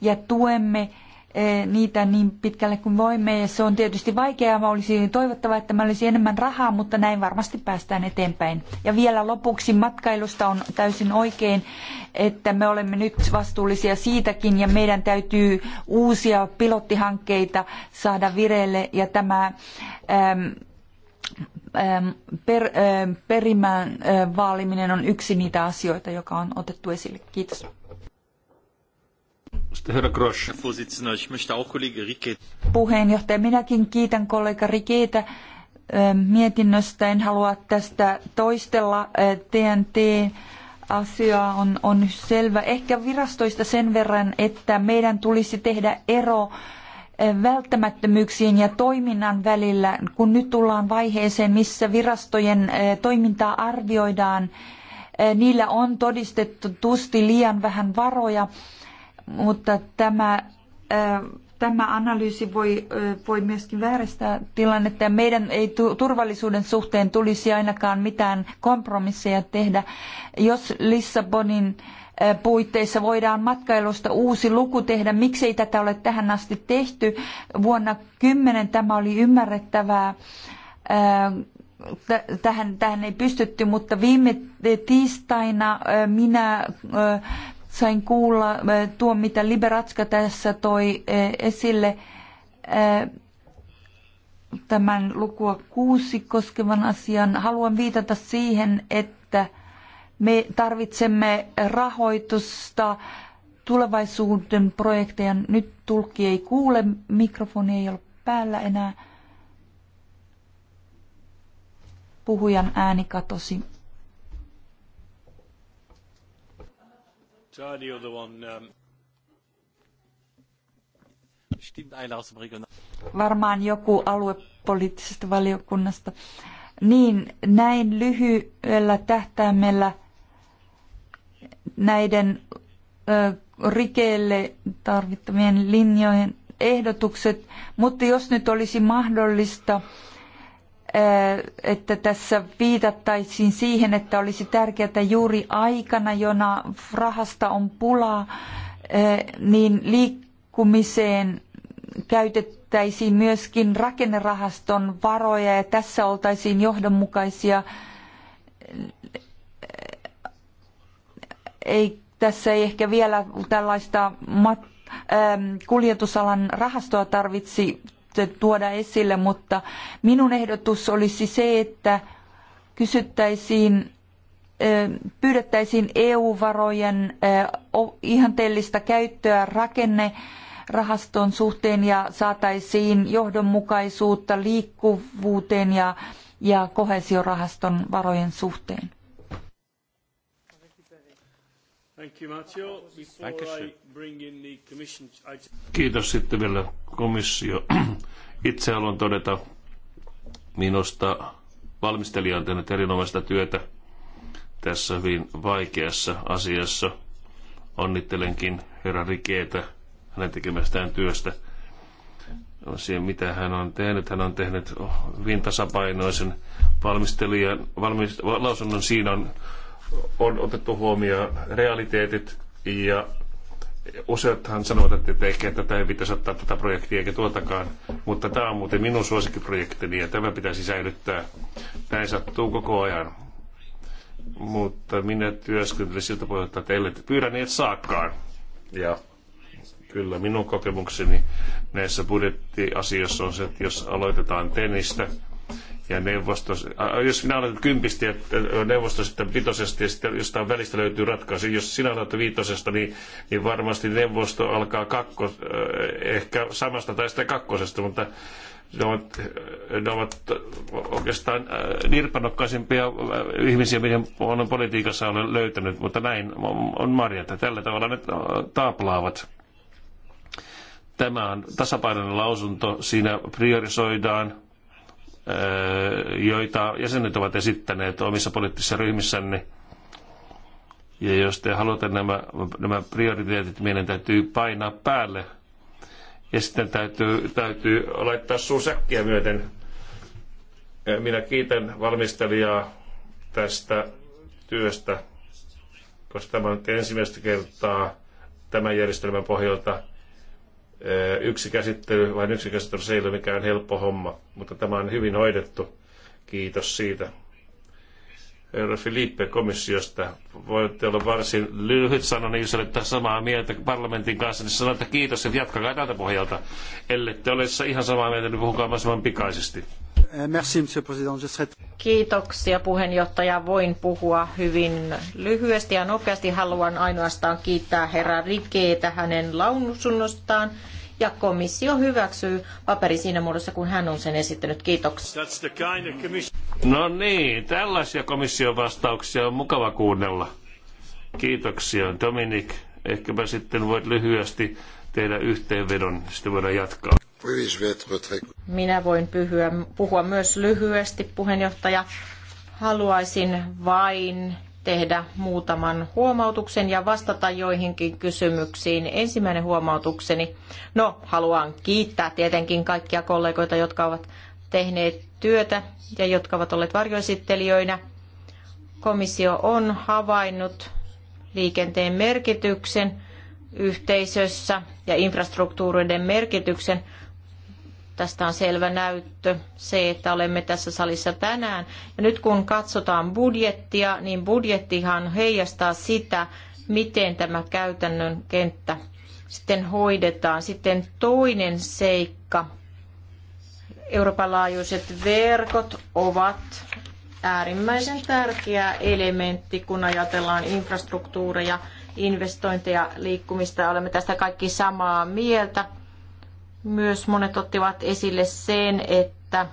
ja tuemme Eh, niitä niin pitkälle kuin voimme. Ja se on tietysti vaikeaa. Mä olisi toivottavaa, että mä olisi enemmän rahaa, mutta näin varmasti päästään eteenpäin. Ja vielä lopuksi matkailusta on täysin oikein, että me olemme nyt vastuullisia siitäkin ja meidän täytyy uusia pilottihankkeita saada vireille ja tämä äm, ähm, per, äh, perimän äh, vaaliminen on yksi niitä asioita, joka on otettu esille. Kiitos. Herra Grosch. Puheenjohtaja, minäkin kiitän kollega Rikeitä mietinnöstä. En halua tästä toistella. TNT-asia on, on selvä. Ehkä virastoista sen verran, että meidän tulisi tehdä ero välttämättömyyksien ja toiminnan välillä, kun nyt tullaan vaiheeseen, missä virastojen toimintaa arvioidaan. Niillä on todistettu tusti liian vähän varoja mutta tämä, tämä analyysi voi, voi myöskin vääristää tilannetta ja meidän ei turvallisuuden suhteen tulisi ainakaan mitään kompromisseja tehdä. Jos Lissabonin puitteissa voidaan matkailusta uusi luku tehdä. Miksei tätä ole tähän asti tehty? Vuonna 10 tämä oli ymmärrettävää. Tähän, tähän ei pystytty, mutta viime tiistaina minä sain kuulla eh, tuon, mitä Liberatska tässä toi eh, esille eh, tämän lukua kuusi koskevan asian. Haluan viitata siihen, että me tarvitsemme rahoitusta tulevaisuuden projekteja. Nyt tulkki ei kuule, mikrofoni ei ole päällä enää. Puhujan ääni katosi. Charlie, the one. Um... Varmaan joku aluepoliittisesta valiokunnasta. Niin, näin lyhyellä tähtäimellä näiden ö, rikeelle tarvittavien linjojen ehdotukset, mutta jos nyt olisi mahdollista, että tässä viitattaisiin siihen, että olisi tärkeää että juuri aikana, jona rahasta on pulaa, niin liikkumiseen käytettäisiin myöskin rakennerahaston varoja ja tässä oltaisiin johdonmukaisia. Ei, tässä ei ehkä vielä tällaista kuljetusalan rahastoa tarvitsi tuoda esille, mutta minun ehdotus olisi se, että kysyttäisiin pyydettäisiin EU-varojen ihanteellista käyttöä rakennerahaston suhteen ja saataisiin johdonmukaisuutta liikkuvuuteen ja, ja kohesiorahaston varojen suhteen. Kiitos sitten vielä komissio. Itse haluan todeta, minusta valmistelija on tehnyt erinomaista työtä tässä hyvin vaikeassa asiassa. Onnittelenkin herra Rikeetä hänen tekemästään työstä. Siihen, mitä hän on tehnyt. Hän on tehnyt hyvin tasapainoisen valmistelijan valmis, lausunnon. Siinä on on otettu huomioon realiteetit ja useathan sanovat, että ehkä tätä ei pitäisi ottaa tätä projektia eikä tuotakaan, mutta tämä on muuten minun suosikkiprojektini ja tämä pitäisi säilyttää. Näin sattuu koko ajan. Mutta minä työskentelen siltä pohjalta, että ellei pyydä niin et saakaan. Ja kyllä minun kokemukseni näissä budjettiasioissa on se, että jos aloitetaan tennistä, ja neuvosto, jos sinä olet kympistä ja neuvosto sitten vitosesta ja sitten jostain välistä löytyy ratkaisu. Jos sinä olet viitosesta, niin, niin varmasti neuvosto alkaa kakkos, ehkä samasta tai sitä kakkosesta, mutta ne ovat, ne ovat oikeastaan nirpanokkaisimpia ihmisiä, miten on politiikassa olen löytänyt, mutta näin on että Tällä tavalla ne taaplaavat. Tämä on tasapainoinen lausunto, siinä priorisoidaan joita jäsenet ovat esittäneet omissa poliittisissa ryhmissänne. Ja jos te haluatte nämä, nämä prioriteetit, meidän täytyy painaa päälle. Ja sitten täytyy, täytyy laittaa suu säkkiä myöten. Minä kiitän valmistelijaa tästä työstä, koska tämä on ensimmäistä kertaa tämän järjestelmän pohjalta – yksi käsittely, vain yksi käsittely se ei ole mikään helppo homma, mutta tämä on hyvin hoidettu. Kiitos siitä. Herra Filippe komissiosta, voitte olla varsin lyhyt sanoni, jos olette samaa mieltä parlamentin kanssa, niin sanotte kiitos, että jatkakaa tältä pohjalta. Ellette ole ihan samaa mieltä, niin puhukaa mahdollisimman pikaisesti. Eh, merci, Monsieur Je serai... Kiitoksia puheenjohtaja. Voin puhua hyvin lyhyesti ja nopeasti. Haluan ainoastaan kiittää herra Rikeetä hänen lausunnostaan ja komissio hyväksyy paperi siinä muodossa, kun hän on sen esittänyt. Kiitoksia. No niin, tällaisia komission vastauksia on mukava kuunnella. Kiitoksia, Dominik. Ehkäpä sitten voit lyhyesti tehdä yhteenvedon, sitten voidaan jatkaa. Minä voin pyhyä, puhua myös lyhyesti, puheenjohtaja. Haluaisin vain tehdä muutaman huomautuksen ja vastata joihinkin kysymyksiin. Ensimmäinen huomautukseni, no haluan kiittää tietenkin kaikkia kollegoita, jotka ovat tehneet työtä ja jotka ovat olleet varjoesittelijöinä. Komissio on havainnut liikenteen merkityksen yhteisössä ja infrastruktuurien merkityksen. Tästä on selvä näyttö se, että olemme tässä salissa tänään. Ja nyt kun katsotaan budjettia, niin budjettihan heijastaa sitä, miten tämä käytännön kenttä sitten hoidetaan. Sitten toinen seikka. Euroopan laajuiset verkot ovat äärimmäisen tärkeä elementti, kun ajatellaan infrastruktuureja, investointeja, liikkumista. Olemme tästä kaikki samaa mieltä. Myös monet ottivat esille sen, että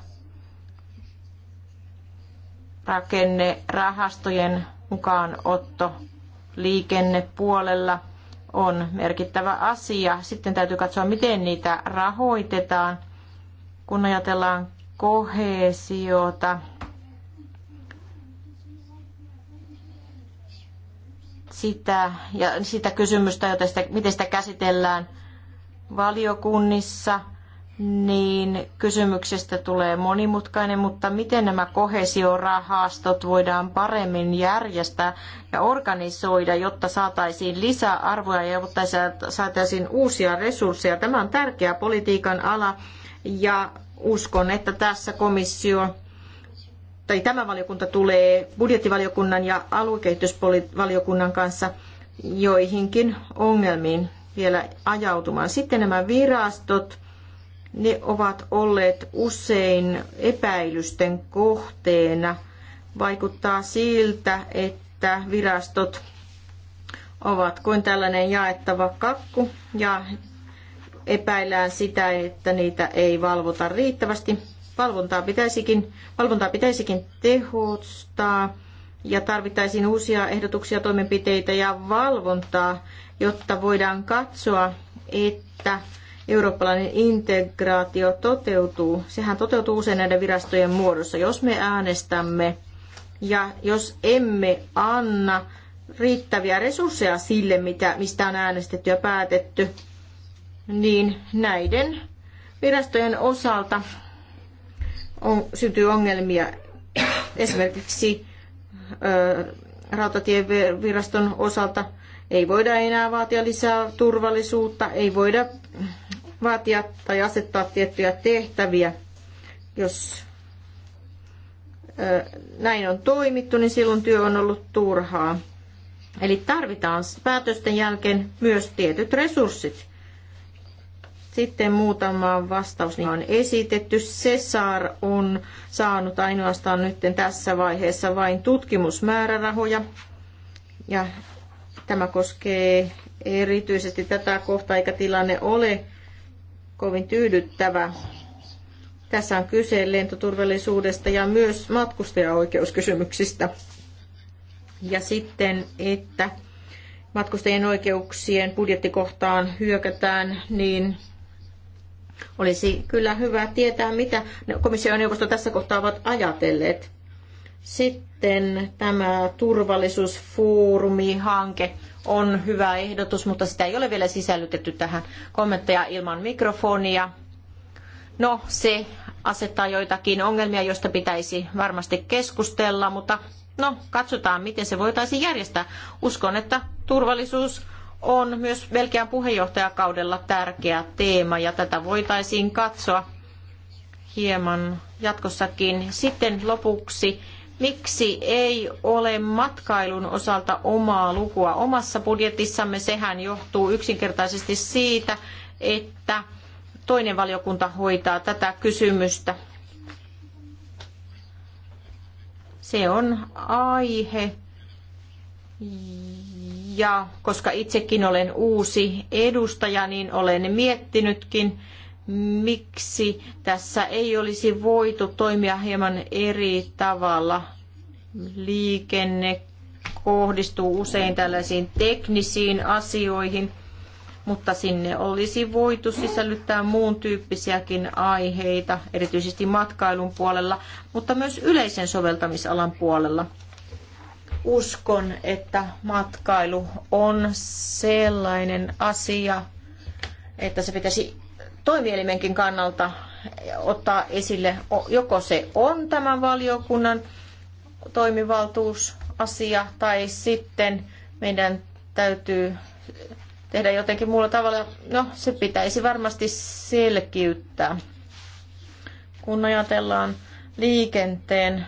rakennerahastojen mukaanotto liikennepuolella on merkittävä asia. Sitten täytyy katsoa, miten niitä rahoitetaan, kun ajatellaan kohesiota. Sitä, ja sitä kysymystä, joten sitä, miten sitä käsitellään – valiokunnissa, niin kysymyksestä tulee monimutkainen, mutta miten nämä kohesiorahastot voidaan paremmin järjestää ja organisoida, jotta saataisiin lisää arvoja ja jotta saataisiin uusia resursseja. Tämä on tärkeä politiikan ala ja uskon, että tässä komissio tai tämä valiokunta tulee budjettivaliokunnan ja aluekehitysvaliokunnan kanssa joihinkin ongelmiin vielä ajautumaan. Sitten nämä virastot, ne ovat olleet usein epäilysten kohteena. Vaikuttaa siltä, että virastot ovat kuin tällainen jaettava kakku ja epäillään sitä, että niitä ei valvota riittävästi. Valvontaa pitäisikin, valvontaa pitäisikin tehostaa ja tarvittaisiin uusia ehdotuksia, toimenpiteitä ja valvontaa jotta voidaan katsoa, että eurooppalainen integraatio toteutuu. Sehän toteutuu usein näiden virastojen muodossa. Jos me äänestämme ja jos emme anna riittäviä resursseja sille, mitä, mistä on äänestetty ja päätetty, niin näiden virastojen osalta on, syntyy ongelmia. Esimerkiksi ö, rautatieviraston osalta – ei voida enää vaatia lisää turvallisuutta, ei voida vaatia tai asettaa tiettyjä tehtäviä. Jos näin on toimittu, niin silloin työ on ollut turhaa. Eli tarvitaan päätösten jälkeen myös tietyt resurssit. Sitten muutama vastaus niin on esitetty. Cesar on saanut ainoastaan nyt tässä vaiheessa vain tutkimusmäärärahoja. Ja Tämä koskee erityisesti tätä kohtaa, eikä tilanne ole kovin tyydyttävä. Tässä on kyse lentoturvallisuudesta ja myös matkustajaoikeuskysymyksistä. Ja sitten, että matkustajien oikeuksien budjettikohtaan hyökätään, niin olisi kyllä hyvä tietää, mitä komissio ja neuvosto tässä kohtaa ovat ajatelleet. Sitten sitten tämä turvallisuusfoorumi-hanke on hyvä ehdotus, mutta sitä ei ole vielä sisällytetty tähän kommentteja ilman mikrofonia. No, se asettaa joitakin ongelmia, joista pitäisi varmasti keskustella, mutta no, katsotaan, miten se voitaisiin järjestää. Uskon, että turvallisuus on myös Belgian puheenjohtajakaudella tärkeä teema ja tätä voitaisiin katsoa hieman jatkossakin. Sitten lopuksi Miksi ei ole matkailun osalta omaa lukua omassa budjetissamme? Sehän johtuu yksinkertaisesti siitä, että toinen valiokunta hoitaa tätä kysymystä. Se on aihe, ja koska itsekin olen uusi edustaja, niin olen miettinytkin, miksi tässä ei olisi voitu toimia hieman eri tavalla. Liikenne kohdistuu usein tällaisiin teknisiin asioihin, mutta sinne olisi voitu sisällyttää muun tyyppisiäkin aiheita, erityisesti matkailun puolella, mutta myös yleisen soveltamisalan puolella. Uskon, että matkailu on sellainen asia, että se pitäisi toimielimenkin kannalta ottaa esille, joko se on tämän valiokunnan toimivaltuusasia tai sitten meidän täytyy tehdä jotenkin muulla tavalla. No, se pitäisi varmasti selkiyttää. Kun ajatellaan liikenteen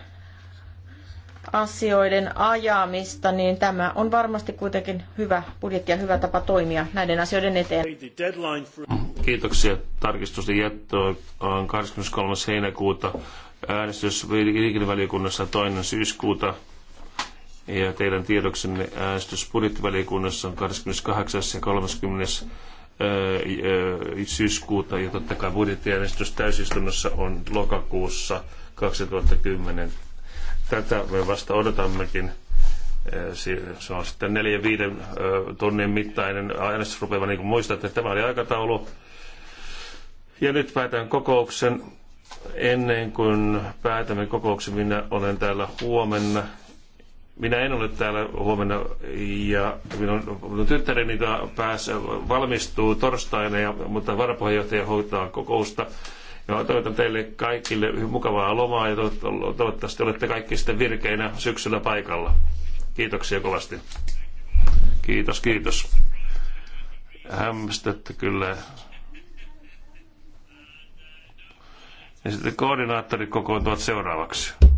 asioiden ajamista, niin tämä on varmasti kuitenkin hyvä budjetti ja hyvä tapa toimia näiden asioiden eteen. Kiitoksia. Tarkistusten jättö on 23. heinäkuuta. Äänestys liikennevaliokunnassa toinen syyskuuta. Ja teidän tiedoksenne äänestys budjettivaliokunnassa on 28. ja 30. syyskuuta. Ja totta kai budjettiäänestys täysistunnossa on lokakuussa 2010. Tätä me vasta odotammekin se on sitten 4 viiden tunnin mittainen äänestys rupeava, niin kuin muistatte, tämä oli aikataulu. Ja nyt päätän kokouksen. Ennen kuin päätämme kokouksen, minä olen täällä huomenna. Minä en ole täällä huomenna ja minun, minun tyttäreni pääs, valmistuu torstaina, ja, mutta varapuheenjohtaja hoitaa kokousta. Ja toivotan teille kaikille mukavaa lomaa ja toivottavasti olette kaikki sitten virkeinä syksyllä paikalla. Kiitoksia kovasti. Kiitos, kiitos. Hämmästytte kyllä. Ja sitten koordinaattorit kokoontuvat seuraavaksi.